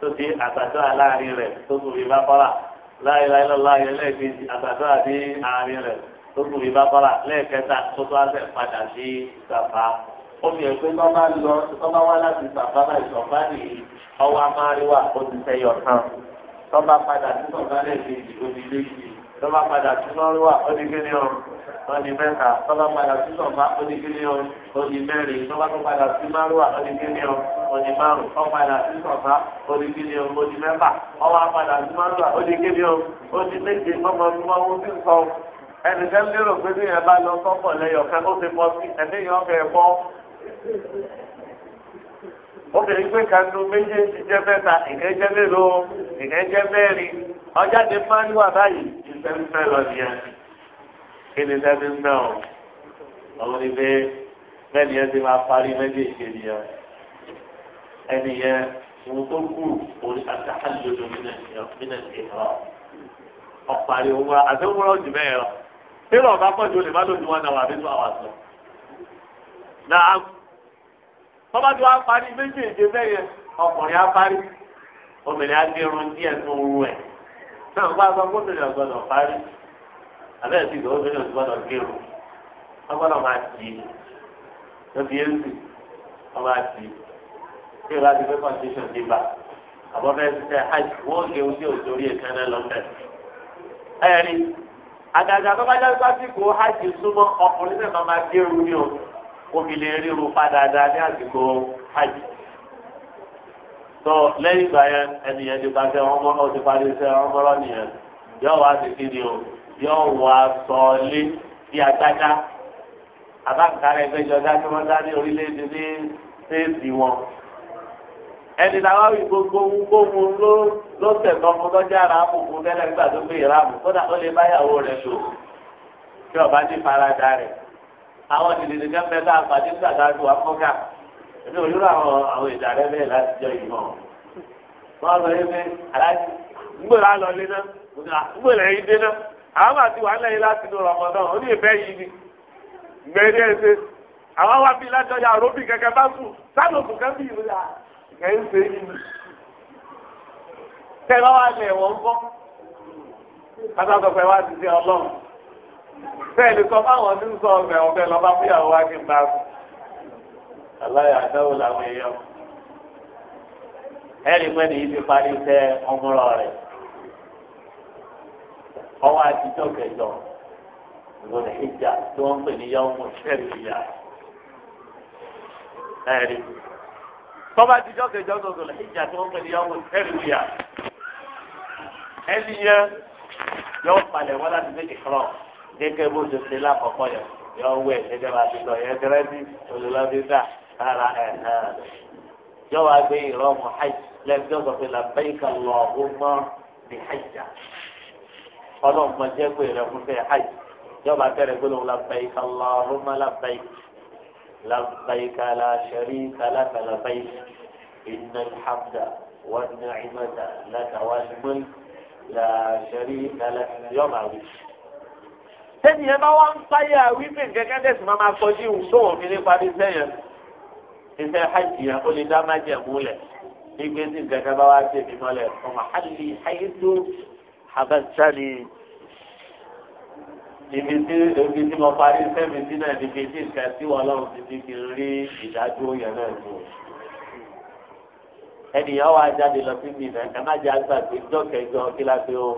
tó ti àtàdúrà láàrin rẹ̀ tó tún láìláì lọ́la yẹn lẹ́ẹ̀kejì àtàtà àti àárín rẹ̀ tó kù ìbá kọ́ra lẹ́ẹ̀kẹta tó tó àṣẹ padà sí sàfà. ó fi hàn pé tó bá lọ tó bá wá láti sàfà láì sọ̀fà nìyí ọwọ́ amáríwá ó ti tẹ̀yọ̀ kan tó padà sí sọ̀fà lẹ́ẹ̀kejì ó ti lé tó bá padà sí lọ́rùwà ó di kíni o ó di mẹ́ta tó bá padà sí sọ̀fà ó di kíni o ó di mẹ́rin tó bá tó padà sí márùwà ó di kíni o ó di márùn tó padà sí sọ̀fà ó di kíni o ó di mẹ́fà ó wá padà sí márùwà ó di kíni o ó di méje ọmọ ọmọ ọmọ tí ń sọ ẹnìkan lérò pé bí yẹn bá lọ sọ́pọ̀ lẹ́yọ̀kan ó ti pọ̀ sí ẹ̀mí obìnrin gbé kanu méjèèjì jẹ́ mẹ́ta ìkẹ́ jẹ́ mélòó ìkẹ́ jẹ́ mẹ́rin ọjáde máa ń wà báyìí ìfẹ́ ń fẹ́ lọ nìyẹn kí ni sẹ́ni ń mẹ́ o òun ni pé bẹ́ẹ̀ni ẹ ti máa parí méjèèjì nìyẹn ẹni yẹn òun tó kù òun àtàkàlù lòdò nínú ìhọ́ ọ̀parí òun àti òun rọ̀ jù bẹ́ẹ̀ lọ. tí ìrọ̀ bá pọ̀ jù lè má lòdì wọn náà wà nínú àwọn àtọ̀ bọ́bá tí wàá parí méjèèjì bẹ́ẹ̀ yẹn ọkùnrin á parí obìnrin á gbé irun díẹ̀ tó wú ẹ̀ náà wọ́n bá sọ gómìnà gbọ́dọ̀ parí abẹ́rẹ́ ti gbọ́dọ̀ gómìnà gbọ́dọ̀ gbé irun wọ́n máa tì í lóbi yẹn sì wọ́n tì í tí ìlú àti pépà tíṣàn ti bà àbọ̀ bẹ́ẹ̀ ti tẹ hajj wọ́n gé ojú òjòrí ìkànnì lọ́tẹ̀ ẹ̀rí àgàgà tó bá jáde pásítì kò hajj súnmọ́ ọkùnrin náà máa gbé irun ní o omi lè ríru pa dáadáa ní àsìkò hajj tó lẹ́yìn ìgbà yẹn ẹnìyẹn ti pàṣẹ wọn mọ ọ ti parí iṣẹ́ wọn mọrọ nìyẹn yóò wá sí kí ni o yóò wá sọ lé bí agbádá àbáǹkárẹ ìgbẹjọdá tí wọn dá ní orílẹ̀-èdè ní ṣéèsì wọn ẹni làwọn wí gbogbo gbóhùn ló ló tẹ̀sán fún tọ́jú ara àbùkù tẹ́lẹ̀ nígbà tó gbé ìrààmù kódà ó lè báyàwó rẹ̀ lò kí ọba ní farada rẹ̀. àwọn ìdílé kan bẹ tá a pàdé nígbà tá a lu akọ́kà ẹni òyìnbó àwọn àwọn ìdá rẹ bẹ́ẹ̀ láti jọ ìmọ̀ wọn lọ yẹ pé aláàjì ńgbèrè ńgbèrè àwọn àti wà láti ó ní yìí ni wa bí lájọ ya àròbí kẹkẹ bá sùn sáànù òkú kan bí ìlú kẹ ń ṣe yìí bá wà lẹ bẹ́ẹ̀ ni sọ fáwọn tí ń sọ ọbẹ̀ ọbẹ̀ lọ́ba fúyàwó wá ní bá a aláya adáwò làwọn èèyàn ẹ̀rí mẹ́rin yìí ti parí tẹ ọmọrọ rẹ̀ ọwọ́ àtijọ́ kẹjọ lórí ìjà tí wọ́n ń pè ní yọ̀ọ́mù sẹ́ẹ̀lì ìyá ẹ̀rí tọ́ba àtijọ́ kẹjọ lórí ìjà tí wọ́n pè ní ìyá gẹ́gẹ́ bó ṣe ṣe lákọ̀ọ́kọ́ yẹn yọ wẹ̀ gẹ́gẹ́ bá ti lọ yẹn gẹ́rẹ́dì olùlọ́dídà rárá ẹ̀ náà yọ wá gbé ìrọ̀mù hajj lẹ́gbẹ́ sọ pé làbẹ́yìká lọ ọgbọ́n ní hajjá ọlọ́mọ jẹ́ pé rẹ̀ fún fẹ́ hajj yọ bá tẹ̀rẹ̀ pé lòun làbẹ́yìká lọ ọgbọ́n làbẹ́yìká làbẹ́yìká la sharika laka làbẹ́yìká innal hamda wan ni'mata laka wal mulk la sharika laka yọ máa tẹ́ni ẹ bá wá ń sáyé àwífẹ̀ kẹ́kẹ́ tẹ̀sí máa máa kọjú ìwù tó wọ́n fi ní parí sẹ́yìn iṣẹ́ hajj yẹn ó lè dá májẹ̀ múlẹ̀ nígbè tí kẹ́kẹ́ bá wá sí èmi mọ́lẹ̀ ọmọ àlè àyètò àbẹ̀sálì ibi tí ibi tí mo parí sẹ́mi sí náà níbi tí nǹkan tí wọ́n lọ́run ti fi kí n rí ìdájọ́ yẹn náà nù. ẹnìyàn wá jáde lọ sí mi náà ẹ má jẹ́ àgbàgbé jọ́kẹ́jọ́ kí lápẹ́ o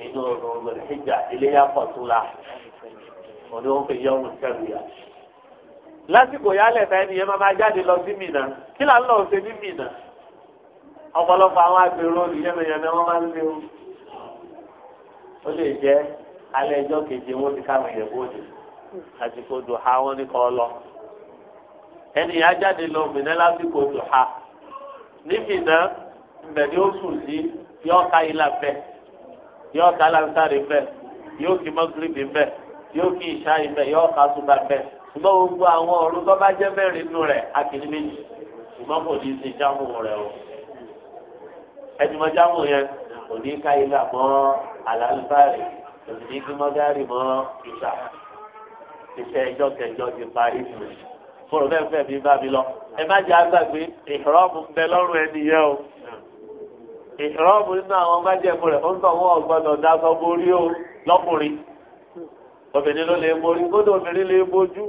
nínú ọ̀rọ̀ ìjà iléyà pọ̀ tó la òní wọn fi yọ ohun kẹrù yà lásìkò yálẹ̀ tá ẹnìyẹn máa máa jáde lọ sí mìnà kí là ń lọ ṣe ní mìnà ọ̀pọ̀lọpọ̀ àwọn agbèrò ìyẹmẹyẹmẹ wọn máa ń lé o ó lè jẹ́ alẹ́ ẹjọ́ keje wọn ti káwọn èèyàn bóde àsìkò dùhà wọn ní kọ́ lọ ẹnìyàn jáde lọ mìnà lásìkò dùhà ní mìnà mbẹ̀ni ó sùn sí yọ ọ́ ká bẹ́ẹ̀ yọ ọ́ ká bẹ́ẹ̀ yóò kí mọ́gírìbì bẹ́ẹ̀ yóò fi ìṣá ibẹ̀ yóò ká súnba bẹ̀ ṣùgbọ́n gbogbo àwọn ọ̀run tó bá jẹ́ mẹ́rin nù rẹ̀ a kì í méjì ṣùgbọ́n kò ní í ṣe jámù rẹ̀ o ẹ̀dùnmọ̀ jámù yẹn kò ní í ká ilé àmọ́ àlálùbárì kò sì ní í gbé mọ́gárì mọ́ ìṣà iṣẹ́ ẹjọ́ kẹjọ ti parí fún mi fúnra bẹ́ẹ̀ fẹ́ mi bá mi lọ ẹ má jẹ́ àgbàgbé ìhrọ́mù bẹ lọ́rùn ẹni yẹ o ìhrọ́mù nínú àwọn májẹ̀mú rẹ̀ ó ń tọ̀ obìnrin ló lè borí gbọ́dọ̀ obìnrin lè bojú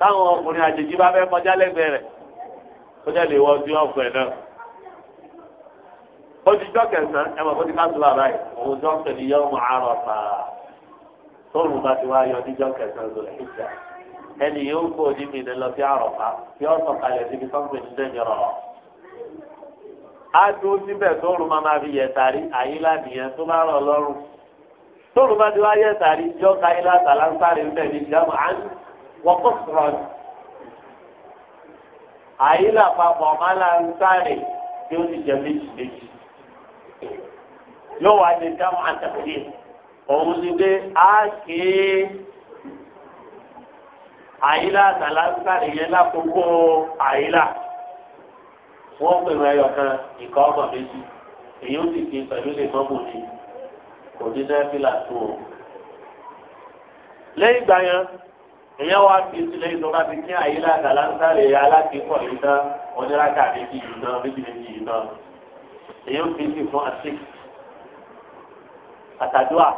táwọn ọkùnrin àjèjì bá fẹ́ kọjá lẹ́gbẹ̀ẹ́ rẹ̀ ó dẹ̀ lè wọ ọdún ọ̀fẹ́ náà. ó ti jọ́ kẹsàn-án ẹ mọ̀ fún ti ká tóra báyìí òun jọ́ kẹ̀lé yọ ọmọ àárọ̀ pàà tóun bá ti wá yọ níjọ́ kẹsàn-án lọ ìjà ẹni yóò kó ní mi lọ sí àárọ̀ pa kí ó kalẹ̀ síbi sọ́ńpẹ̀ ní dẹ́nyọ̀rọ̀ á dúró síbẹ̀ tóun máa máa fi yẹ̀ tàrí àyílá nìyẹn tó bá rọ̀ lọ́rùn tóru bá ti wá yẹ sàrí jọ ka ilá sàlá ń sáré ńbẹ ní ìjàmù án wọkọ sọ̀rọ̀ ni. àyílà papọ̀ máa la ń sáré tí ó ti jẹ méjì méjì. yóò wá ní ìjàmù án tàbí òun ti dé á ké àyílà sàlá ń sáré yẹn lákòókò àyílà. wọ́n pè wọ́n ẹyọ kan ìkọ́ ọmọ méjì èyí ó sì ké pẹ̀lú lè mọ́ bòde kò ní nẹ́fìlà tó o. lẹ́yìn ìgbà yẹn èyàn wá fi sílẹ̀ ìjọba ti kí àyè láta láńsáré alákìíkọ̀ yìí tán oníraka méjì yìí tán méjì méjì yìí tán èyàn fi sí fún àṣìk àtàdúà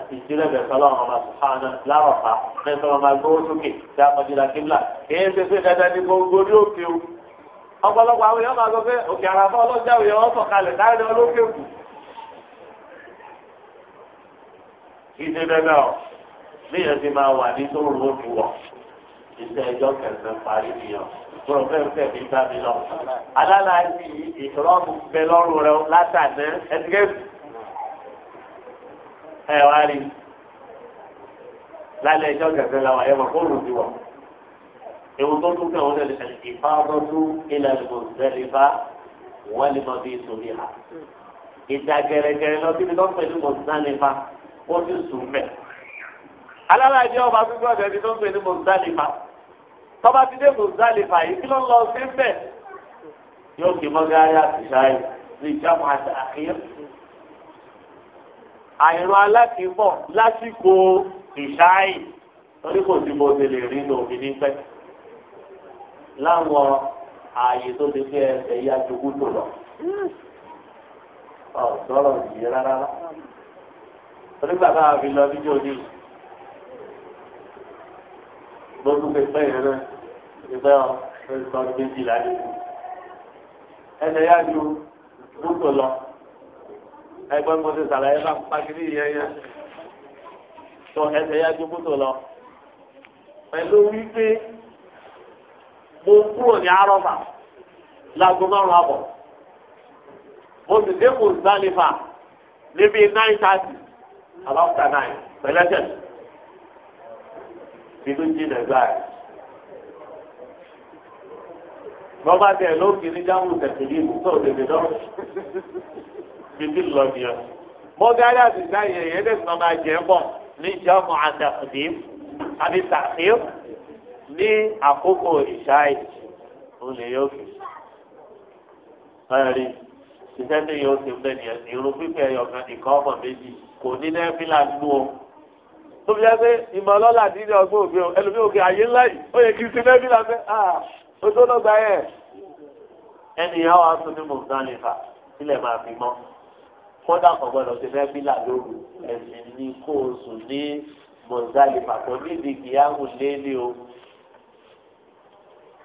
àti ìdílẹ̀bẹ̀ sọlọ́ ọmọ sùpáànà lárọ̀fà mẹ́sàn-án ọmọ agbówó sókè tí a kọjú la kíbla èyí ṣe ṣe dandan ní gbogbo ní òkè o ọ̀pọ̀lọpọ̀ àwọn èèyàn máa sọ pé òkè àràfọ́ ọlọ́jà òye wọn sọ̀kalẹ̀ ọlọ́kẹ́ òkú ìdí dandan ọ léèyàn ti máa wà ní tó rò fi wọ iṣẹ́ ẹjọ́ kẹsàn-án parí nìyàn gbọ́dọ̀ fẹ́ẹ́ fẹ́ẹ́ fi bá mi lọ. alála ti ìtọ́lọ́mù bẹ lọ́rùn rẹ látàná ẹtikẹ́tì ẹ wá rí lálẹ́ ẹjọ́ kẹsàn-án làwọn ẹ̀ mọ̀ kó rò fi wọ. ewu tó tún kẹ́ wọn lẹ́nu ìfáwọ́dọ́dún ìlànà ìmọ̀sílẹ́lẹ́fà wọ́n lè mọ bí ìsòmíà. ìjà gẹ̀rẹ́gẹ̀rẹ́ lọ síbi tó ń pẹ̀lú ìmọ̀sílẹ́lẹ́fà ó sì sùn mẹ́. alálàájẹ ọba gbígbọ́ ọ̀dọ̀ tó ń pè ní mọ̀nsálífà tọ́ba ti dé mọ̀nsálífà yìí kí ló ń lọ sí mẹ́. yóò kí mọ́gárí àtìṣáyé ní ìjàmọ̀ àti àkíyàn. àìrùn alákìíbọ̀ lásìkò ìṣáyé torí kò sí bó ṣe lè rí ní òbí láwọn ààyè tó ti fẹ́ ẹsẹ̀ yá jogún tó lọ. ọ̀dọ́rọ̀ yìí rárá onígbà tá a fi lọ níjó ní gbogbo pẹpẹ yẹn náà ìgbẹ́ ọ ẹ̀sọ́ méjìlá ní ẹ̀sẹ̀ yá ju mọ́tò lọ ẹgbẹ́ mo ti sàlàyé bá pàkìlì yẹn yẹn tó ẹsẹ̀ yá ju mọ́tò lọ pẹ̀lú wípé mo kúrò ní arọ́bà láago márùn-ún àbọ̀ mo sì dé kò sálífà níbi náírà tààtì about that nine pẹlẹtẹ tí ló jí jamu rẹ bọ́bá tẹ̀ ló kiri dáhùn tẹ̀sílì tó tẹ̀sí náà bíbí lọ nìyẹn mọ́gàrí àtìgbà yẹn yẹn lè sọ máa jẹ́ bọ̀ ní jọ́mù àtàkùnrin àbí tàkìr ní àkókò ìṣáì ó lè yóò fi ẹ̀rí ìṣẹ́ tí yóò ti bẹ́ẹ̀ nìyẹn ìrùn pípẹ́ ẹ̀yọ̀kan nìkan ọmọ méjì kò ní nẹ́fìlà nù o tó fi jẹ́ pé ìmọ̀ ọlọ́lá ní ilé ọgbọ́n òbí o ẹlòmíì òkè ayé ńlá yìí ó yẹ kí n ti nẹ́fìlà fẹ́ ah ojú ọlọ́gba yẹ ẹni ìyá wa tún ní mọ̀tánìfà sílẹ̀ máa fi mọ́ kódà kò gbọdọ̀ ti nẹ́fìlà lóru ẹ̀sìn ní kó o sùn ní mọ̀tánìfà tó nídìí kìyàwó lé ní o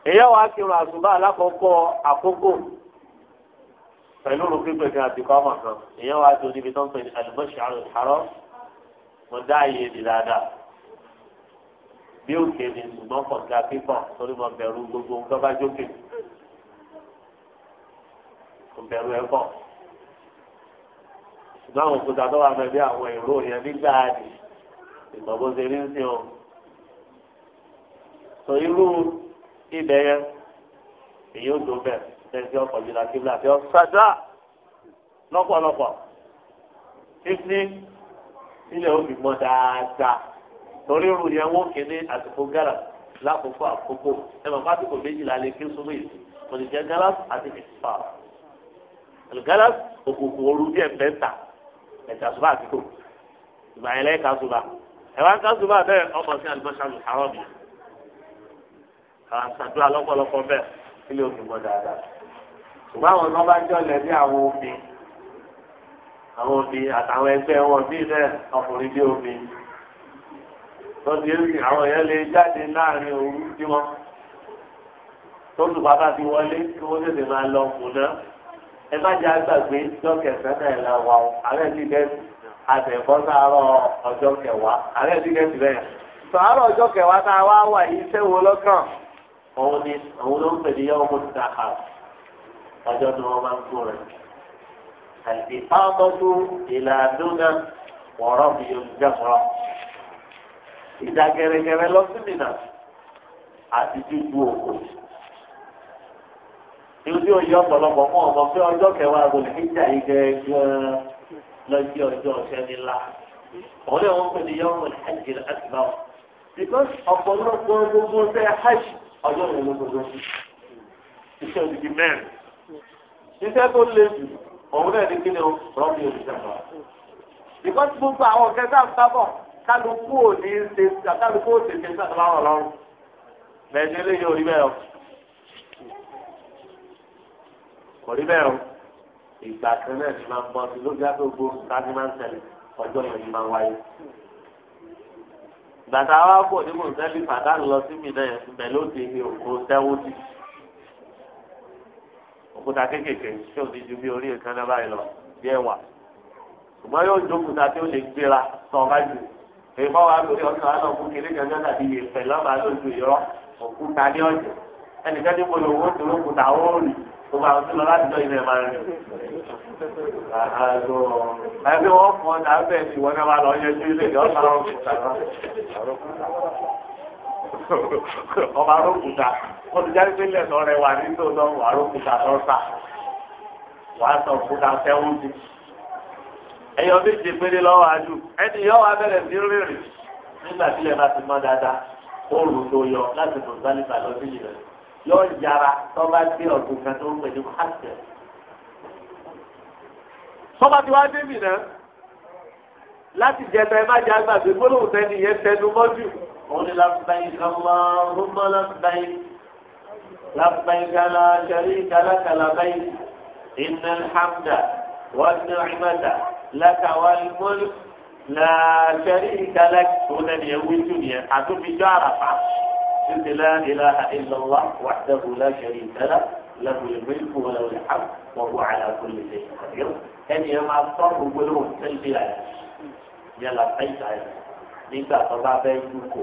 èyí wàá kírun àsùbá alákọ̀ọ́kọ́ àkókò pẹ̀lú rúkú pẹ̀lú àbíkọ́ ọmọ kan èèyàn wá tó níbi tó ń pè ní àlùmọ́ṣì àrùn ìparọ́ mo dá iye di dáadáa bí òkè ni ṣùgbọ́n pọ̀ ga pípọ̀ torí mo bẹ̀rù gbogbo nǹkan bá jókè mo bẹ̀rù ẹ̀ pọ̀ ṣùgbọ́n àwọn òkúta tó wà mẹ́bí àwọn èrò yẹn nígbà ni ìmọ̀ bó ṣe rí ń sìn o sọ irú ibẹ̀ yẹn èyí ó tó bẹ̀rẹ̀ tẹ̀sí ọkọ̀ jìnnà kíbla àti ọ̀sádà lọ́pọ̀lọpọ̀ títí sílẹ̀ òbí mọ́ dáadáa torí irú yẹn wọ́n kéde àsìkò gàrà lákòókò àkókò ẹ mọ̀ fásitì méjìlá lè kí súnmọ́ yìí kò ní jẹ́ gàlás àti ìfà gàlás òkùnkùn ooru díẹ̀ mẹ́ta ẹ̀ta ṣùgbọ́ àtìkò ìgbà yẹn lẹ́yìn kásùbà ẹ̀wá kásùbà bẹ́ẹ̀ ọmọ sí àlùbọ́sàlù àrọ́ mi àwọn àṣàdúrà lọ́pọ̀lọpọ̀ bẹ́ẹ̀ sílẹ̀ òbí mọ́ dáadáa ṣùgbọ́n àwọn tó bá jọlẹ̀ bí àwọn omi àwọn omi àtàwọn ẹgbẹ́ wọn bí bẹ́ẹ̀ ọkùnrin bí omi lọ́dí èyí àwọn èèyàn lè jáde láàrin òru tí wọ́n tó tù bàbá ti wọlé kí wọ́n tètè máa lọ kùn ẹ má jẹ́ àgbàgbé lọ́kẹ̀sán náà là wà ó ààrẹ ti dẹ́sì àtẹ̀kọ́ sáárọ̀ ọjọ́ kẹwàá ààrẹ ti dẹ́sì bẹ́ẹ̀ sàárọ̀ ọjọ́ kẹwàá tá a wá wà yìí sẹ́wọ́ lọ́kàn òun ni òun ló ń pè ní yọ̀ọ́ ọjọ́ tí wọ́n máa ń kó rẹ̀. àìsí pàtọ́jú ìlàdúnà wọ̀rọ̀ mi yóò jẹ́kọ̀ọ́. ìjà gẹ̀rẹ́gẹ̀rẹ́ lọ sí Mínà àti jíjú òkú. ìlú tí ó yẹ ọ̀pọ̀lọpọ̀ mọ́ ọmọ pé ọjọ́ kẹwàá kò ní jà yìí gẹ́gẹ́ lọ́jọ́ ọjọ́ ọ̀sẹ̀ nílá. òun ni wọ́n pè ní yọ́mù hajj akbar. because ọ̀pọ̀lọpọ̀ gbogbo ṣe hajj ọjọ́ ìlú gbogbo iṣẹ́ òdìdí mẹ́rin iṣẹ́ tó le jù òun náà ní kí ni o rọ́bì olùjọba. because gbogbo àwọn kẹta ń sábọ̀ kálukú ò ní ṣe kálukú ò ṣe ṣe sábà lọ́rọ̀ lọ́rùn bẹ́ẹ̀ ni eléyìí ò rí bẹ́ẹ̀ o kò rí bẹ́ẹ̀ o ìgbà kan náà ti máa ń bọ́ sí lójú àti gbogbo kájí máa ń ṣẹlẹ̀ ọjọ́ yẹn ni máa ń wáyé. gbàtà wa kò ní sẹ́lí pàdánù lọ sí mi náà pẹ̀lú òde òkú sẹ́wọ́n òkúta kéékèèké tí ò ju bí orí ìkan náà báyìí lọ bí ẹwà ṣùgbọ́n yóò jó òkúta tí ó lè gbéra tó ọba jù èyí bá wà lórí ọ̀sán àná òkú kéré gẹ́gẹ́ tàbí iye pẹ̀ lọ́ba lójú ìrọ́ òkúta ní ọ̀jẹ̀ ẹnìkan tí mo lò wó tó lókúta ó rì gbogbo àwọn tó lọ láti jọ ilẹ̀ máa rìn. àbí wọ́n fọ́n dà bẹ́ẹ̀ tí wọ́n náà wà lọ yẹjú ilé ìjọba ọba arókùtà wọ́n ti jáde pélé ẹ̀sọ́ rẹ̀ wà nínú lọ́wọ́ arókùtà lọ́sà wàá sọ òkúta sẹ́wọ́ntì ẹ̀yọ́ méje péré lọ́wọ́ adù ẹni yọ́ wa bẹ̀rẹ̀ sí rírìn nígbà tí ilẹ̀ bá ti mọ́ dáadáa oòrùn tó yọ láti bò sálífà lọ sí ìlẹ̀ yọ yàrá tó bá gbé ọ̀gbìn kan tó ń pè ní pàṣẹ. sọ́ba tí wàá dé mìíràn láti jẹ́ tẹ́ ẹ má jẹ́ àgbàgbé قل لبيك اللهم لبيك لبيك لا شريك لك لبيك إن الحمد والنعمة لك والملك لا شريك لك هنا الدنيا حتى في جارة جارفة لا إله إلا الله وحده لا شريك له له الملك وله الحمد وهو على كل شيء قدير هني ما يوم أصاب تلبي لا يلا بيت عليه nígbà tó bá fẹ́ dúkò.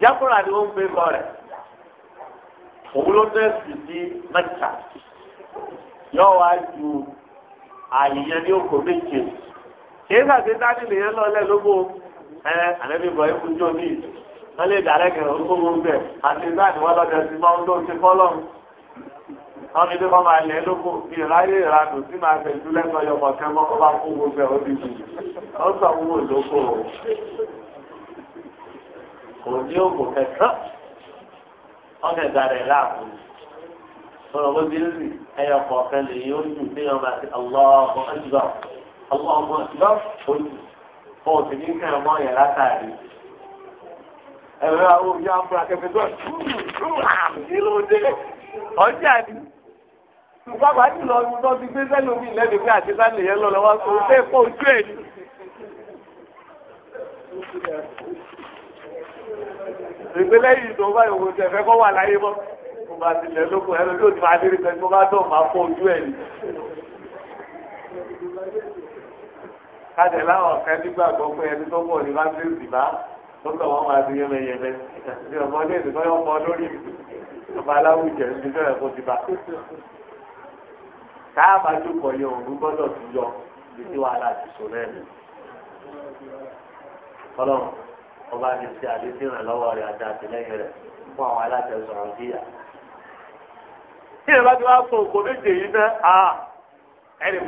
jákúrà ni wọ́n ń gbé kọ́ rẹ̀ òun ló fẹ́ sì sí mẹ́ta yóò wá ju àyíyàn ní oko méje kìí sàṣẹ dání nìyẹn lọlẹ lóko ẹ àlẹbí bọ ikú jó ní wọ́n lè dàrẹ kẹrẹ ó àti sáà ni wọ́n lọ jẹ sí máa ń lọ sí wọ́n fi bí máa lẹ̀ lóko bí ráyè ìranù tí máa fẹ̀ jù lẹ́kọ̀ọ́ yọmọ kẹ́ mọ́ bá kó gbogbo ẹ̀ òbí ó sọ owó lóko kò ní òkò kẹsàn-án darẹ̀ láàbù sọ̀rọ̀ bó ti rì ẹyọ kọ̀ọ̀kan lè yóò jù bí wọ́n máa ti ọlọ́ọ̀kọ̀ ẹ̀jùlọ ọlọ́ọ̀kọ̀ ẹ̀jùlọ ojú kó o ní kẹ́ ẹ̀ yẹn látàrí ẹ̀rọ àwọn òbí àwọn ìpapà ti lọ tó ti gbé sẹ́lómi lẹ́nu pé àti sáà nìyẹn lọ lọ́wọ́ sọ pé kó ojú ẹ̀ ní. ìpínlẹ̀ yìí tó bá ìwò tẹ̀ fẹ́ kọ́ wà láyé mọ́ mo bá tilẹ̀ lóko ẹ̀rọ yóò ti máa dérí pẹ̀lú bá tó máa kó ojú ẹ̀ ní. kájẹ̀ láwọn ọ̀kẹ́ nígbàgbọ́ pé ẹni tó pọ̀ ní bá ń dé ìdìbá ó kọ̀ wọ́n máa di yẹmẹyẹmẹ ìdí ọmọdé ìdí káàbà jókòó yẹn òun gbọ́dọ̀ tún yọ títí wàhálà ti sọ náà ni. ọba ní ti àdéhùn ìrànlọ́wọ́ rẹ̀ àti àtìlẹ́yìn rẹ̀ fún àwọn alátẹ̀sọ̀rọ̀ bíyà. tí ìrọ̀lá ti wá fún òkò méje yìí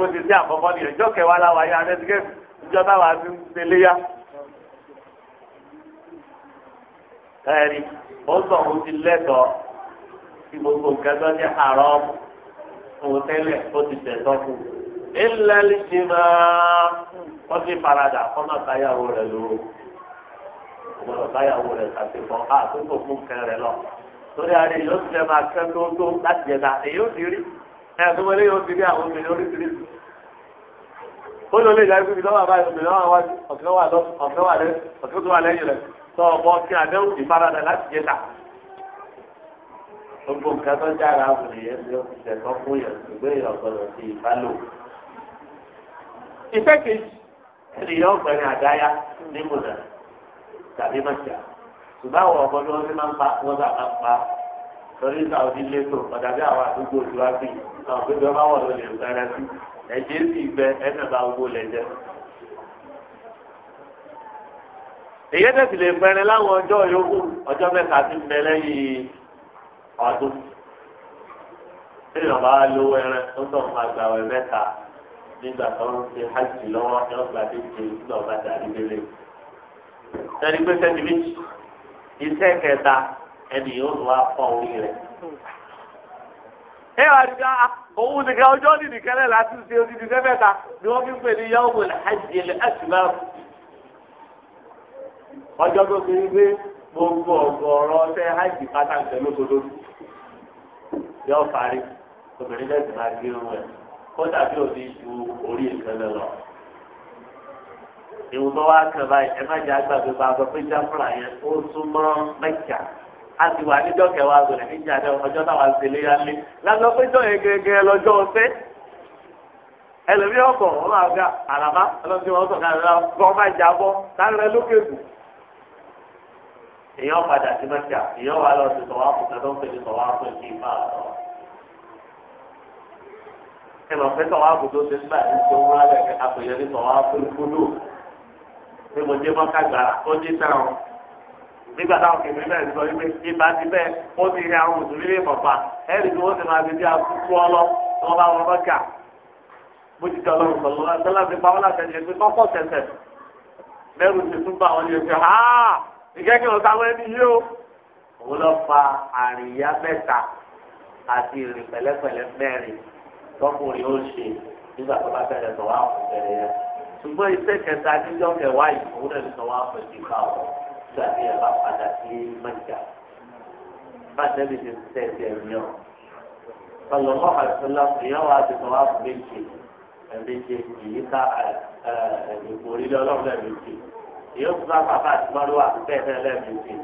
ti sí àkọ́kọ́ ní kẹwàá láwa yá ìjọ táwa ti ń yá. ẹ̀rí ó sọ̀ ó ti lẹ́tọ̀ọ́ gbogbo nǹkan tó òun tẹ́lẹ̀ ó ti tẹ̀ sọ́kù ilẹ̀ ṣe máa wọ́n ti faradà kọ́nà táyàwó rẹ̀ lóró ọ̀gbọ̀n táyàwó rẹ̀ ṣàtìkọ́ àtúntò fún kẹrẹ̀ lọ torí ara èyí ó ti lẹ́ máa kẹ́ tó tó láti jẹ ta èyí ó ti rí ẹ̀ tó wọlé yóò ti rí àwọn obìnrin oríṣiríṣi ó lọ lè yára ibi lọ́wọ́ àbáyọ obìnrin wọn wájú ọ̀kẹ́ wà lẹ́yìn rẹ̀ tọ́ ọ̀bọ gbogbo nǹkan tó jára àwọn èèyàn ti ó ti tẹ̀kọ́ fún yẹn ṣùgbọ́n èèyàn gbọ́dọ̀ sí ìbálò. ìfẹ́ kejì ènìyàn ọ̀gbẹ́rin àdáyá ní mùnà tàbí ṣùgbọ́n àwọn ọ̀gbọ́n ni wọ́n ti máa ń pa wọ́n máa ń pa torí àwọn àdúgbò wa bì náà pé bí bá wọ̀ sí ẹ̀jẹ̀ ọdún tí ìyàn bá lówó ẹran tó tọ̀ máa gbà wẹ̀ mẹ́ta nígbà tó ń ṣe hajj lọ́wọ́ yóò gbà tó ṣe nígbà ọba dàrí délé. sẹ́ni pé sẹ́ni méjì iṣẹ́ kẹta ẹni yóò tún wá fọ́ orí rẹ̀. ẹ wá ní ah, òun nìkan ọjọ́ nìkan náà láti ṣe odidi sẹ́fẹ̀ta ni wọ́n fi ń pè ní yahoo hajj ẹ̀ṣùgbọ́n ọjọ́ tó fi ń gbé gbogbo ọ̀gọ̀ọ̀rọ̀ ọ̀sẹ̀ hajj yọ parí obìnrin náà máa gbé ohun ẹ̀ kódà bí òní ju orí ìkànnì lọ. ìwọ̀n bá wá kàn báyìí ẹ má jẹ́ àgbàdo bá sọ pé jáfúrà yẹn ó súnmọ́ mẹ́kà a ti wà níjọ́ kẹwàá gbọ̀dọ̀ níjà náà ọjọ́ táwa ń tẹ̀lé ya lé lásán pé jọ́ yẹn gẹ́gẹ́ lọ́jọ́ ọ̀sẹ̀ ẹlòmíì ọkọ̀ wọn máa ga àlàbá ọlọ́sìn wọn sọ̀kan àlọ́ wọn máa jà bọ́ sáré lókè bù èèyàn padà sí mẹ́kà èèyàn wà lọ́sìn tọ́wọ́ àpòtẹ́ tó ń pè ní tọ́wọ́ àpòtẹ́ ìfà àtọ́wọ́ ẹ mọ̀ pé sọ̀rọ̀ àbùdó ṣe nígbà tí ṣe ń wúrà lẹ́gbẹ́ àpèyẹ ní sọ̀rọ̀ àfúlùfúlù pé mo dé mọ́ká gbàrà ó dé sáwọn nígbà táwọn kèmí bẹ́ẹ̀ sọ wípé ibà ti bẹ́ẹ̀ ó ti rí àwọn mùsùlùmí lè mọ̀fà ẹ̀rì tí wọ́n ti máa fi bí akúkú ọlọ́ tí wọ́n bá wọn mọ́kà bó ti tọ́lọ́ ìsọ̀lọ́ ẹ̀sọ́lá ti láti ẹ̀jẹ̀ wọn ní ẹ̀jẹ̀ ha ìkẹ́kẹ́ ọ̀tá wọn ẹni yìí o. òun lọ fa àríyá mẹ́ta àti tọkùnrin ó ṣe nígbà tó bá bẹ̀rẹ̀ tọ̀ wá fún bẹ̀rẹ̀ yẹn. ṣùgbọ́n iṣẹ́ kẹta níjọ́ kẹwàá yìí òun náà ní tọ̀ wá fún ti ká ọ̀ nígbà tí ẹ bá padà sí mẹ́jà. bàtẹ́ mi ti tẹ̀ ẹ̀ mìíràn. ọlọ́mọ àtúnlá ìyáwó àti tọ̀ wá fún méje ẹ̀mẹ́je èyí ká ẹ̀mẹ́kò orílẹ̀ ọlọ́run lẹ́ẹ̀mẹ́je. èyí fún bàbá àti mọ́lúwà bẹ́ẹ̀ bẹ́ẹ̀ lẹ́ẹ̀mẹ́je.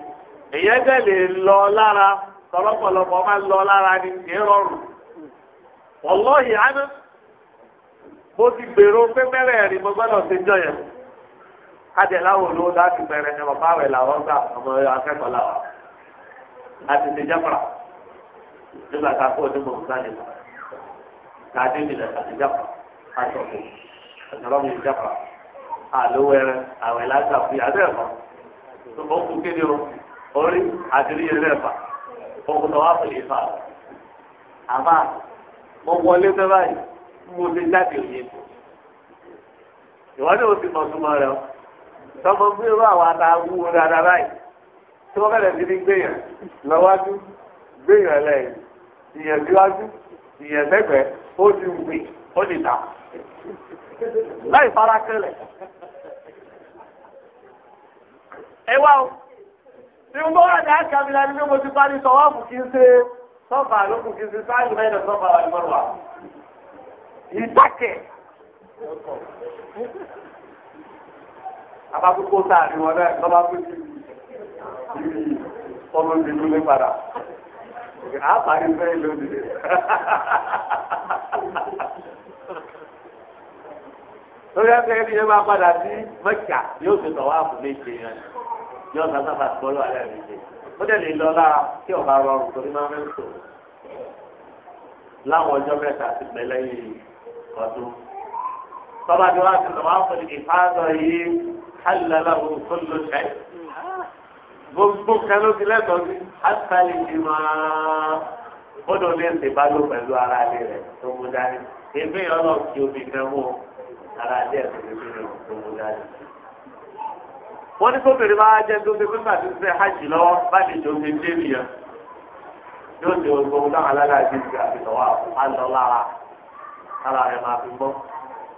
èyí ẹgbẹ́ lè lọ lára tọ́lọ́pọ̀lọpọ̀ máa lọ lára ní kí wọ́lọ́hì àná mo ti gbèrò pé mẹ́rẹ̀ẹ̀rin mo gbọ́dọ̀ ṣe jọ yẹn adẹ̀láwò ló láti bẹ̀rẹ̀ ẹ̀ bàbá rẹ̀ làwọn gbà ọmọ akẹ́kọ̀ọ́ làwọn láti ṣe jáfara nígbà tá a kó onímọ̀ nǹkan yẹn tàbí ìlẹ̀ àti jáfara àtọ̀kù àtọ̀rọ̀mù jáfara àlówẹ̀rẹ̀ àwẹ̀ látàkùn yàrá ẹ̀fọ́ tó kú kéde o orí àdìrí yẹn lẹ́fà òkùnà wà fún ìfà àbá mo wọlé tó báyìí mo lè jáde òye mi ìwádìí ò sì mọ̀ súnmọ́ rẹ o tọmọ gbé irú àwọn adáwúwo dáadáa báyìí tí wọ́n bẹ̀rẹ̀ sí ní gbéyàn lọ́wájú gbéyàn lẹ́yìn ìyẹn síwájú ìyẹn sẹ́gbẹ̀ẹ́ ó ti wùwé ó ti dà láì fara kẹlẹ̀. ẹ wá o ìwọ́n bá wà ní àkàmìlà ni mo ti parí sọ wá fún kí n ṣe sọ́fà ló kù kí n ṣe sáyìn mẹ́rin sọ́fà wà lọ́rùn wa. ìtàkẹ́. abakoko sáà ni wọn náà lọ́ba pé kí ọmọ ìlú lè padà. àpárí fẹ́ lónìí. lórí ẹgbẹ́ ẹni yẹn máa padà sí mẹ́kà yóò ṣe tọ́wọ́ àpò méje yẹn yóò sọ sábà gbọ́dọ̀ alẹ́ méje ó dẹ̀ lè lọ lára tí ọba rọrùn torí máa ń sọ láwọn ọjọ́ mẹ́ta ti pẹ́ lẹ́yìn ọdún. tọ́ba tí wọ́n ti lọ wá fún ìfáàzọ yìí hálàláwò tó ló ṣe. gbogbo kan ló ti lẹ́tọ̀ọ́ sí àtàlẹ́ ìgbìmọ̀ ó dùn ní ìsìnbálò pẹ̀lú ara rẹ̀ tó mú dání. èmi ọlọ́ọ̀ omi kan mú ara ilé tó mú dání. wọ́n ní sóbìnrin bá jẹ́ tó ṣe pípa hajj lọ́wọ́ bá lè jọ ṣe dé nìyẹn yóò ṣe oògùn táwọn alálàájì ti àfihàn wà á lọ lára lára rẹ̀ máa fi gbọ́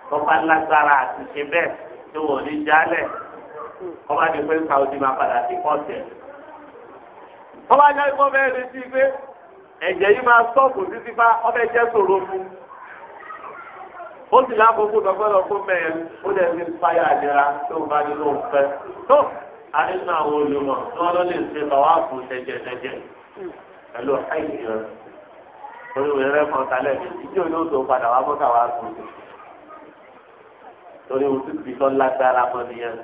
tọ́pá lágbára àti ṣe bẹ́ẹ̀ tó wọ́n ní jálẹ̀ ọba ní pé Saudi máa padà sí pọ́ọ̀tẹ̀. ọba jẹ́ ìfọ́ retí pé ẹ̀jẹ̀ yìí máa sọ́ọ̀kù ó sì lákòókò lọ́gbọ́dọ̀ kó mẹ́rin ó lè fi fáyà àjẹrà tó bá nínú òfẹ́ tó àdínú àwọn olùmọ̀ tí wọ́n lọ lè ṣe bàwá fún tẹ̀jẹ̀tẹ̀jẹ̀ pẹ̀lú àìsí rẹ̀ oríwé rẹ̀ kan kalẹ̀ mi ìdí òní òtò padà wá bọ́tà wá fún mi torí o ti fi tọ́ lágbára mọ́ nìyẹn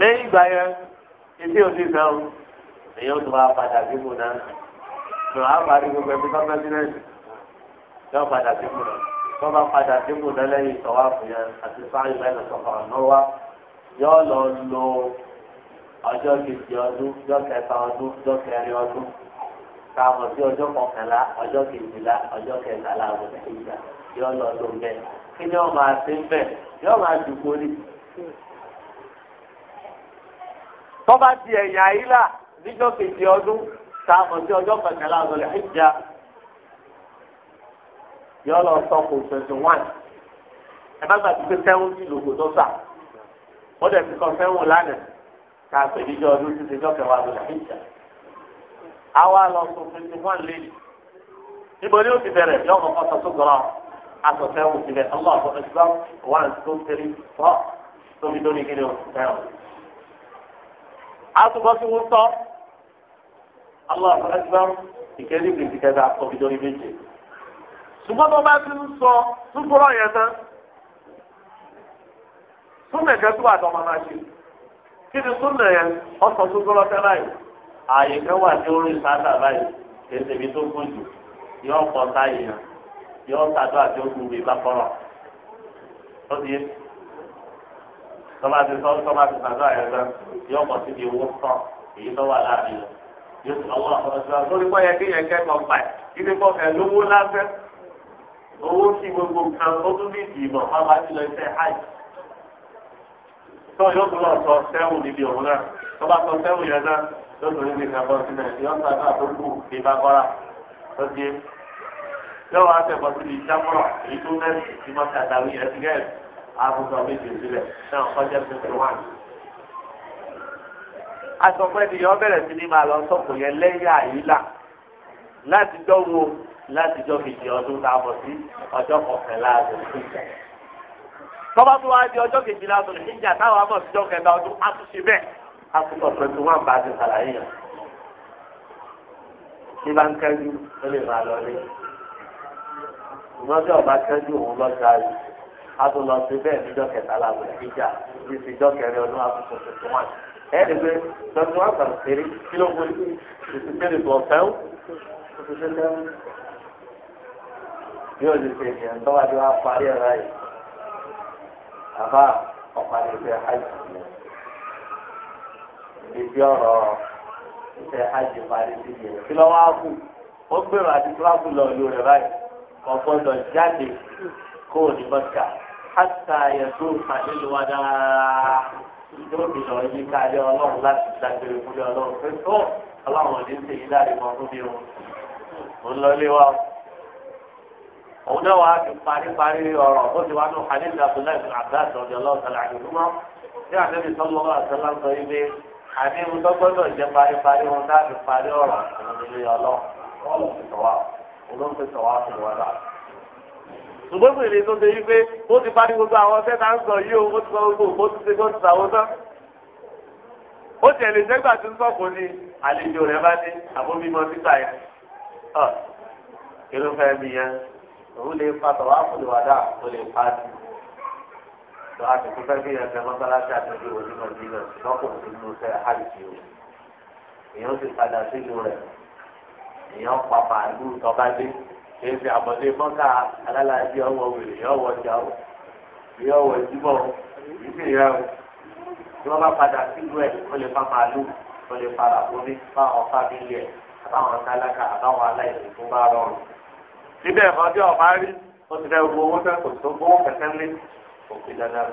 lẹ́yìn ìgbà yẹn ìdí òní sàn ó èyí ó tún padà sí mu náà lọ́wọ́ àbárí gbogbo ẹbí kọ́ńtà tọ́ba padà débò lẹ́lẹ́yìn tọ́wá fún yẹn àti sáyìn lẹ́nu sọ̀fà náwá yọ lọ lo ọjọ́ kejì ọdún ọjọ́ kẹta ọdún ọjọ́ kẹrin ọdún káàmọ̀ sí ọjọ́ kọkànlá ọjọ́ kejìlá ọjọ́ kẹtàlá ọdún ìgbà yọ lọ lo bẹ́ẹ̀ kí ni wọ́n máa ṣe ń bẹ̀ yọ máa dùkú ní. tọ́ba ti ẹ̀yà ayílà níjọ́ kejì ọdún káàmọ̀ sí ọjọ́ kọkànlá ọdún ìgbà yọ lọ sọkò twenty one ẹ bá gbàgbé pé sẹ́wọ́ntì lògò tó sà wọ́n dẹ̀ ti kọ́ sẹ́wọ̀n lánàá kà á pè níjọ́ ọdún títí ọjọ́ kẹwàá lọ sí ìjà àwa lọ sọ twenty one lẹ́yìn níbo ni ó ti bẹ̀rẹ̀ yọ ọkọ̀ sọ tó gbọ́rọ̀ aṣọ sẹ́wọ̀n ti bẹ̀ ọlọ́ àpò ẹgbẹ́ one two three four tóbi lórí kí ni o sẹ́wọ̀n. àtúbọ̀ tí wọ́n sọ ọlọ́ àpò ẹgbẹ́ ìkẹ́lẹ́ ìgbésí kẹta tóbi lórí méje ṣùgbọ́n tó bá ti ń sọ túbúrọ̀ yẹn tán súnmọ̀ ẹ̀kẹ́ tó wà máa ṣe kí ni súnmọ̀ yẹn ọ̀sán túbúrọ̀ tẹ́ báyìí ààyè kan wà ní orí sáńtà báyìí èsì mi tó gùn jù yóò pọ̀ táyì yẹn yóò sàdó àti ogun mi bá kọ́rọ̀ ó di tọ́ba ti sọ tọ́ba ti sàdó àyẹ̀ tán yóò pọ̀ síbi owó tán èyí tó wà láàrin yóò sọ ọwọ́ ọ̀sán owó tí gbogbo nǹkan tó tún ní ìdìbò pápá jùlọ iṣẹ́ hajj tó yóò tún lọ sọ sẹ́wù níbi òun náà tó bá sọ sẹ́wù yẹn náà yóò tún níbi ìkàbọ̀ sílẹ̀ yóò tún àgbà tó kù bí bá kọ́ra tó di yóò wá tẹ̀kọ́ síbi ìjábọ̀rọ̀ èyí tó mẹ́rin tí wọ́n ti àtàwí ẹ̀ sígẹ́rì àbùsọ̀ méjì sílẹ̀ náà kọjá tuntun wà. aṣọ pẹ́ẹ́ni yọ bẹ̀rẹ̀ sí ni máa lọ sọ́kù láti jọ kejì ọdún tá a bọ̀ sí ọjọ́ kọkànlá ọdún ìjà. tọ́ba tó wáá di ọjọ́ kejìlá ọdún ìjà táwọn abọ̀ síjọ́ kẹta ọdún á tún ṣe bẹ́ẹ̀ á tún sọ pé tó wọ́n bá ti sàlàyé yàn. bí bá ń kẹ́jú ó lè máa lọ lé. ìmọ̀jọ́ ọba kẹ́jú òun lọ sáré á tún lọ sí bẹ́ẹ̀ níjọ́ kẹtàlá ọdún ìjà bí ìṣèjọ́ kẹrin ọdún á tún sọ pé tó wọ́n ẹ̀ẹ́dì pé tọ́jú wọn kàn yóò ti ṣe ìyẹn tó wá ti wá parí ẹ̀ láyè àbá ọ̀parí ìfẹ́ hajj yẹn ibi ọ̀rọ̀ ìfẹ́ hajj parí sí yẹn kí lọ́wọ́ á kù ó gbèrò àti tíwájú lọ ìlú rẹ̀ báyìí kò gbọ́dọ̀ jáde kó o ní mọ́tíkà hàtà ẹ̀dọ́ ìpàdélu wa dáadáa yóò fi lọ yí káyọ ọlọ́run láti dágbére fúnlẹ̀ ọlọ́run pé tó ọlọ́run ò ní ṣe yí láàrin mọ́ fún mi o mo lọ ilé wa o òun náà wàá fi paríparí ọ̀rọ̀ ó ti wá ní hadith abdullahi bin abbas ọ̀dọ̀ ọlọ́run sọlá àdìgúnmọ́ tí àtẹ́bí sọ́mọ́ ọ̀rọ̀ sọlá ń sọ yí pé àdéhùn tó gbọ́dọ̀ jẹ́ paríparí wọn tá fi parí ọ̀rọ̀ ìrìnlẹ̀ ọlọ́run ọlọ́run sọ̀wá fún wọn náà. ṣùgbọ́n fèrè tó ṣe yí pé ó ti parí gbogbo àwọn ọ̀sẹ̀ tá ń sọ yí o ó ti sọ gbogbo ó ti ṣe kó ti òun lè fa tọ̀wá fúlùwádà tó lè pa á tó a ti kú fẹ́ bí ẹ̀fẹ́ mọ́sálásí àtẹ̀jú onímọ̀ ìbílẹ̀ lọ́kùn sínú fẹ́ àìsí o èèyàn sì padà sínú rẹ̀ èèyàn pa màálù tọ́ba dé èyí fi àbọ̀dé mọ́ká alálàájì ọwọ́ wèrè yọ wọ ọjà o yọ wọ ìdíbọ̀ yìí sì yẹ o tí wọ́n bá padà sínú ẹ̀ ó lè fa màálù ó lè fa àbómi fáwọn fábílì ẹ̀ àbáwọn tálákà àbáwọn aláìsí tó bá rọrùn síbẹ̀ ọjọ́ ọ̀pá rí ó ti fẹ́ gbowó fẹ́ kò tó gbowó kẹ̀kẹ́ lé òfin dandan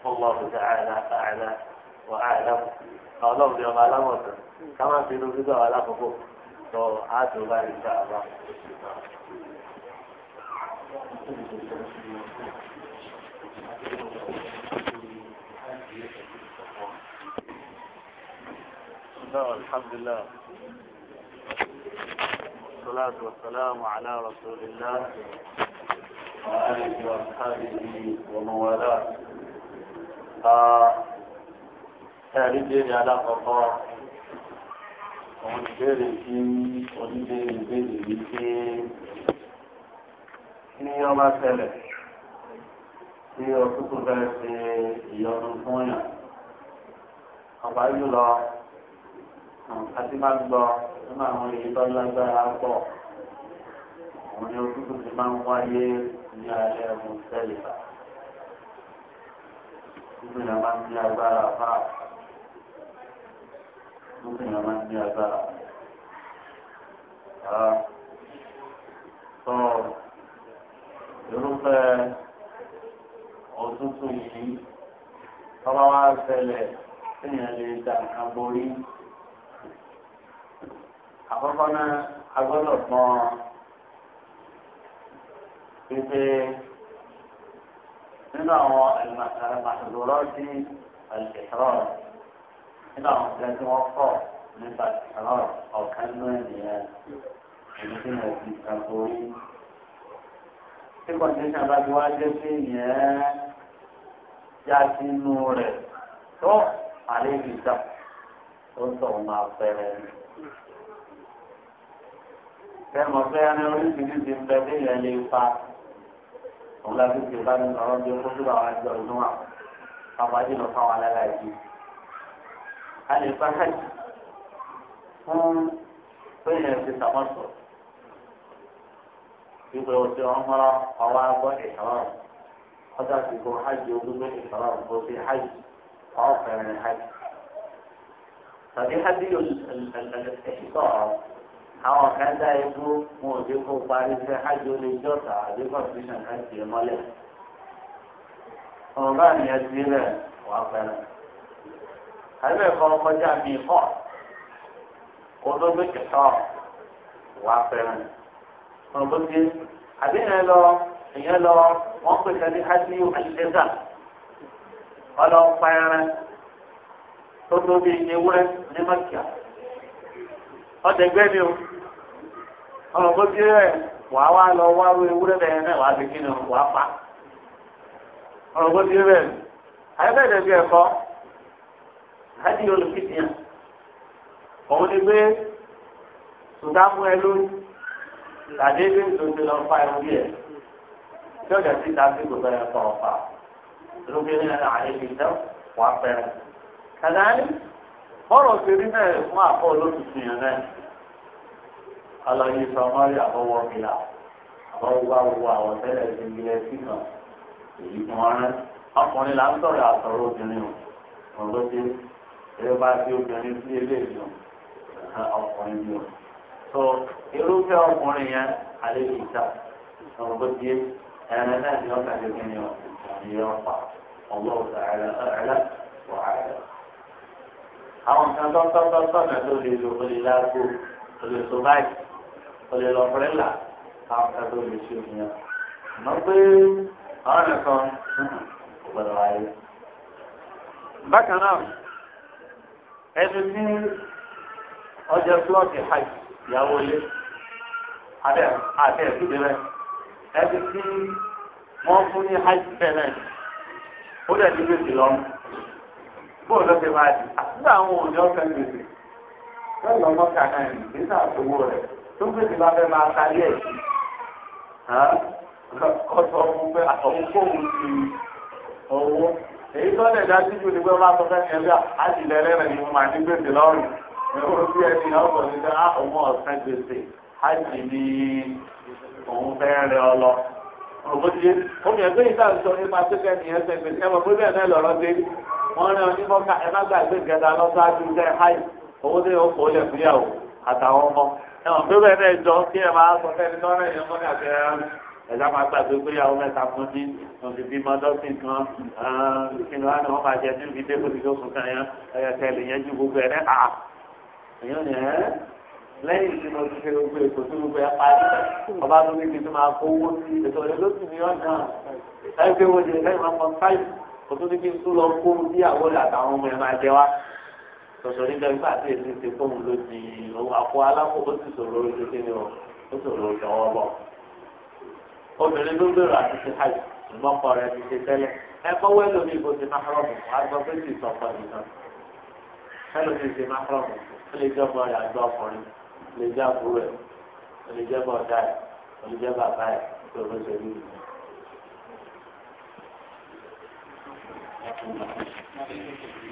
fún ọlọ́run ti àyàlá àyàlá wà àyàlá àwọn ọlọ́run ti ọba alámọ̀tàn ká má fi inú gbígbà wà lákòókò lọ àádùn bá rí gbà wá. الحمد لله والصلاة والسلام على رسول الله وآله وأصحابه ومن والاه ẹ̀rí béèrè alákọ̀ọ́kọ́ òun ìbéèrè tí oníbéèrè béèrè yìí pé kí ni ọba ṣẹlẹ̀ tí ọkùnkùn fẹ́ ṣe ìyọnu fún yàn ọ̀pá yìí lọ àti máa ń gbọ́ nínú àwọn èyí tó lágbára pọ̀ òun ni ojú tuntun máa ń wáyé ní alẹ́ ẹ̀mú tẹ́lẹ̀ bá. Gbogbo èèyàn máa ń ní agbára fà. Gbogbo èèyàn máa ń ní agbára. Sọ irúfẹ́ òtútù yìí tọ́ba wá ṣẹlẹ̀ téèyàn lè dà nǹkan borí àkọ́kọ́ náà a gbọ́dọ̀ pọn pípé nínú àwọn àlùmọ̀sọ̀rọ̀ sí àlùfẹ̀sọ̀rọ̀ nínú àwọn ìgbà tí wọ́n kọ̀ nípa ìsọ̀rọ̀ ọ̀kan náà nìyẹn èyí tí mo fi kàn sórí. tí kọ̀ǹtẹ́sán bá ti wá jẹ́ pé yẹn já sínú rẹ̀ tó àlejò ìjà ó sọ̀rọ̀ máa fẹ́rẹ̀ ni sẹ́mọ̀ sẹ́yà ní oríṣiríṣi ń bẹ déyẹ̀ lè fa òun láti ṣe bá nínú ọ̀rọ̀ bí kó síbà wá jọ inú wa pàpà jùlọ fáwọn aláìláìjì. a lè fa hajj fún péye ti sàmọ́sọ ìgbà òsè ọmọlá ọwọ́ agbọ́ ìṣòro ọjà ti kó hajj ogúngbé ìṣòro kó sí hajj ọ̀fẹ́rin hajj. tàbí hajj yóò ṣe ìṣòro. àwọn kan dá ikú wọn ò dé kó parí sí hajj olè àbí kan ti kọjá mi olóògbé ti àbí yẹn lọ ìyẹn lọ pè hajj tó tóbi ní ọ̀dẹ̀gbẹ́ ni o ọmọ kó bí rẹ̀ wà wá lọ wá ru ewúrẹ́ bẹ́ẹ̀ náà wà fi kí ni anyị pa ọmọ kó bí rẹ̀ ayébẹ̀dẹ̀ bí ẹ̀kọ́ láti olùfìdíyàn òun ni pé sùdámù ẹ lọ fa ẹ tí ọjà sí gbogbo ẹ lóbi ní náà kàdáyé aláyé sọmọlẹ àbọwọ mìlá àbọwọ àwọ àwọn tẹ́lẹ̀ ti ń yẹ sí kan èyí kan rán ọkùnrin là ń sọ̀rọ̀ àtọ̀rọ̀ obìnrin o wọn ló dé eré bá fi obìnrin sí ilé ìjọ ọkùnrin ni o so irúfẹ́ ọkùnrin yẹn alẹ́ kìí ta wọn ló dé ẹ̀rẹ̀ náà ni ọkà tó kí ni o ìyẹn ọ̀pá ọlọ́ọ̀tà ẹ̀rẹ̀ ẹ̀rẹ̀ wà á rẹ̀ àwọn kan tọ́tọ́tọ́tọ́ náà ló lè lò ó lè lágbo ó lè so báyìí olè lọ fúrẹ́là káwọn kájọ lè ṣe omi yẹn mọ pé àwọn nìkan kò gbọdọ̀ wáyé. bákan náà ẹni tí ọjà flọ́ọ̀kì hajj ìyàwó ilé àti ẹ̀sùn rẹ̀ ẹni tí wọ́n fún ní hajj bẹ̀rẹ̀ ó dẹ̀ ní gbèsè lọ́mú bóòlù ọ̀sẹ̀ máa di àtúntà àwọn òòjọ́ fẹ́ gbèsè lọ́nà ọmọ kàkà ẹ̀ nígbà tó wọ́ rẹ̀ tó gbèsè bá fẹ́ máa sáré ẹ̀ kọ́sọ̀ ọ̀hún pé àtọ̀hún kóhùn sí owó èyí tó lè dá síjú ni pé wọ́n bá sọ fẹ́ kẹ́lẹ́ àjìlẹ́rẹ́ ni mo máa ní gbèsè lọ́rùn ẹ̀rọ bí ẹni ọkọ̀ ní sẹ́ àwọn ọ̀sán gbèsè àjì ni òun fẹ́ rẹ ọ lọ. omi ẹgbẹ́ yìí sáà sọ nípa pípẹ́ ní ẹsẹ̀ gbèsè ẹ̀mọ́ pé bẹ́ẹ̀ náà lọ́rọ́ dé wọ́n rẹ onímọ̀ká ẹ má gbàgbé gẹ̀dá lọ́sọ́ àjùjẹ́ háì owó tó yẹ kó lẹ̀ fúyàwó àtàwọn ọmọ ẹ̀wọ̀n pé bẹ́ẹ̀ náà jọ kí ẹ máa sọ fẹ́ni lọ́rẹ́ yẹn mọ́ni àti ẹ̀dá máa gbàgbé pé ìyàwó mẹ́ta fún ní òbí bímọ dọ́sìn kan kí ni wọ́n á ní wọ́n máa jẹ níbi dé kó ti tó sùn kan yẹn ẹ̀yẹ tẹ̀lé yẹn ju gbogbo ẹ̀ náà èèyàn ni ẹ̀ lẹ́yìn tí mo ti ṣe gbogbo èkó tó gbogbo ẹ̀ parí ọba tó ní kí n tó máa kówó ètò ìrẹ́ ló sì ní ọ̀nà ẹ̀ gbé wọ́n jẹ lẹ́yìn máa mọ fáìlì kó tó ní kí n tó lọ kó bí àwọn àtàwọn ọmọ ẹ̀ máa jẹ wá sọ̀tọ̀ nígbà nígbà tí èsì ti fóun ló di òun àpò aláwọ̀ ó sì sọ̀rọ̀ orí tuntun o ó sọ̀rọ̀ ìjọwọ́ bọ̀. obìnrin ló gbèrò àti ti hajj ṣùgbọ́n kọ rẹ̀ ti ṣe tẹ́lẹ̀ ẹ kọ́wé lómi ìbò ti máa rọ̀ mọ̀ á gbọ́ pé sì sọ pọ̀ nìkan. ẹlò ti ṣe máa rọ̀ mọ̀ ó lè jẹ́ ọmọ rẹ̀ àgbà ọkùnrin ó lè jẹ́ àbúrò ẹ̀ ó lè jẹ́ bọ̀dá ẹ̀ ó lè jẹ́ bàbá ẹ̀ tó ló ṣe ní ìlú. Thank you.